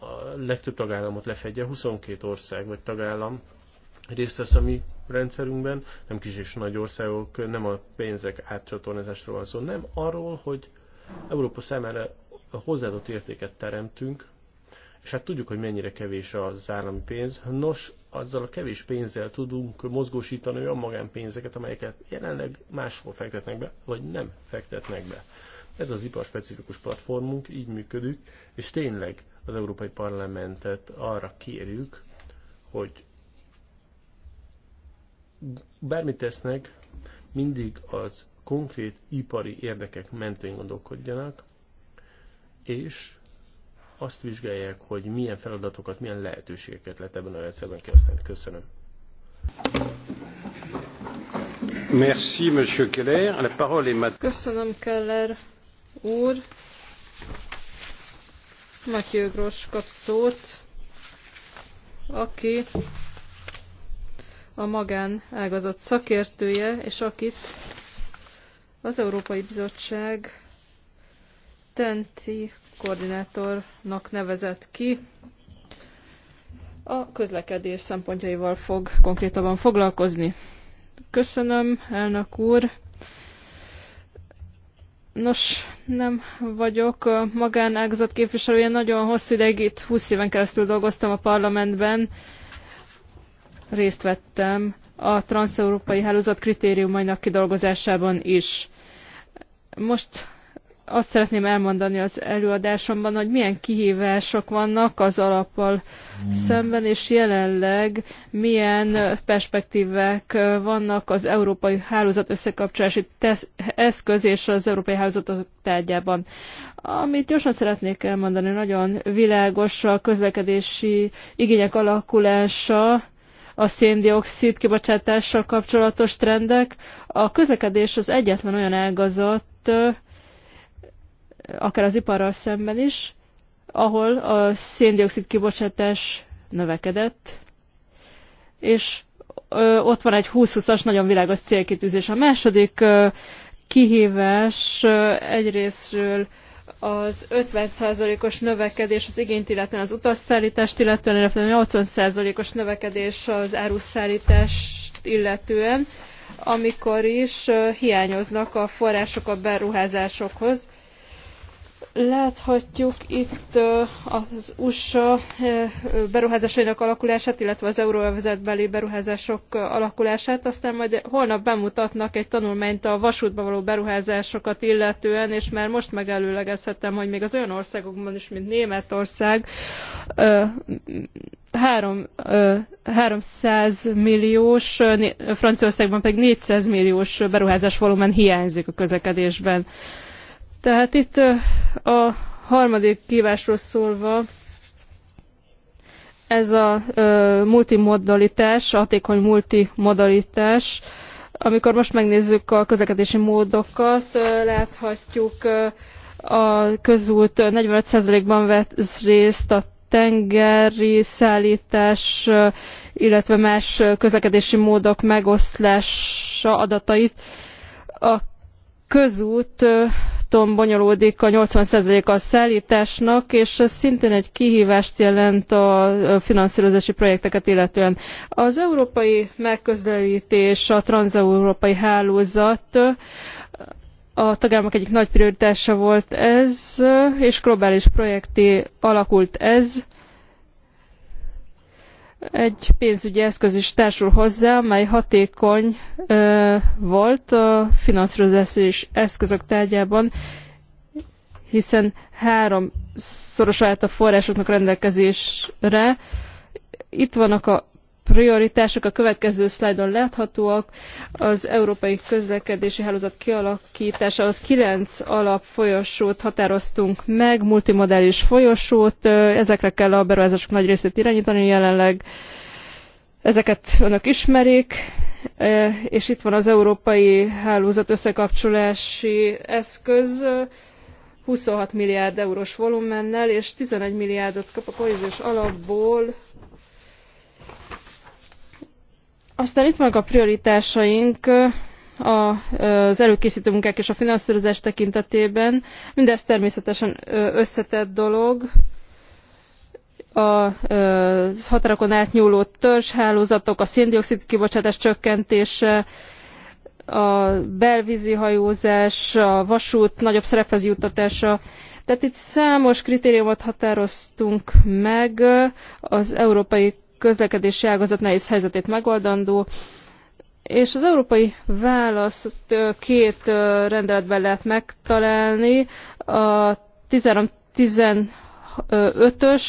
a legtöbb tagállamot lefedje, 22 ország vagy tagállam részt vesz a mi rendszerünkben, nem kis és nagy országok, nem a pénzek átcsatornázásról van szó, nem arról, hogy Európa számára hozzáadott értéket teremtünk, és hát tudjuk, hogy mennyire kevés az állami pénz. Nos, azzal a kevés pénzzel tudunk mozgósítani olyan magánpénzeket, amelyeket jelenleg máshol fektetnek be, vagy nem fektetnek be. Ez az specifikus platformunk, így működik, és tényleg az Európai Parlamentet arra kérjük, hogy bármit tesznek, mindig az konkrét ipari érdekek mentén gondolkodjanak, és azt vizsgálják, hogy milyen feladatokat, milyen lehetőségeket lehet ebben a rendszerben kezdeni. Köszönöm. Merci, Monsieur Keller. La parole est Köszönöm, Keller úr. Matyi Gros kap szót, aki a magán ágazat szakértője, és akit az Európai Bizottság tenti koordinátornak nevezett ki. A közlekedés szempontjaival fog konkrétabban foglalkozni. Köszönöm, elnök úr. Nos, nem vagyok magánágazat képviselője, nagyon hosszú ideig itt 20 éven keresztül dolgoztam a parlamentben, részt vettem a transzeurópai hálózat kritériumainak kidolgozásában is. Most azt szeretném elmondani az előadásomban, hogy milyen kihívások vannak az alappal hmm. szemben, és jelenleg milyen perspektívek vannak az Európai Hálózat összekapcsolási eszköz és az Európai Hálózatok tárgyában. Amit gyorsan szeretnék elmondani, nagyon világos a közlekedési igények alakulása, a széndiokszid kibocsátással kapcsolatos trendek. A közlekedés az egyetlen olyan ágazat, akár az iparral szemben is, ahol a széndiokszid kibocsátás növekedett, és ott van egy 20-20-as nagyon világos célkitűzés. A második kihívás egyrésztről az 50%-os növekedés az igényt, illetően az utasszállítást, illetően, illetve 80%-os növekedés az áruszállítást illetően, amikor is hiányoznak a források a beruházásokhoz Láthatjuk itt az USA beruházásainak alakulását, illetve az euróövezetbeli beruházások alakulását, aztán majd holnap bemutatnak egy tanulmányt a vasútba való beruházásokat illetően, és már most megelőlegezhetem, hogy még az olyan országokban is, mint Németország, 3, 300 milliós, Franciaországban pedig 400 milliós beruházás volumen hiányzik a közlekedésben. Tehát itt a harmadik kívásról szólva, ez a multimodalitás, a hatékony multimodalitás, amikor most megnézzük a közlekedési módokat, láthatjuk a közút 45%-ban vesz részt a tengeri szállítás, illetve más közlekedési módok megoszlása adatait. A közút módon bonyolódik a 80%-a szállításnak, és ez szintén egy kihívást jelent a finanszírozási projekteket illetően. Az európai megközelítés, a transeurópai hálózat a tagállamok egyik nagy prioritása volt ez, és globális projekté alakult ez egy pénzügyi eszköz is társul hozzá, mely hatékony ö, volt a finanszírozási eszközök tárgyában, hiszen három szoros állt a forrásoknak rendelkezésre. Itt vannak a prioritások a következő szlájdon láthatóak. Az európai közlekedési hálózat kialakításához kilenc alapfolyosót határoztunk meg, multimodális folyosót, ezekre kell a beruházások nagy részét irányítani jelenleg. Ezeket önök ismerik, és itt van az európai hálózat összekapcsolási eszköz, 26 milliárd eurós volumennel, és 11 milliárdot kap a kohéziós alapból Aztán itt vannak a prioritásaink az előkészítő munkák és a finanszírozás tekintetében. Mindez természetesen összetett dolog. A határokon átnyúló törzshálózatok, a széndiokszid kibocsátás csökkentése, a belvízi hajózás, a vasút nagyobb szerephez juttatása. Tehát itt számos kritériumot határoztunk meg az európai közlekedési ágazat nehéz helyzetét megoldandó, és az európai választ két rendeletben lehet megtalálni, a 13 2015-ös,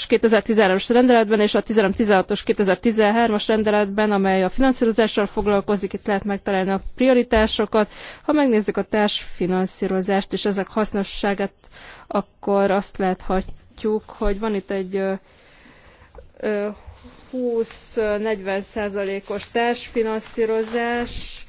2013-as rendeletben és a 13-16-os 2013-as rendeletben, amely a finanszírozással foglalkozik, itt lehet megtalálni a prioritásokat. Ha megnézzük a társfinanszírozást és ezek hasznosságát, akkor azt láthatjuk, hogy van itt egy 20-40 százalékos társfinanszírozás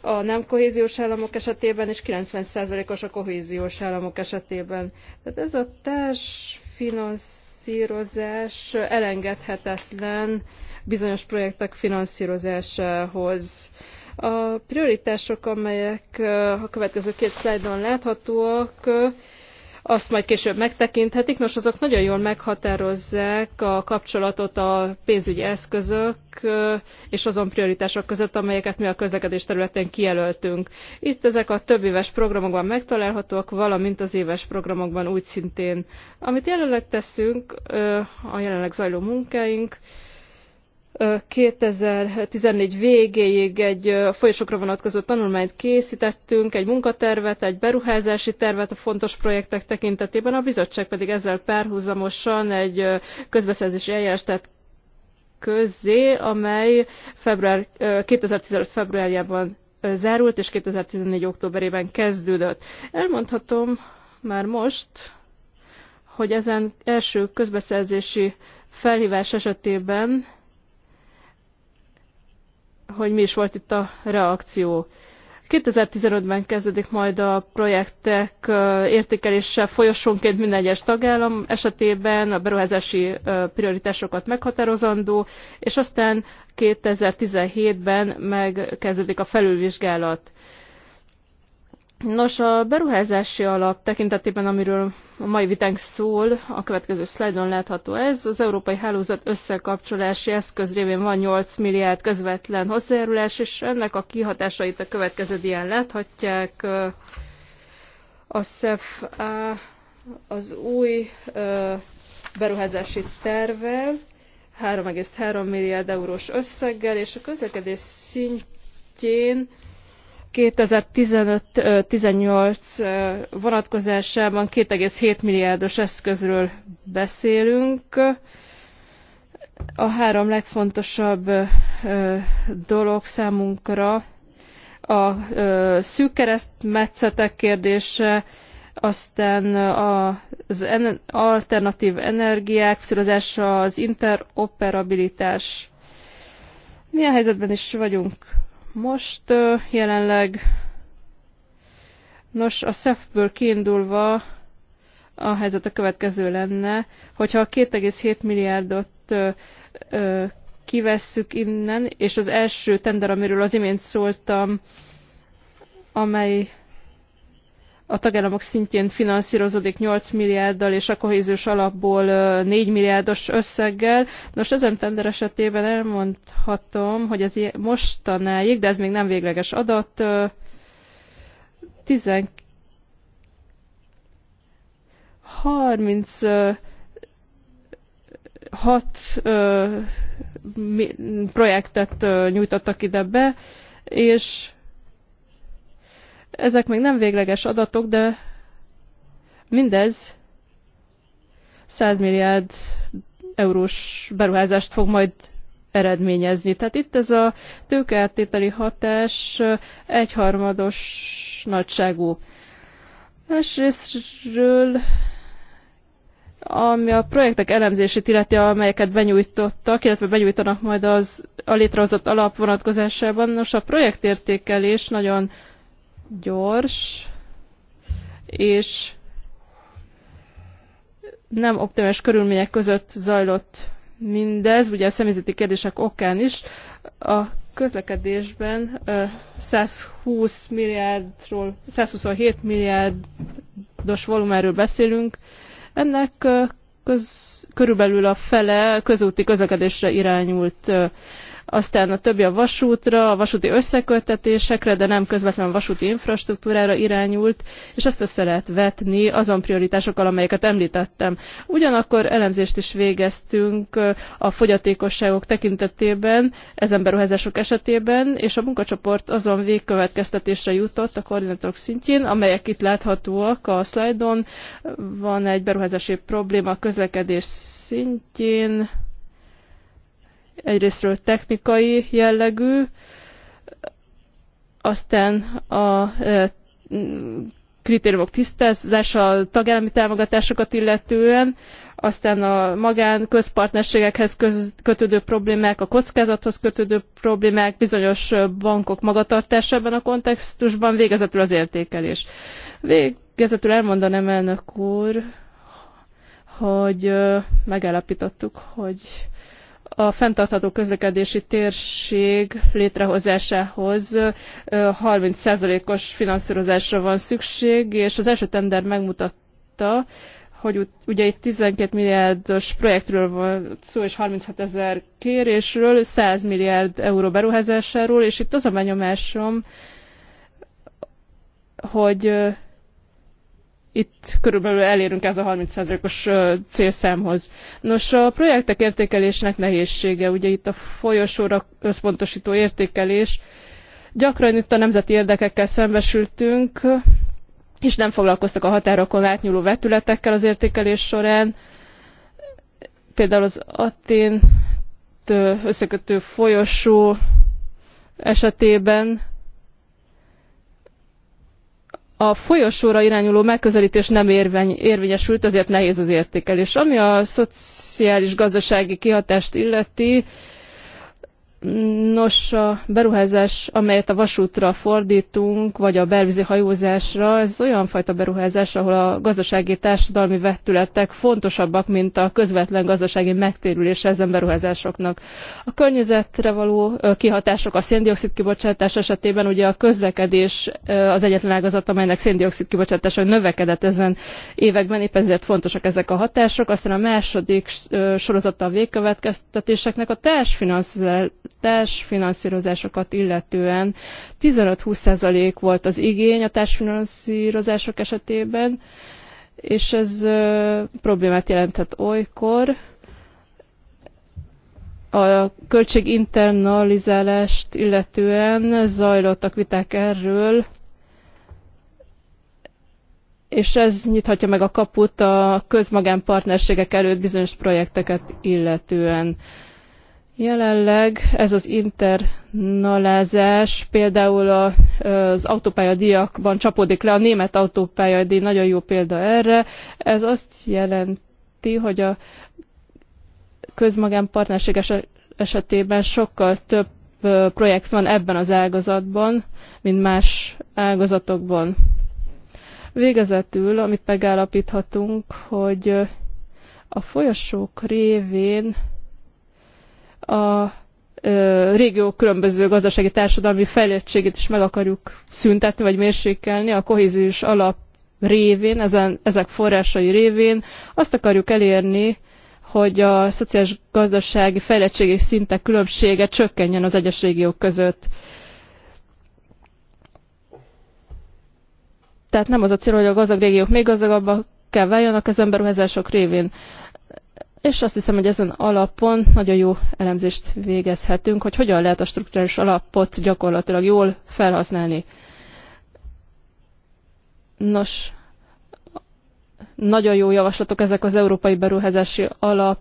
a nem kohéziós államok esetében, és 90 százalékos a kohéziós államok esetében. Tehát ez a társfinanszírozás elengedhetetlen bizonyos projektek finanszírozásához. A prioritások, amelyek eh, a következő két szlájdon láthatóak, azt majd később megtekinthetik. Nos, azok nagyon jól meghatározzák a kapcsolatot a pénzügyi eszközök és azon prioritások között, amelyeket mi a közlekedés területén kijelöltünk. Itt ezek a több éves programokban megtalálhatóak, valamint az éves programokban úgy szintén. Amit jelenleg teszünk, a jelenleg zajló munkáink, 2014 végéig egy folyosókra vonatkozó tanulmányt készítettünk, egy munkatervet, egy beruházási tervet a fontos projektek tekintetében, a bizottság pedig ezzel párhuzamosan egy közbeszerzési eljárást tett közzé, amely február, 2015 februárjában zárult, és 2014 októberében kezdődött. Elmondhatom már most, hogy ezen első közbeszerzési felhívás esetében hogy mi is volt itt a reakció. 2015-ben kezdődik majd a projektek értékelése folyosónként minden egyes tagállam esetében, a beruházási prioritásokat meghatározandó, és aztán 2017-ben megkezdődik a felülvizsgálat. Nos, a beruházási alap tekintetében, amiről a mai vitánk szól, a következő szlájdon látható ez. Az Európai Hálózat összekapcsolási eszköz révén van 8 milliárd közvetlen hozzájárulás, és ennek a kihatásait a következő dián láthatják. A SZEF az új beruházási tervvel 3,3 milliárd eurós összeggel, és a közlekedés szintjén 2015-18 vonatkozásában 2,7 milliárdos eszközről beszélünk. A három legfontosabb dolog számunkra a szűk keresztmetszetek kérdése, aztán az alternatív energiák finanszírozása, az interoperabilitás. Milyen helyzetben is vagyunk most jelenleg, nos, a sef ből kiindulva a helyzet a következő lenne, hogyha a 2,7 milliárdot kivesszük innen, és az első tender, amiről az imént szóltam, amely a tagállamok szintjén finanszírozódik 8 milliárddal, és a kohéziós alapból 4 milliárdos összeggel. Nos, ezen tender esetében elmondhatom, hogy ez mostanáig, de ez még nem végleges adat, 10, 30 hat ö, projektet ö, nyújtottak ide be, és ezek még nem végleges adatok, de mindez 100 milliárd eurós beruházást fog majd eredményezni. Tehát itt ez a tőkeáttételi hatás egyharmados nagyságú. Másrésztről, ami a projektek elemzését illeti, amelyeket benyújtottak, illetve benyújtanak majd az, a létrehozott alap vonatkozásában, nos a projektértékelés nagyon gyors, és nem optimális körülmények között zajlott mindez, ugye a személyzeti kérdések okán is. A közlekedésben 120 milliárdról, 127 milliárdos volumáról beszélünk. Ennek köz, körülbelül a fele közúti közlekedésre irányult aztán a többi a vasútra, a vasúti összeköttetésekre, de nem a vasúti infrastruktúrára irányult, és ezt össze lehet vetni azon prioritásokkal, amelyeket említettem. Ugyanakkor elemzést is végeztünk a fogyatékosságok tekintetében, ezen beruházások esetében, és a munkacsoport azon végkövetkeztetésre jutott a koordinátorok szintjén, amelyek itt láthatóak a szlájdon. Van egy beruházási probléma a közlekedés szintjén, egyrésztről technikai jellegű, aztán a e, kritériumok tisztázása a tagállami támogatásokat illetően, aztán a magán közpartnerségekhez köz, kötődő problémák, a kockázathoz kötődő problémák, bizonyos bankok magatartásában a kontextusban, végezetül az értékelés. Végezetül elmondanám elnök úr, hogy megállapítottuk, hogy a fenntartható közlekedési térség létrehozásához 30%-os finanszírozásra van szükség, és az első tender megmutatta, hogy ugye itt 12 milliárdos projektről van szó, és 36 ezer kérésről, 100 milliárd euró beruházásáról, és itt az a benyomásom, hogy itt körülbelül elérünk ez a 30%-os célszámhoz. Nos, a projektek értékelésnek nehézsége, ugye itt a folyosóra összpontosító értékelés, gyakran itt a nemzeti érdekekkel szembesültünk, és nem foglalkoztak a határokon átnyúló vetületekkel az értékelés során. Például az Atén összekötő folyosó esetében a folyosóra irányuló megközelítés nem érveny, érvényesült, ezért nehéz az értékelés. Ami a szociális-gazdasági kihatást illeti, Nos, a beruházás, amelyet a vasútra fordítunk, vagy a belvízi hajózásra, ez olyan fajta beruházás, ahol a gazdasági társadalmi vetületek fontosabbak, mint a közvetlen gazdasági megtérülés ezen beruházásoknak. A környezetre való kihatások a széndiokszid kibocsátás esetében ugye a közlekedés az egyetlen ágazat, amelynek széndiokszid kibocsátása növekedett ezen években, éppen ezért fontosak ezek a hatások. Aztán a második sorozata a végkövetkeztetéseknek a társfinanszírozás társfinanszírozásokat illetően 15-20% volt az igény a társfinanszírozások esetében, és ez problémát jelentett olykor. A költség internalizálást illetően zajlottak viták erről, és ez nyithatja meg a kaput a közmagánpartnerségek előtt bizonyos projekteket illetően. Jelenleg ez az internalázás például az autópályadíjakban csapódik le, a német autópályadíj nagyon jó példa erre. Ez azt jelenti, hogy a partnerség esetében sokkal több projekt van ebben az ágazatban, mint más ágazatokban. Végezetül, amit megállapíthatunk, hogy a folyosók révén a régiók különböző gazdasági társadalmi fejlettségét is meg akarjuk szüntetni, vagy mérsékelni a kohéziós alap révén, ezen, ezek forrásai révén. Azt akarjuk elérni, hogy a szociális gazdasági fejlettségi szintek különbsége csökkenjen az egyes régiók között. Tehát nem az a cél, hogy a gazdag régiók még gazdagabbak kell váljanak az emberuházások révén és azt hiszem, hogy ezen alapon nagyon jó elemzést végezhetünk, hogy hogyan lehet a struktúrális alapot gyakorlatilag jól felhasználni. Nos, nagyon jó javaslatok ezek az Európai Beruházási Alap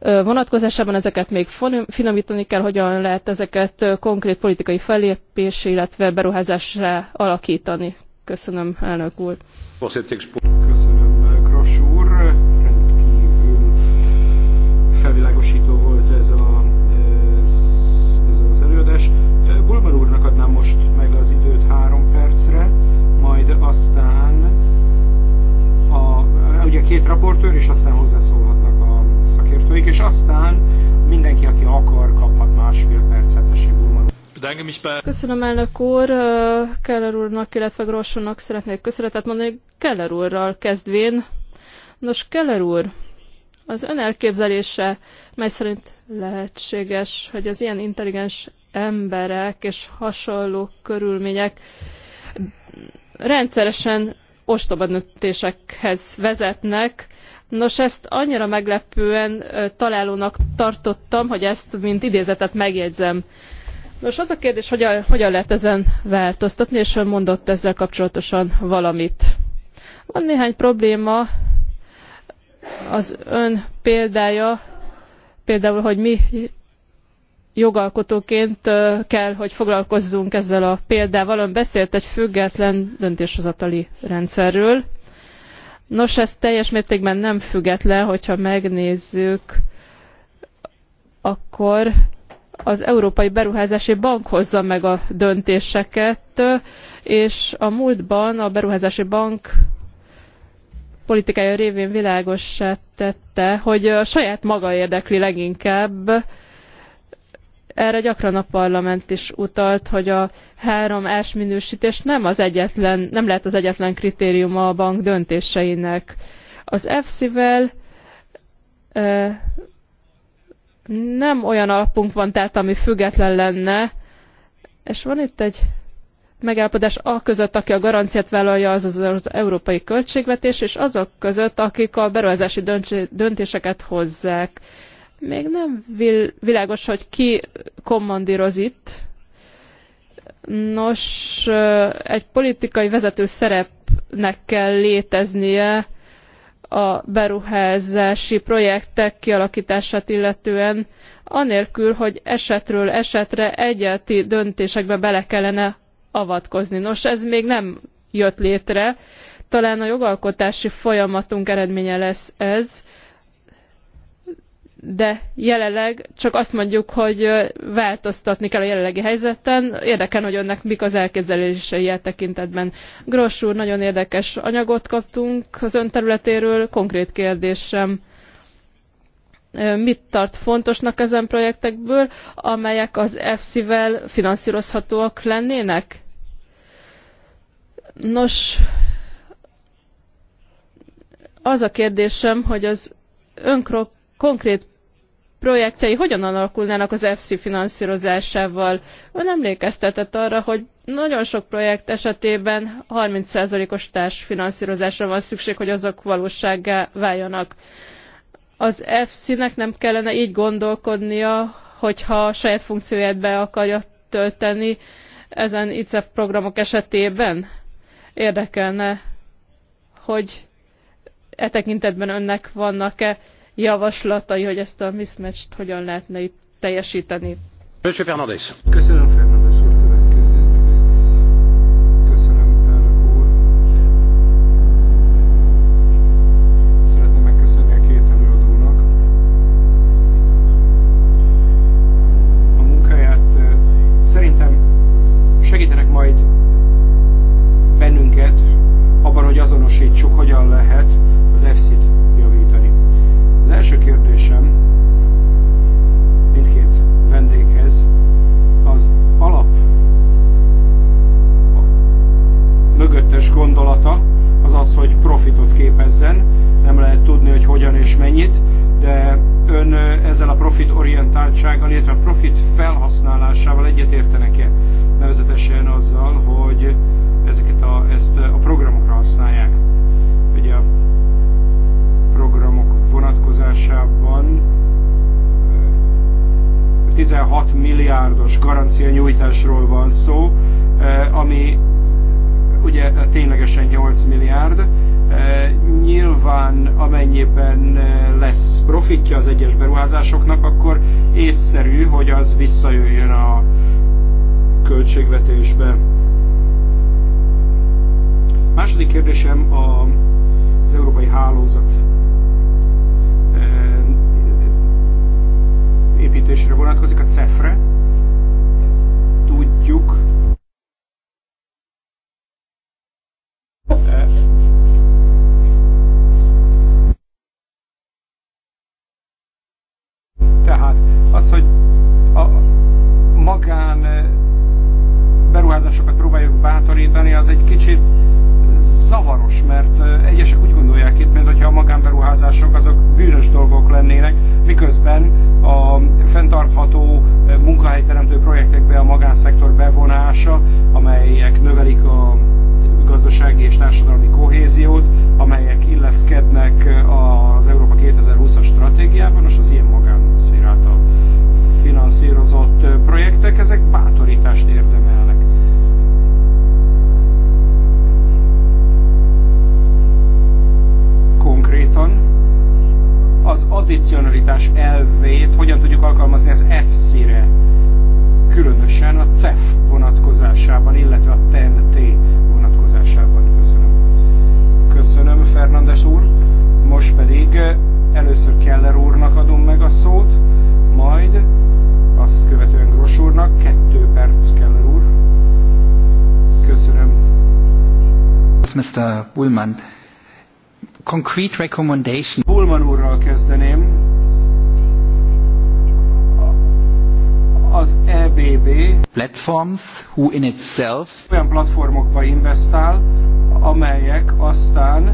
vonatkozásában, ezeket még finomítani kell, hogyan lehet ezeket konkrét politikai fellépés, illetve beruházásra alakítani. Köszönöm, elnök úr. Köszönöm. Köszönöm elnök úr, Keller úrnak, illetve Grossonnak szeretnék köszönetet mondani, Keller úrral kezdvén. Nos, Keller úr, az ön elképzelése, mely szerint lehetséges, hogy az ilyen intelligens emberek és hasonló körülmények rendszeresen ostoba döntésekhez vezetnek. Nos, ezt annyira meglepően találónak tartottam, hogy ezt, mint idézetet megjegyzem. Nos, az a kérdés, hogyan, hogyan lehet ezen változtatni, és ön mondott ezzel kapcsolatosan valamit. Van néhány probléma, az ön példája, például, hogy mi jogalkotóként kell, hogy foglalkozzunk ezzel a példával. Ön beszélt egy független döntéshozatali rendszerről. Nos, ez teljes mértékben nem független, hogyha megnézzük, akkor az Európai Beruházási Bank hozza meg a döntéseket, és a múltban a Beruházási Bank politikája révén világossá tette, hogy a saját maga érdekli leginkább. Erre gyakran a parlament is utalt, hogy a három S minősítés nem, az egyetlen, nem lehet az egyetlen kritérium a bank döntéseinek. Az efsi vel eh, nem olyan alapunk van, tehát ami független lenne, és van itt egy megállapodás a között, aki a garanciát vállalja, az az, az európai költségvetés, és azok között, akik a beruházási döntéseket hozzák. Még nem vil, világos, hogy ki kommandíroz itt. Nos, egy politikai vezető szerepnek kell léteznie, a beruházási projektek kialaktását illetően, anélkül, hogy esetről esetre egyenleti döntésekbe bele kellene avatkozni. Nos, ez még nem jött létre. Talán a jogalkotási folyamatunk eredménye lesz ez, de jelenleg csak azt mondjuk, hogy változtatni kell a jelenlegi helyzeten. érdekelne hogy önnek mik az elképzelései e tekintetben. grosch úr, nagyon érdekes anyagot kaptunk az ön területéről. Konkrét kérdésem, mit tart fontosnak ezen projektekből, amelyek az EFSI-vel finanszírozhatóak lennének? Nos, az a kérdésem, hogy az ön konkrét projektjei hogyan alakulnának az FC finanszírozásával. Ön emlékeztetett arra, hogy nagyon sok projekt esetében 30%-os társfinanszírozásra van szükség, hogy azok valósággá váljanak. Az FC-nek nem kellene így gondolkodnia, hogyha a saját funkcióját be akarja tölteni ezen ICEF programok esetében? Érdekelne, hogy e tekintetben önnek vannak-e javaslatai, hogy ezt a mismatch-t hogyan lehetne itt teljesteni. milliárdos garancia nyújtásról van szó, eh, ami ugye ténylegesen 8 milliárd. Eh, nyilván amennyiben eh, lesz profitja az egyes beruházásoknak, akkor észszerű, hogy az visszajöjjön a költségvetésbe. Második kérdésem a, az európai hálózat építésére vonatkozik, a CEF-re tudjuk, Mr. Bullman. Concrete recommendation. Bullman úrral kezdeném. Az EBB platforms who in itself olyan platformokba investál, amelyek aztán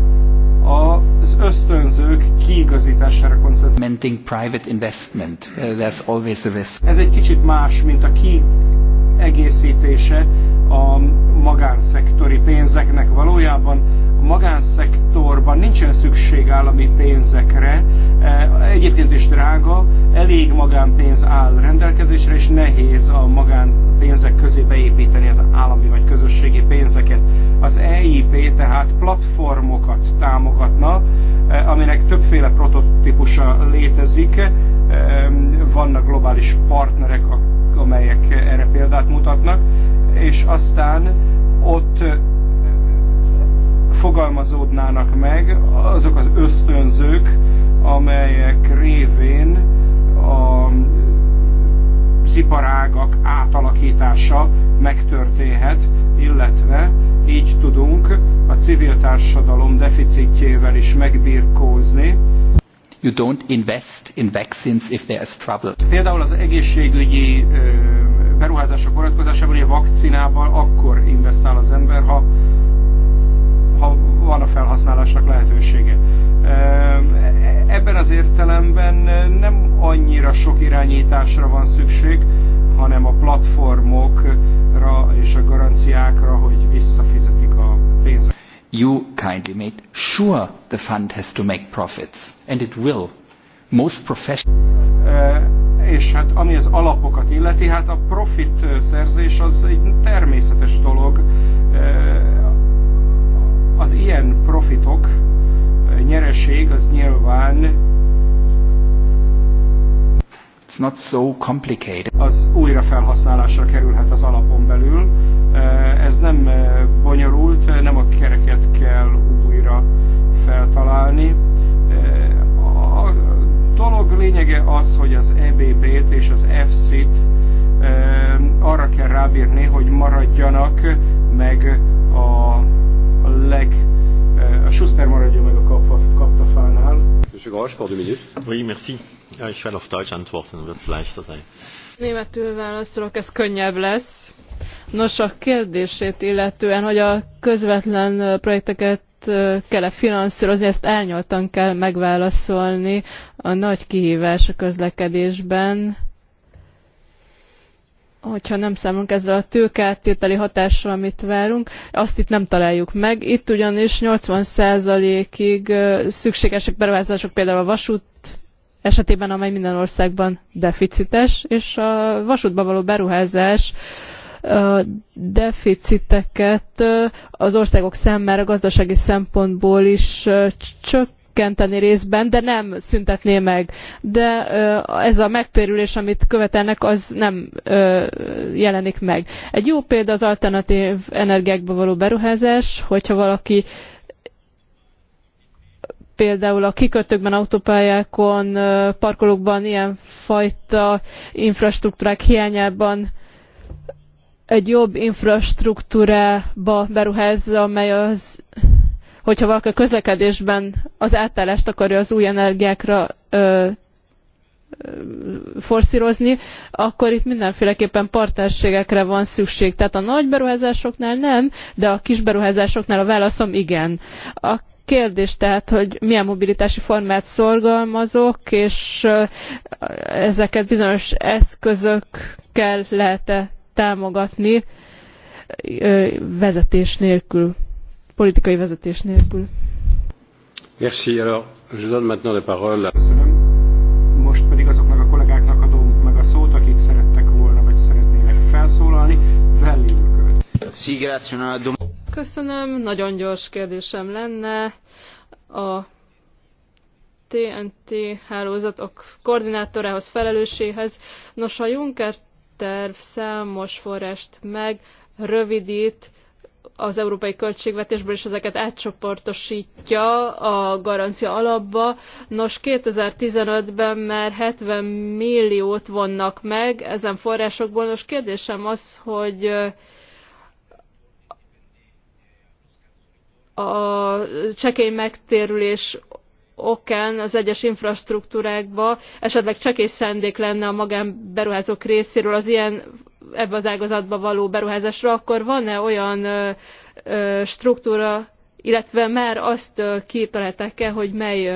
az ösztönzők kiigazítására koncentrál. Menting private investment. Uh, there's always a risk. Ez egy kicsit más, mint a kiegészítése a magánszektori pénzeknek. Valójában a magánszektorban nincsen szükség állami pénzekre, e, egyébként is drága, elég magánpénz áll rendelkezésre, és nehéz a magánpénzek közé beépíteni az állami vagy közösségi pénzeket. Az EIP tehát platformokat támogatna, e, aminek többféle prototípusa létezik, e, vannak globális partnerek, amelyek erre példát mutatnak, és aztán maradnának meg azok az ösztönzők, amelyek révén a sziparágak átalakítása megtörténhet, illetve így tudunk a civil társadalom deficitjével is megbirkózni. You don't invest in vaccines if there is trouble. Például az egészségügyi beruházások vonatkozásában, a vakcinával akkor investál az ember, ha, ha van a felhasználásnak lehetősége. Ehm, e-, ebben az értelemben e, nem annyira sok irányításra van szükség, hanem a platformokra és a garanciákra, hogy visszafizetik a pénzt. You kindly made sure the fund has to make profits, and it will. Most professional e-, és hát ami az alapokat illeti, hát a profit szerzés az egy természetes dolog, az ilyen profitok, nyereség az nyilván It's not so complicated. az felhasználásra kerülhet az alapon belül. Ez nem bonyolult, nem a kereket kell újra feltalálni. A dolog lényege az, hogy az EBB-t és az FC-t arra kell rábírni, hogy maradjanak meg a a leg... Eh, a Schuster maradja meg a kapfa, kaptafánál. Oui, merci. Ja, ich werde auf Deutsch antworten, wird es leichter sein. Németül válaszolok, ez könnyebb lesz. Nos, a kérdését illetően, hogy a közvetlen eh, projekteket eh, kell-e finanszírozni, ezt elnyoltan kell megválaszolni. A nagy kihívás a közlekedésben, hogyha nem számunk ezzel a tőkeáttételi hatással, amit várunk, azt itt nem találjuk meg. Itt ugyanis 80%-ig szükségesek beruházások például a vasút esetében, amely minden országban deficites, és a vasútba való beruházás deficiteket az országok számára gazdasági szempontból is csökkent csökkenteni részben, de nem szüntetné meg. De ez a megtérülés, amit követelnek, az nem jelenik meg. Egy jó példa az alternatív energiákba való beruházás, hogyha valaki például a kikötőkben, autópályákon, parkolókban ilyen fajta infrastruktúrák hiányában egy jobb infrastruktúrába beruház, amely az hogyha valaki a közlekedésben az átállást akarja az új energiákra ö, forszírozni, akkor itt mindenféleképpen partnerségekre van szükség. Tehát a nagy beruházásoknál nem, de a kis beruházásoknál a válaszom igen. A kérdés tehát, hogy milyen mobilitási formát szorgalmazok, és ezeket bizonyos eszközökkel lehet-e támogatni vezetés nélkül politikai vezetés nélkül. Merci. Alors, je donne maintenant la parole. Köszönöm. Most pedig azoknak a kollégáknak adom meg a szót, akik szerettek volna, vagy szeretnének felszólalni. Velli úr követ. Sí, Köszönöm. Nagyon gyors kérdésem lenne. A TNT hálózatok koordinátorához, felelősséhez. Nos, a Juncker terv számos forrást meg rövidít, az európai költségvetésből, és ezeket átcsoportosítja a garancia alapba. Nos, 2015-ben már 70 milliót vonnak meg ezen forrásokból. Nos, kérdésem az, hogy a csekély megtérülés okán az egyes infrastruktúrákba esetleg csekély szendék lenne a magánberuházók részéről az ilyen ebbe az ágazatba való beruházásra, akkor van-e olyan struktúra, illetve már azt kitalálták-e, hogy mely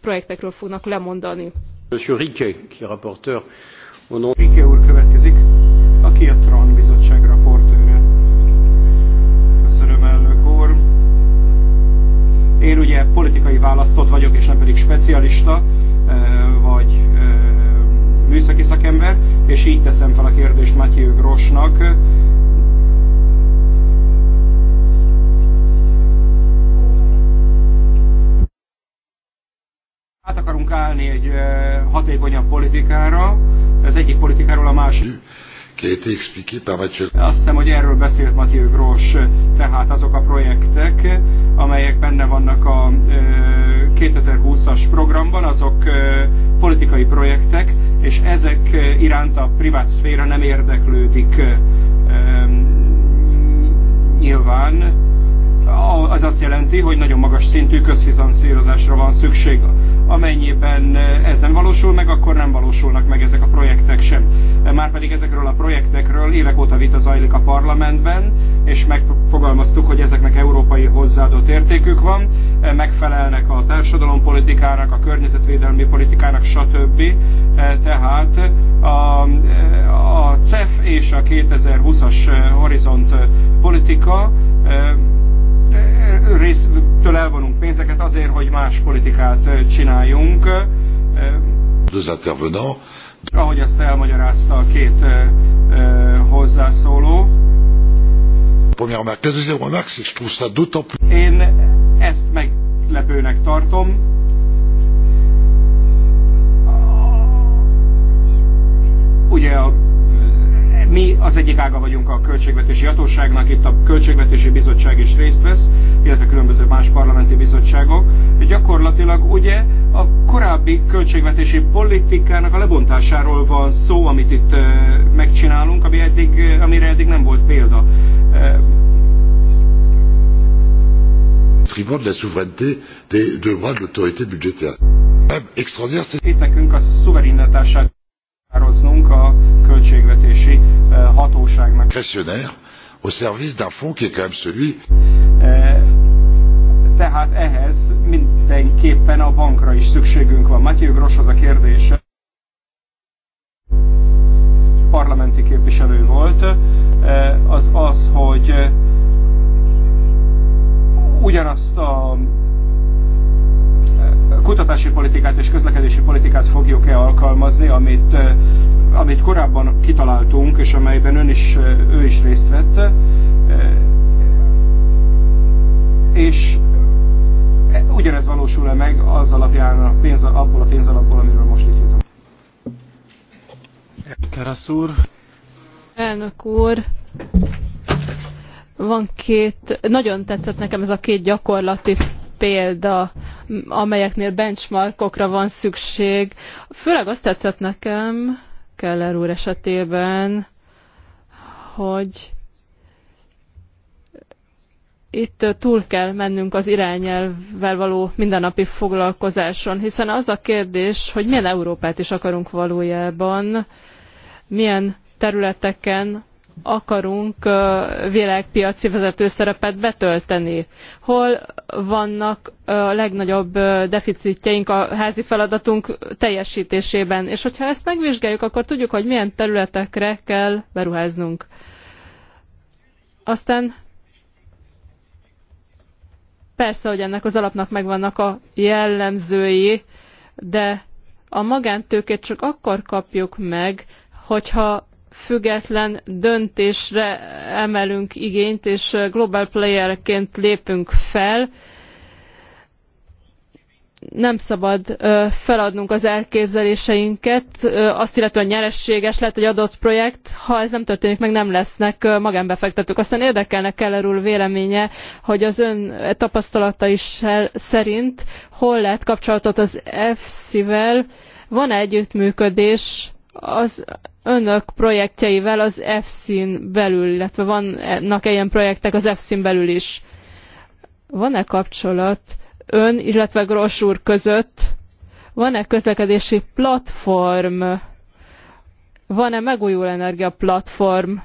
projektekről fognak lemondani? Monsieur Riquet, qui est rapporteur au Riquet úr következik, aki a TRAN bizottság raportőre. Köszönöm, elnök úr. Én ugye politikai választott vagyok, és nem pedig specialista műszaki szakember, és így teszem fel a kérdést Mathieu Grossnak, át akarunk állni egy hatékonyabb politikára, az egyik politikáról a másik. Azt hiszem, hogy erről beszélt Mathieu Gross, tehát azok a projektek, amelyek benne vannak a 2020-as programban, azok politikai projektek, és ezek iránt a privát szféra nem érdeklődik nyilván. Az azt jelenti, hogy nagyon magas szintű közfinanszírozásra van szükség amennyiben ez nem valósul meg, akkor nem valósulnak meg ezek a projektek sem. Márpedig ezekről a projektekről évek óta vita zajlik a parlamentben, és megfogalmaztuk, hogy ezeknek európai hozzáadott értékük van, megfelelnek a társadalompolitikának, a környezetvédelmi politikának, stb. Tehát a, a CEF és a 2020-as horizont politika résztől elvonunk pénzeket azért, hogy más politikát csináljunk. Ahogy azt elmagyarázta a két hozzászóló. Én ezt meglepőnek tartom. Ugye a mi az egyik ága vagyunk a költségvetési hatóságnak, itt a költségvetési bizottság is részt vesz, illetve különböző más parlamenti bizottságok. Gyakorlatilag ugye a korábbi költségvetési politikának a lebontásáról van szó, amit itt megcsinálunk, ami eddig, amire eddig nem volt példa. de la souveraineté des, droits de l'autorité budgétaire. Extraordinaire, c'est... Itt nekünk a meghatároznunk a költségvetési hatóságnak. au service d'un fonds qui est quand même celui. Tehát ehhez mindenképpen a bankra is szükségünk van. Matthew az a kérdése. Parlamenti képviselő volt. Az az, hogy ugyanazt a kutatási politikát és közlekedési politikát fogjuk-e alkalmazni, amit, amit korábban kitaláltunk, és amelyben ön is, ő is részt vett. És ugyanez valósul-e meg az alapján a pénz, abból a alapból, amiről most itt jutunk. Kerasz úr. Elnök úr. Van két, nagyon tetszett nekem ez a két gyakorlati példa, amelyeknél benchmarkokra van szükség. Főleg azt tetszett nekem, Keller úr esetében, hogy itt túl kell mennünk az irányelvvel való mindennapi foglalkozáson, hiszen az a kérdés, hogy milyen Európát is akarunk valójában, milyen területeken akarunk világpiaci vezető szerepet betölteni? Hol vannak a legnagyobb deficitjeink a házi feladatunk teljesítésében? És hogyha ezt megvizsgáljuk, akkor tudjuk, hogy milyen területekre kell beruháznunk. Aztán persze, hogy ennek az alapnak megvannak a jellemzői, de a magántőkét csak akkor kapjuk meg, hogyha független döntésre emelünk igényt, és global playerként lépünk fel. Nem szabad feladnunk az elképzeléseinket, azt illetően nyerességes lehet egy adott projekt, ha ez nem történik, meg nem lesznek magánbefektetők. Aztán érdekelne kell erről véleménye, hogy az ön tapasztalata is szerint hol lehet kapcsolatot az EFSZ-vel, van -e együttműködés az önök projektjeivel az EFSZ-n belül, illetve vannak -e ilyen projektek az EFSZ-n belül is. Van-e kapcsolat ön, illetve Gross úr között? Van-e közlekedési platform? Van-e megújuló energia platform?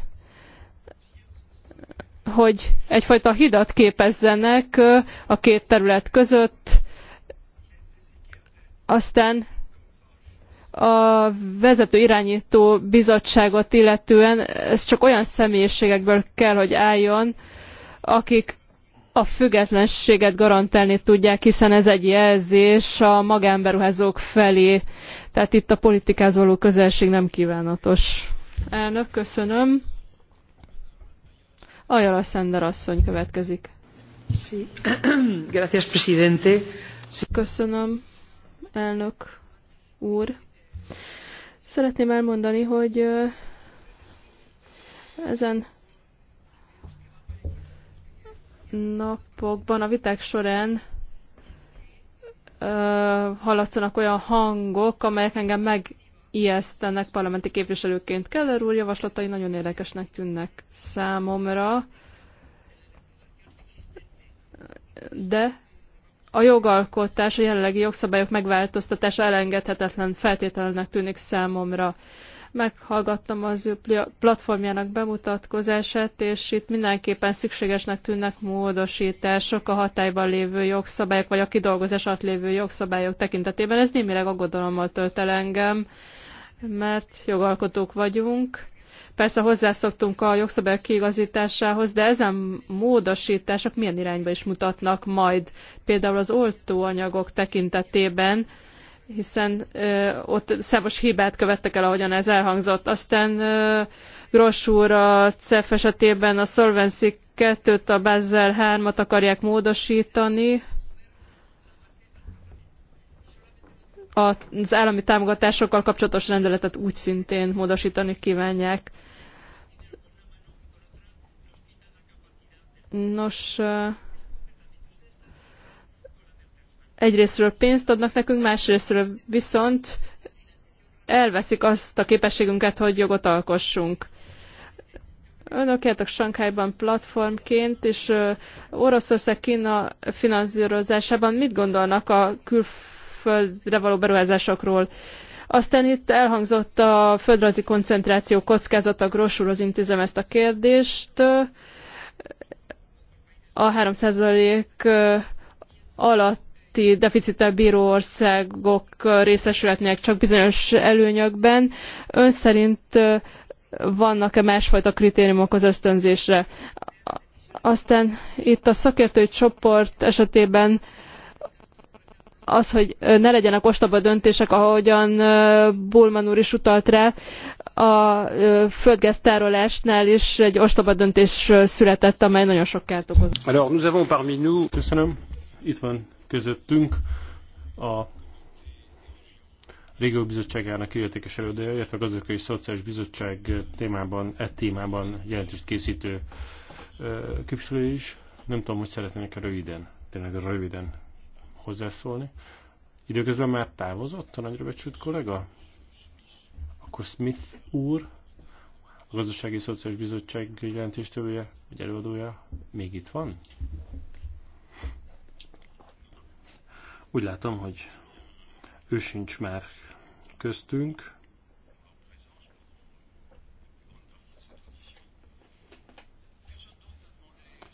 hogy egyfajta hidat képezzenek a két terület között, aztán a vezető irányító bizottságot illetően ez csak olyan személyiségekből kell, hogy álljon, akik a függetlenséget garantálni tudják, hiszen ez egy jelzés a magánberuházók felé. Tehát itt a politikázoló közelség nem kívánatos. Elnök, köszönöm. Ajala Szender asszony következik. presidente. Köszönöm, elnök úr. Szeretném elmondani, hogy ezen napokban a viták során hallatszanak olyan hangok, amelyek engem megijesztenek parlamenti képviselőként. Keller úr javaslatai nagyon érdekesnek tűnnek számomra, de a jogalkotás, a jelenlegi jogszabályok megváltoztatása elengedhetetlen feltételnek tűnik számomra. Meghallgattam az ő platformjának bemutatkozását, és itt mindenképpen szükségesnek tűnnek módosítások a hatályban lévő jogszabályok, vagy a kidolgozás alatt lévő jogszabályok tekintetében. Ez némileg aggodalommal tölt el engem, mert jogalkotók vagyunk, Persze hozzászoktunk a jogszabály kiigazításához, de ezen módosítások milyen irányba is mutatnak majd, például az oltóanyagok tekintetében, hiszen ö, ott számos hibát követtek el, ahogyan ez elhangzott. Aztán ö, Gross úr a CEF esetében a Solvency 2-t, a Basel 3-at akarják módosítani, az állami támogatásokkal kapcsolatos rendeletet úgy szintén módosítani kívánják. Nos, egyrésztről pénzt adnak nekünk, másrésztről viszont elveszik azt a képességünket, hogy jogot alkossunk. Önök jártak Sankhájban platformként, és Oroszország Kína finanszírozásában mit gondolnak a külföldre való beruházásokról? Aztán itt elhangzott a földrajzi koncentráció kockázata, Grosúrhoz intézem ezt a kérdést a 3% alatti deficittel bíró országok részesülhetnek csak bizonyos előnyökben. Ön szerint vannak-e másfajta kritériumok az ösztönzésre? Aztán itt a szakértői csoport esetében az, hogy ne legyenek ostoba döntések, ahogyan Bulman úr is utalt rá, a földgáztárolásnál is egy ostoba döntés született, amely nagyon sok kárt okoz. Alors, nous avons parmi nous... Köszönöm. Itt van közöttünk a Régió Bizottságának illetékes előadója, illetve a Gazdasági Szociális Bizottság témában, e témában jelentést készítő képviselő is. Nem tudom, hogy szeretnének -e röviden, tényleg röviden hozzászólni. Időközben már távozott a nagyrövecsült kollega? Akkor Smith úr, a Gazdasági Szociális Bizottság jelentéstevője, vagy előadója még itt van? Úgy látom, hogy ő sincs már köztünk.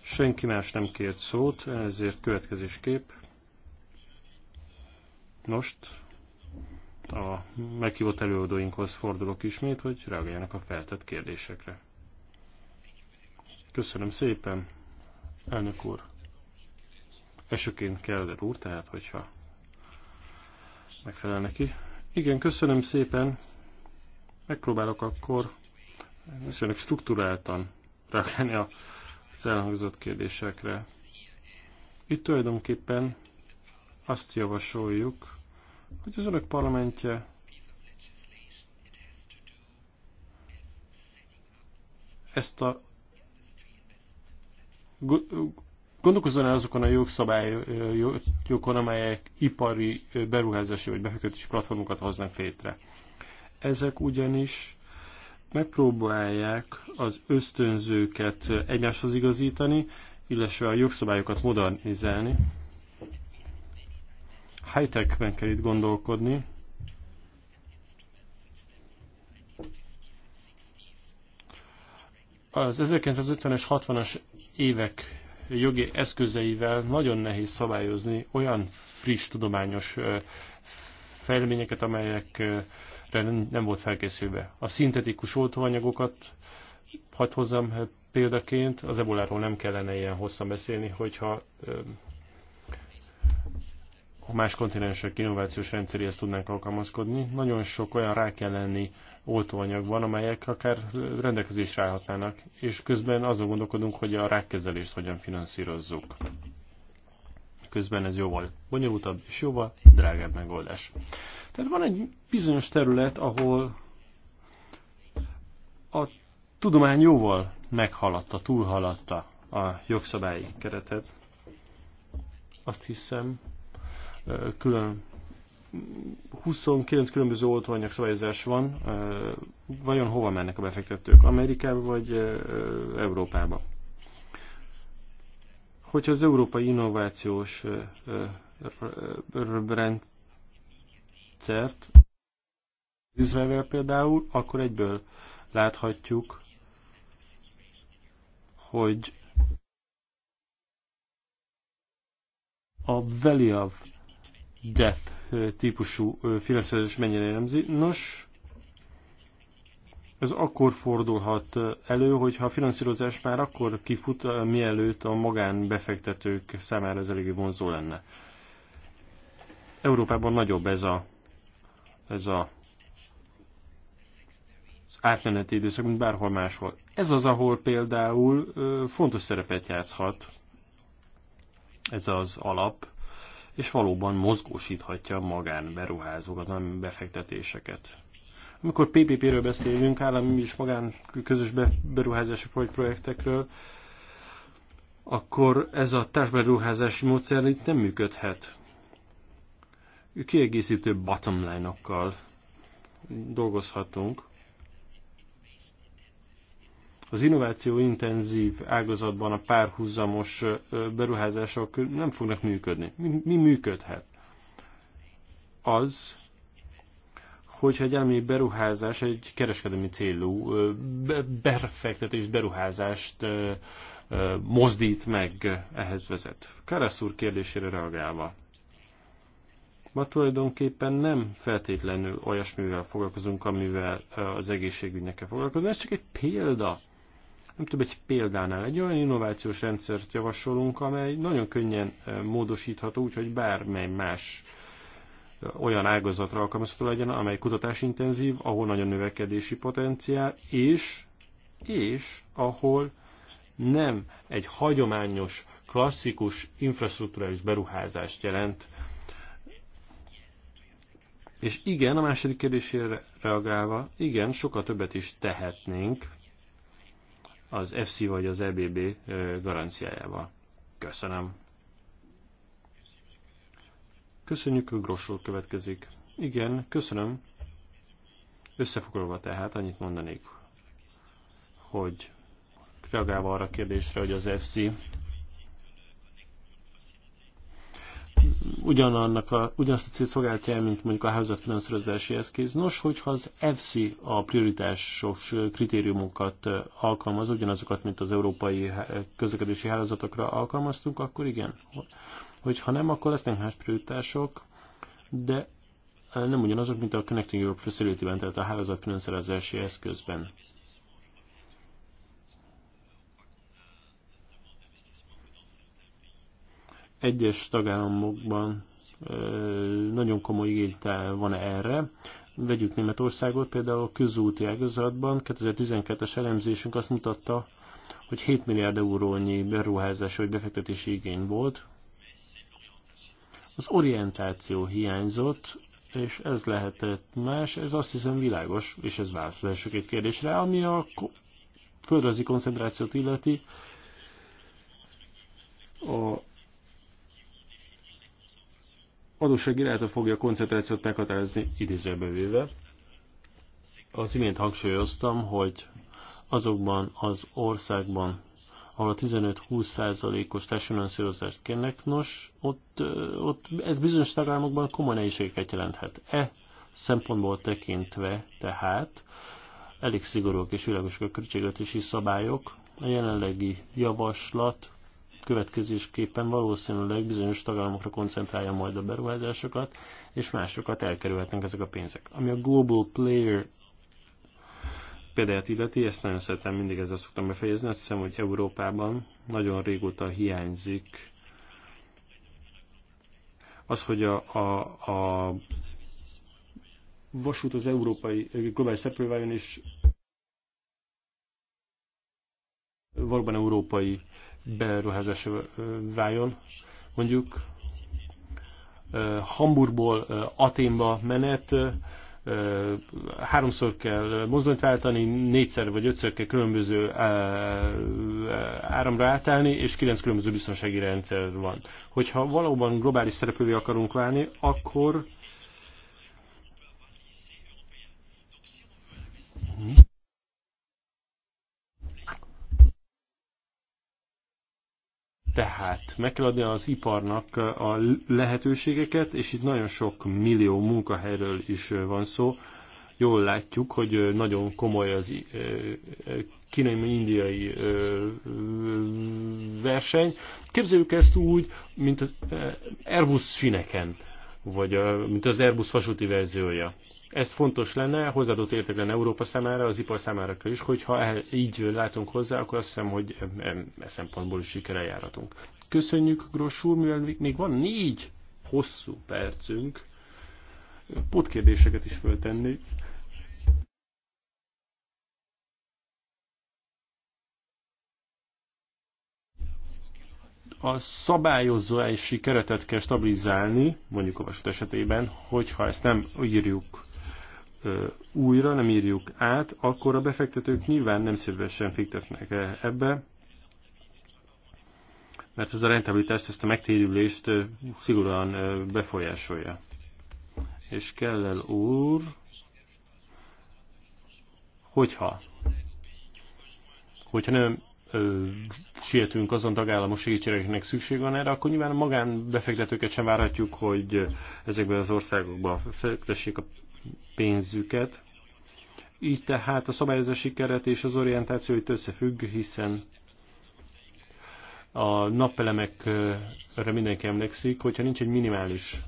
Senki más nem kért szót, ezért következésképp. Most a meghívott előadóinkhoz fordulok ismét, hogy reagáljanak a feltett kérdésekre. Köszönöm szépen, elnök úr. Esőként de úr, tehát hogyha megfelel neki. Igen, köszönöm szépen. Megpróbálok akkor viszonylag struktúráltan reagálni a elhangzott kérdésekre. Itt tulajdonképpen azt javasoljuk, hogy az önök parlamentje ezt a gondolkozzon el azokon a jogszabályokon, amelyek ipari beruházási vagy befektetési platformokat hoznak létre. Ezek ugyanis megpróbálják az ösztönzőket egymáshoz igazítani, illetve a jogszabályokat modernizálni high-techben kell itt gondolkodni. Az 1950-es, 60-as évek jogi eszközeivel nagyon nehéz szabályozni olyan friss tudományos fejleményeket, amelyekre nem volt felkészülve. A szintetikus oltóanyagokat hagyd hozzam példaként, az ebola nem kellene ilyen hosszan beszélni, hogyha más kontinensek innovációs rendszeréhez tudnánk alkalmazkodni. Nagyon sok olyan rá kell lenni oltóanyag van, amelyek akár rendelkezésre állhatnának, és közben azon gondolkodunk, hogy a rákkezelést hogyan finanszírozzuk. Közben ez jóval bonyolultabb és jóval drágább megoldás. Tehát van egy bizonyos terület, ahol a tudomány jóval meghaladta, túlhaladta a jogszabályi keretet. Azt hiszem, külön 29 különböző oltóanyag szabályozás van, vajon hova mennek a befektetők? Amerikába vagy Európába? Hogyha az európai innovációs rendszert Izraelvel például, akkor egyből láthatjuk, hogy a Valley of death típusú finanszírozás mennyire jellemzi. Nos, ez akkor fordulhat elő, hogyha a finanszírozás már akkor kifut, mielőtt a magánbefektetők számára ez eléggé vonzó lenne. Európában nagyobb ez a, ez a az átmeneti időszak, mint bárhol máshol. Ez az, ahol például fontos szerepet játszhat ez az alap, és valóban mozgósíthatja magán beruházókat, nem befektetéseket. Amikor PPP-ről beszélünk, állami és magán közös beruházási projektekről, akkor ez a társberuházási módszer itt nem működhet. Kiegészítő bottom line dolgozhatunk, az innováció intenzív ágazatban a párhuzamos beruházások nem fognak működni. Mi, mi működhet? Az, hogyha egy állami beruházás egy kereskedelmi célú befektetés beruházást mozdít meg, ehhez vezet. Karasz úr kérdésére reagálva. Ma tulajdonképpen nem feltétlenül olyasmivel foglalkozunk, amivel az egészségügynek kell foglalkozni. Ez csak egy példa nem több egy példánál. Egy olyan innovációs rendszert javasolunk, amely nagyon könnyen e, módosítható, úgyhogy bármely más e, olyan ágazatra alkalmazható legyen, amely kutatásintenzív, ahol nagyon növekedési potenciál, és, és ahol nem egy hagyományos, klasszikus infrastruktúrális beruházást jelent. És igen, a második kérdésére reagálva, igen, sokkal többet is tehetnénk, az FC vagy az EBB garanciájával. Köszönöm. Köszönjük, Grossról következik. Igen, köszönöm. Összefoglalva tehát annyit mondanék, hogy reagálva arra a kérdésre, hogy az FC ugyanannak a, ugyanazt a célt szolgálja el, mint mondjuk a finanszírozási eszköz. Nos, hogyha az EFSI a prioritásos kritériumokat alkalmaz, ugyanazokat, mint az európai közlekedési hálózatokra alkalmaztunk, akkor igen. Hogyha nem, akkor lesznek más prioritások, de nem ugyanazok, mint a Connecting Europe Facility-ben, tehát a finanszírozási eszközben. Egyes tagállamokban nagyon komoly igény van erre. Vegyük Németországot, például a közúti ágazatban 2012-es elemzésünk azt mutatta, hogy 7 milliárd eurónyi beruházás vagy befektetési igény volt. Az orientáció hiányzott, és ez lehetett más, ez azt hiszem világos, és ez válaszol első két kérdésre, ami a földrajzi koncentrációt illeti, a adósság irányába fogja a koncentrációt meghatározni idézőbe véve. Az imént hangsúlyoztam, hogy azokban az országban, ahol a 15-20 százalékos társadalmi kérnek, nos, ott, ott ez bizonyos tagállamokban komoly nehézségeket jelenthet. E szempontból tekintve tehát elég szigorúak és világosak a költségvetési szabályok. A jelenlegi javaslat következésképpen valószínűleg bizonyos tagállamokra koncentrálja majd a beruházásokat, és másokat elkerülhetnek ezek a pénzek. Ami a Global Player példáját illeti, ezt nagyon szeretem, mindig ezzel szoktam befejezni, azt hiszem, hogy Európában nagyon régóta hiányzik az, hogy a, a, a vasút az európai globális szereplő váljon, és valóban európai beruházásra váljon. Mondjuk Hamburgból Aténba menet, háromszor kell mozdonyt váltani, négyszer vagy ötször kell különböző áramra átállni, és kilenc különböző biztonsági rendszer van. Hogyha valóban globális szereplővé akarunk válni, akkor Tehát meg kell adni az iparnak a lehetőségeket, és itt nagyon sok millió munkahelyről is van szó. Jól látjuk, hogy nagyon komoly az eh, kínai-indiai eh, verseny. Képzeljük ezt úgy, mint az eh, Airbus sineken, vagy mint az Airbus vasúti verziója. Ez fontos lenne, hozzáadott érték lenne Európa számára, az ipar számára is, hogyha így látunk hozzá, akkor azt hiszem, hogy e szempontból is sikere járatunk. Köszönjük, Gross mivel még van négy hosszú percünk, pótkérdéseket is föltenni. a szabályozási keretet kell stabilizálni, mondjuk a vasút esetében, hogyha ezt nem írjuk újra, nem írjuk át, akkor a befektetők nyilván nem szívesen fiktetnek e, ebbe, mert ez a rentabilitást, ezt a megtérülést szigorúan befolyásolja. És el úr, hogyha, hogyha nem ö, sietünk azon tagállamos segítségeknek szükség van erre, akkor nyilván a magánbefektetőket sem várhatjuk, hogy ezekben az országokban fektessék a pénzüket. Így tehát a szabályozási keret és az orientáció itt összefügg, hiszen a napelemekre mindenki emlékszik, hogyha nincs egy minimális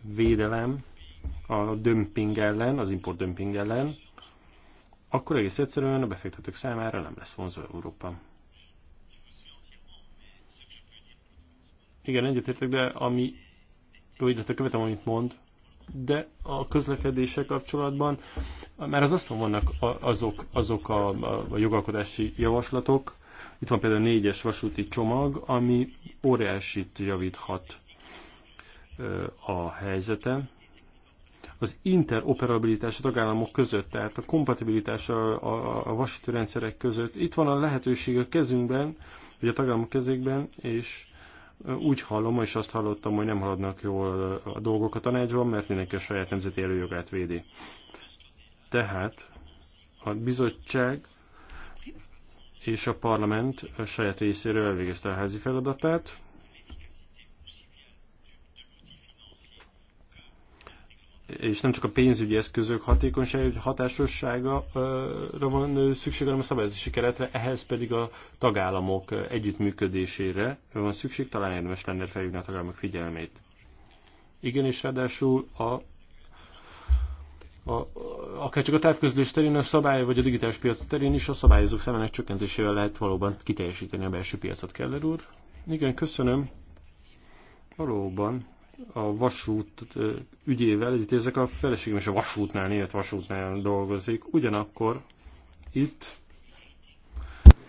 védelem a dömping ellen, az import dömping ellen, akkor egész egyszerűen a befektetők számára nem lesz vonzó Európa. Igen, egyetértek, de ami, illetve követem, amit mond, de a közlekedése kapcsolatban, mert az aztán vannak azok, azok a, a jogalkodási javaslatok, itt van például a négyes vasúti csomag, ami óriásit javíthat a helyzeten. Az interoperabilitás a tagállamok között, tehát a kompatibilitás a, a, a vasúti rendszerek között. Itt van a lehetőség a kezünkben, vagy a tagállamok kezékben, és úgy hallom, és azt hallottam, hogy nem haladnak jól a dolgok a tanácsban, mert mindenki a saját nemzeti előjogát védi. Tehát a bizottság és a parlament a saját részéről elvégezte a házi feladatát, és nem csak a pénzügyi eszközök hatékonysága, hatásosságra van szükség, hanem a szabályozási keretre, ehhez pedig a tagállamok együttműködésére van szükség, talán érdemes lenne felhívni a tagállamok figyelmét. Igen, és ráadásul a, a, akár csak a távközlés terén, a szabály vagy a digitális piac terén is a szabályozók szemének csökkentésével lehet valóban kiteljesíteni a belső piacot, Keller úr. Igen, köszönöm. Valóban a vasút ügyével, itt ezek a feleségem és a vasútnál, német vasútnál dolgozik. Ugyanakkor itt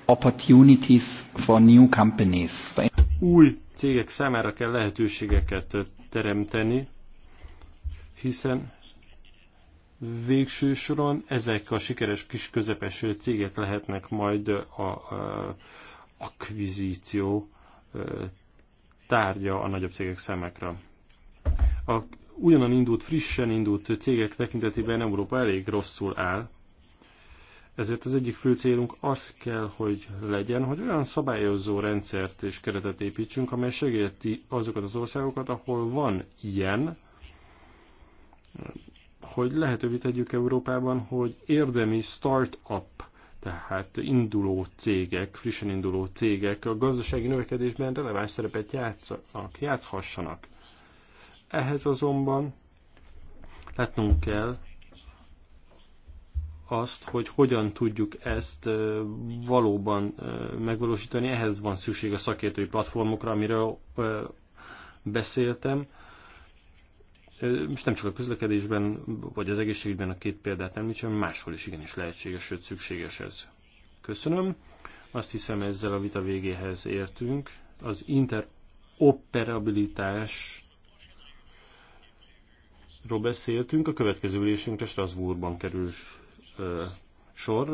opportunities for new companies. Új cégek számára kell lehetőségeket teremteni, hiszen végső soron ezek a sikeres kis közepes cégek lehetnek majd a, a akvizíció tárgya a nagyobb cégek számára a ugyanan indult, frissen indult cégek tekintetében Európa elég rosszul áll, ezért az egyik fő célunk az kell, hogy legyen, hogy olyan szabályozó rendszert és keretet építsünk, amely segíti azokat az országokat, ahol van ilyen, hogy lehetővé tegyük Európában, hogy érdemi start-up, tehát induló cégek, frissen induló cégek a gazdasági növekedésben releváns szerepet játszanak, játszhassanak. Ehhez azonban látnunk kell azt, hogy hogyan tudjuk ezt valóban megvalósítani. Ehhez van szükség a szakértői platformokra, amiről beszéltem. Most nem csak a közlekedésben, vagy az egészségügyben a két példát említsem, máshol is igenis lehetséges, sőt szükséges ez. Köszönöm. Azt hiszem ezzel a vita végéhez értünk. Az interoperabilitás ról beszéltünk, a következő ülésünkre Strasbourgban kerül sor.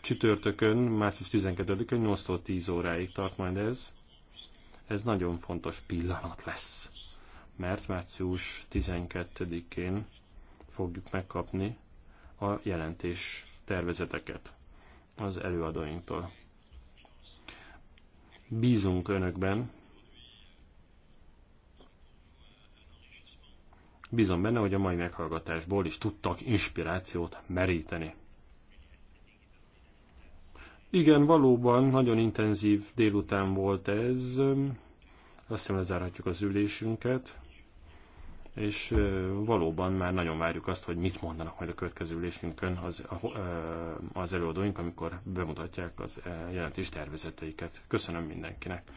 Csütörtökön, március 12-ön 8-tól 10 óráig tart majd ez. Ez nagyon fontos pillanat lesz, mert március 12-én fogjuk megkapni a jelentés tervezeteket az előadóinktól. Bízunk önökben, Bízom benne, hogy a mai meghallgatásból is tudtak inspirációt meríteni. Igen, valóban nagyon intenzív délután volt ez. Azt hiszem lezárhatjuk az ülésünket, és valóban már nagyon várjuk azt, hogy mit mondanak majd a következő ülésünkön az, az előadóink, amikor bemutatják az jelentés tervezeteiket. Köszönöm mindenkinek!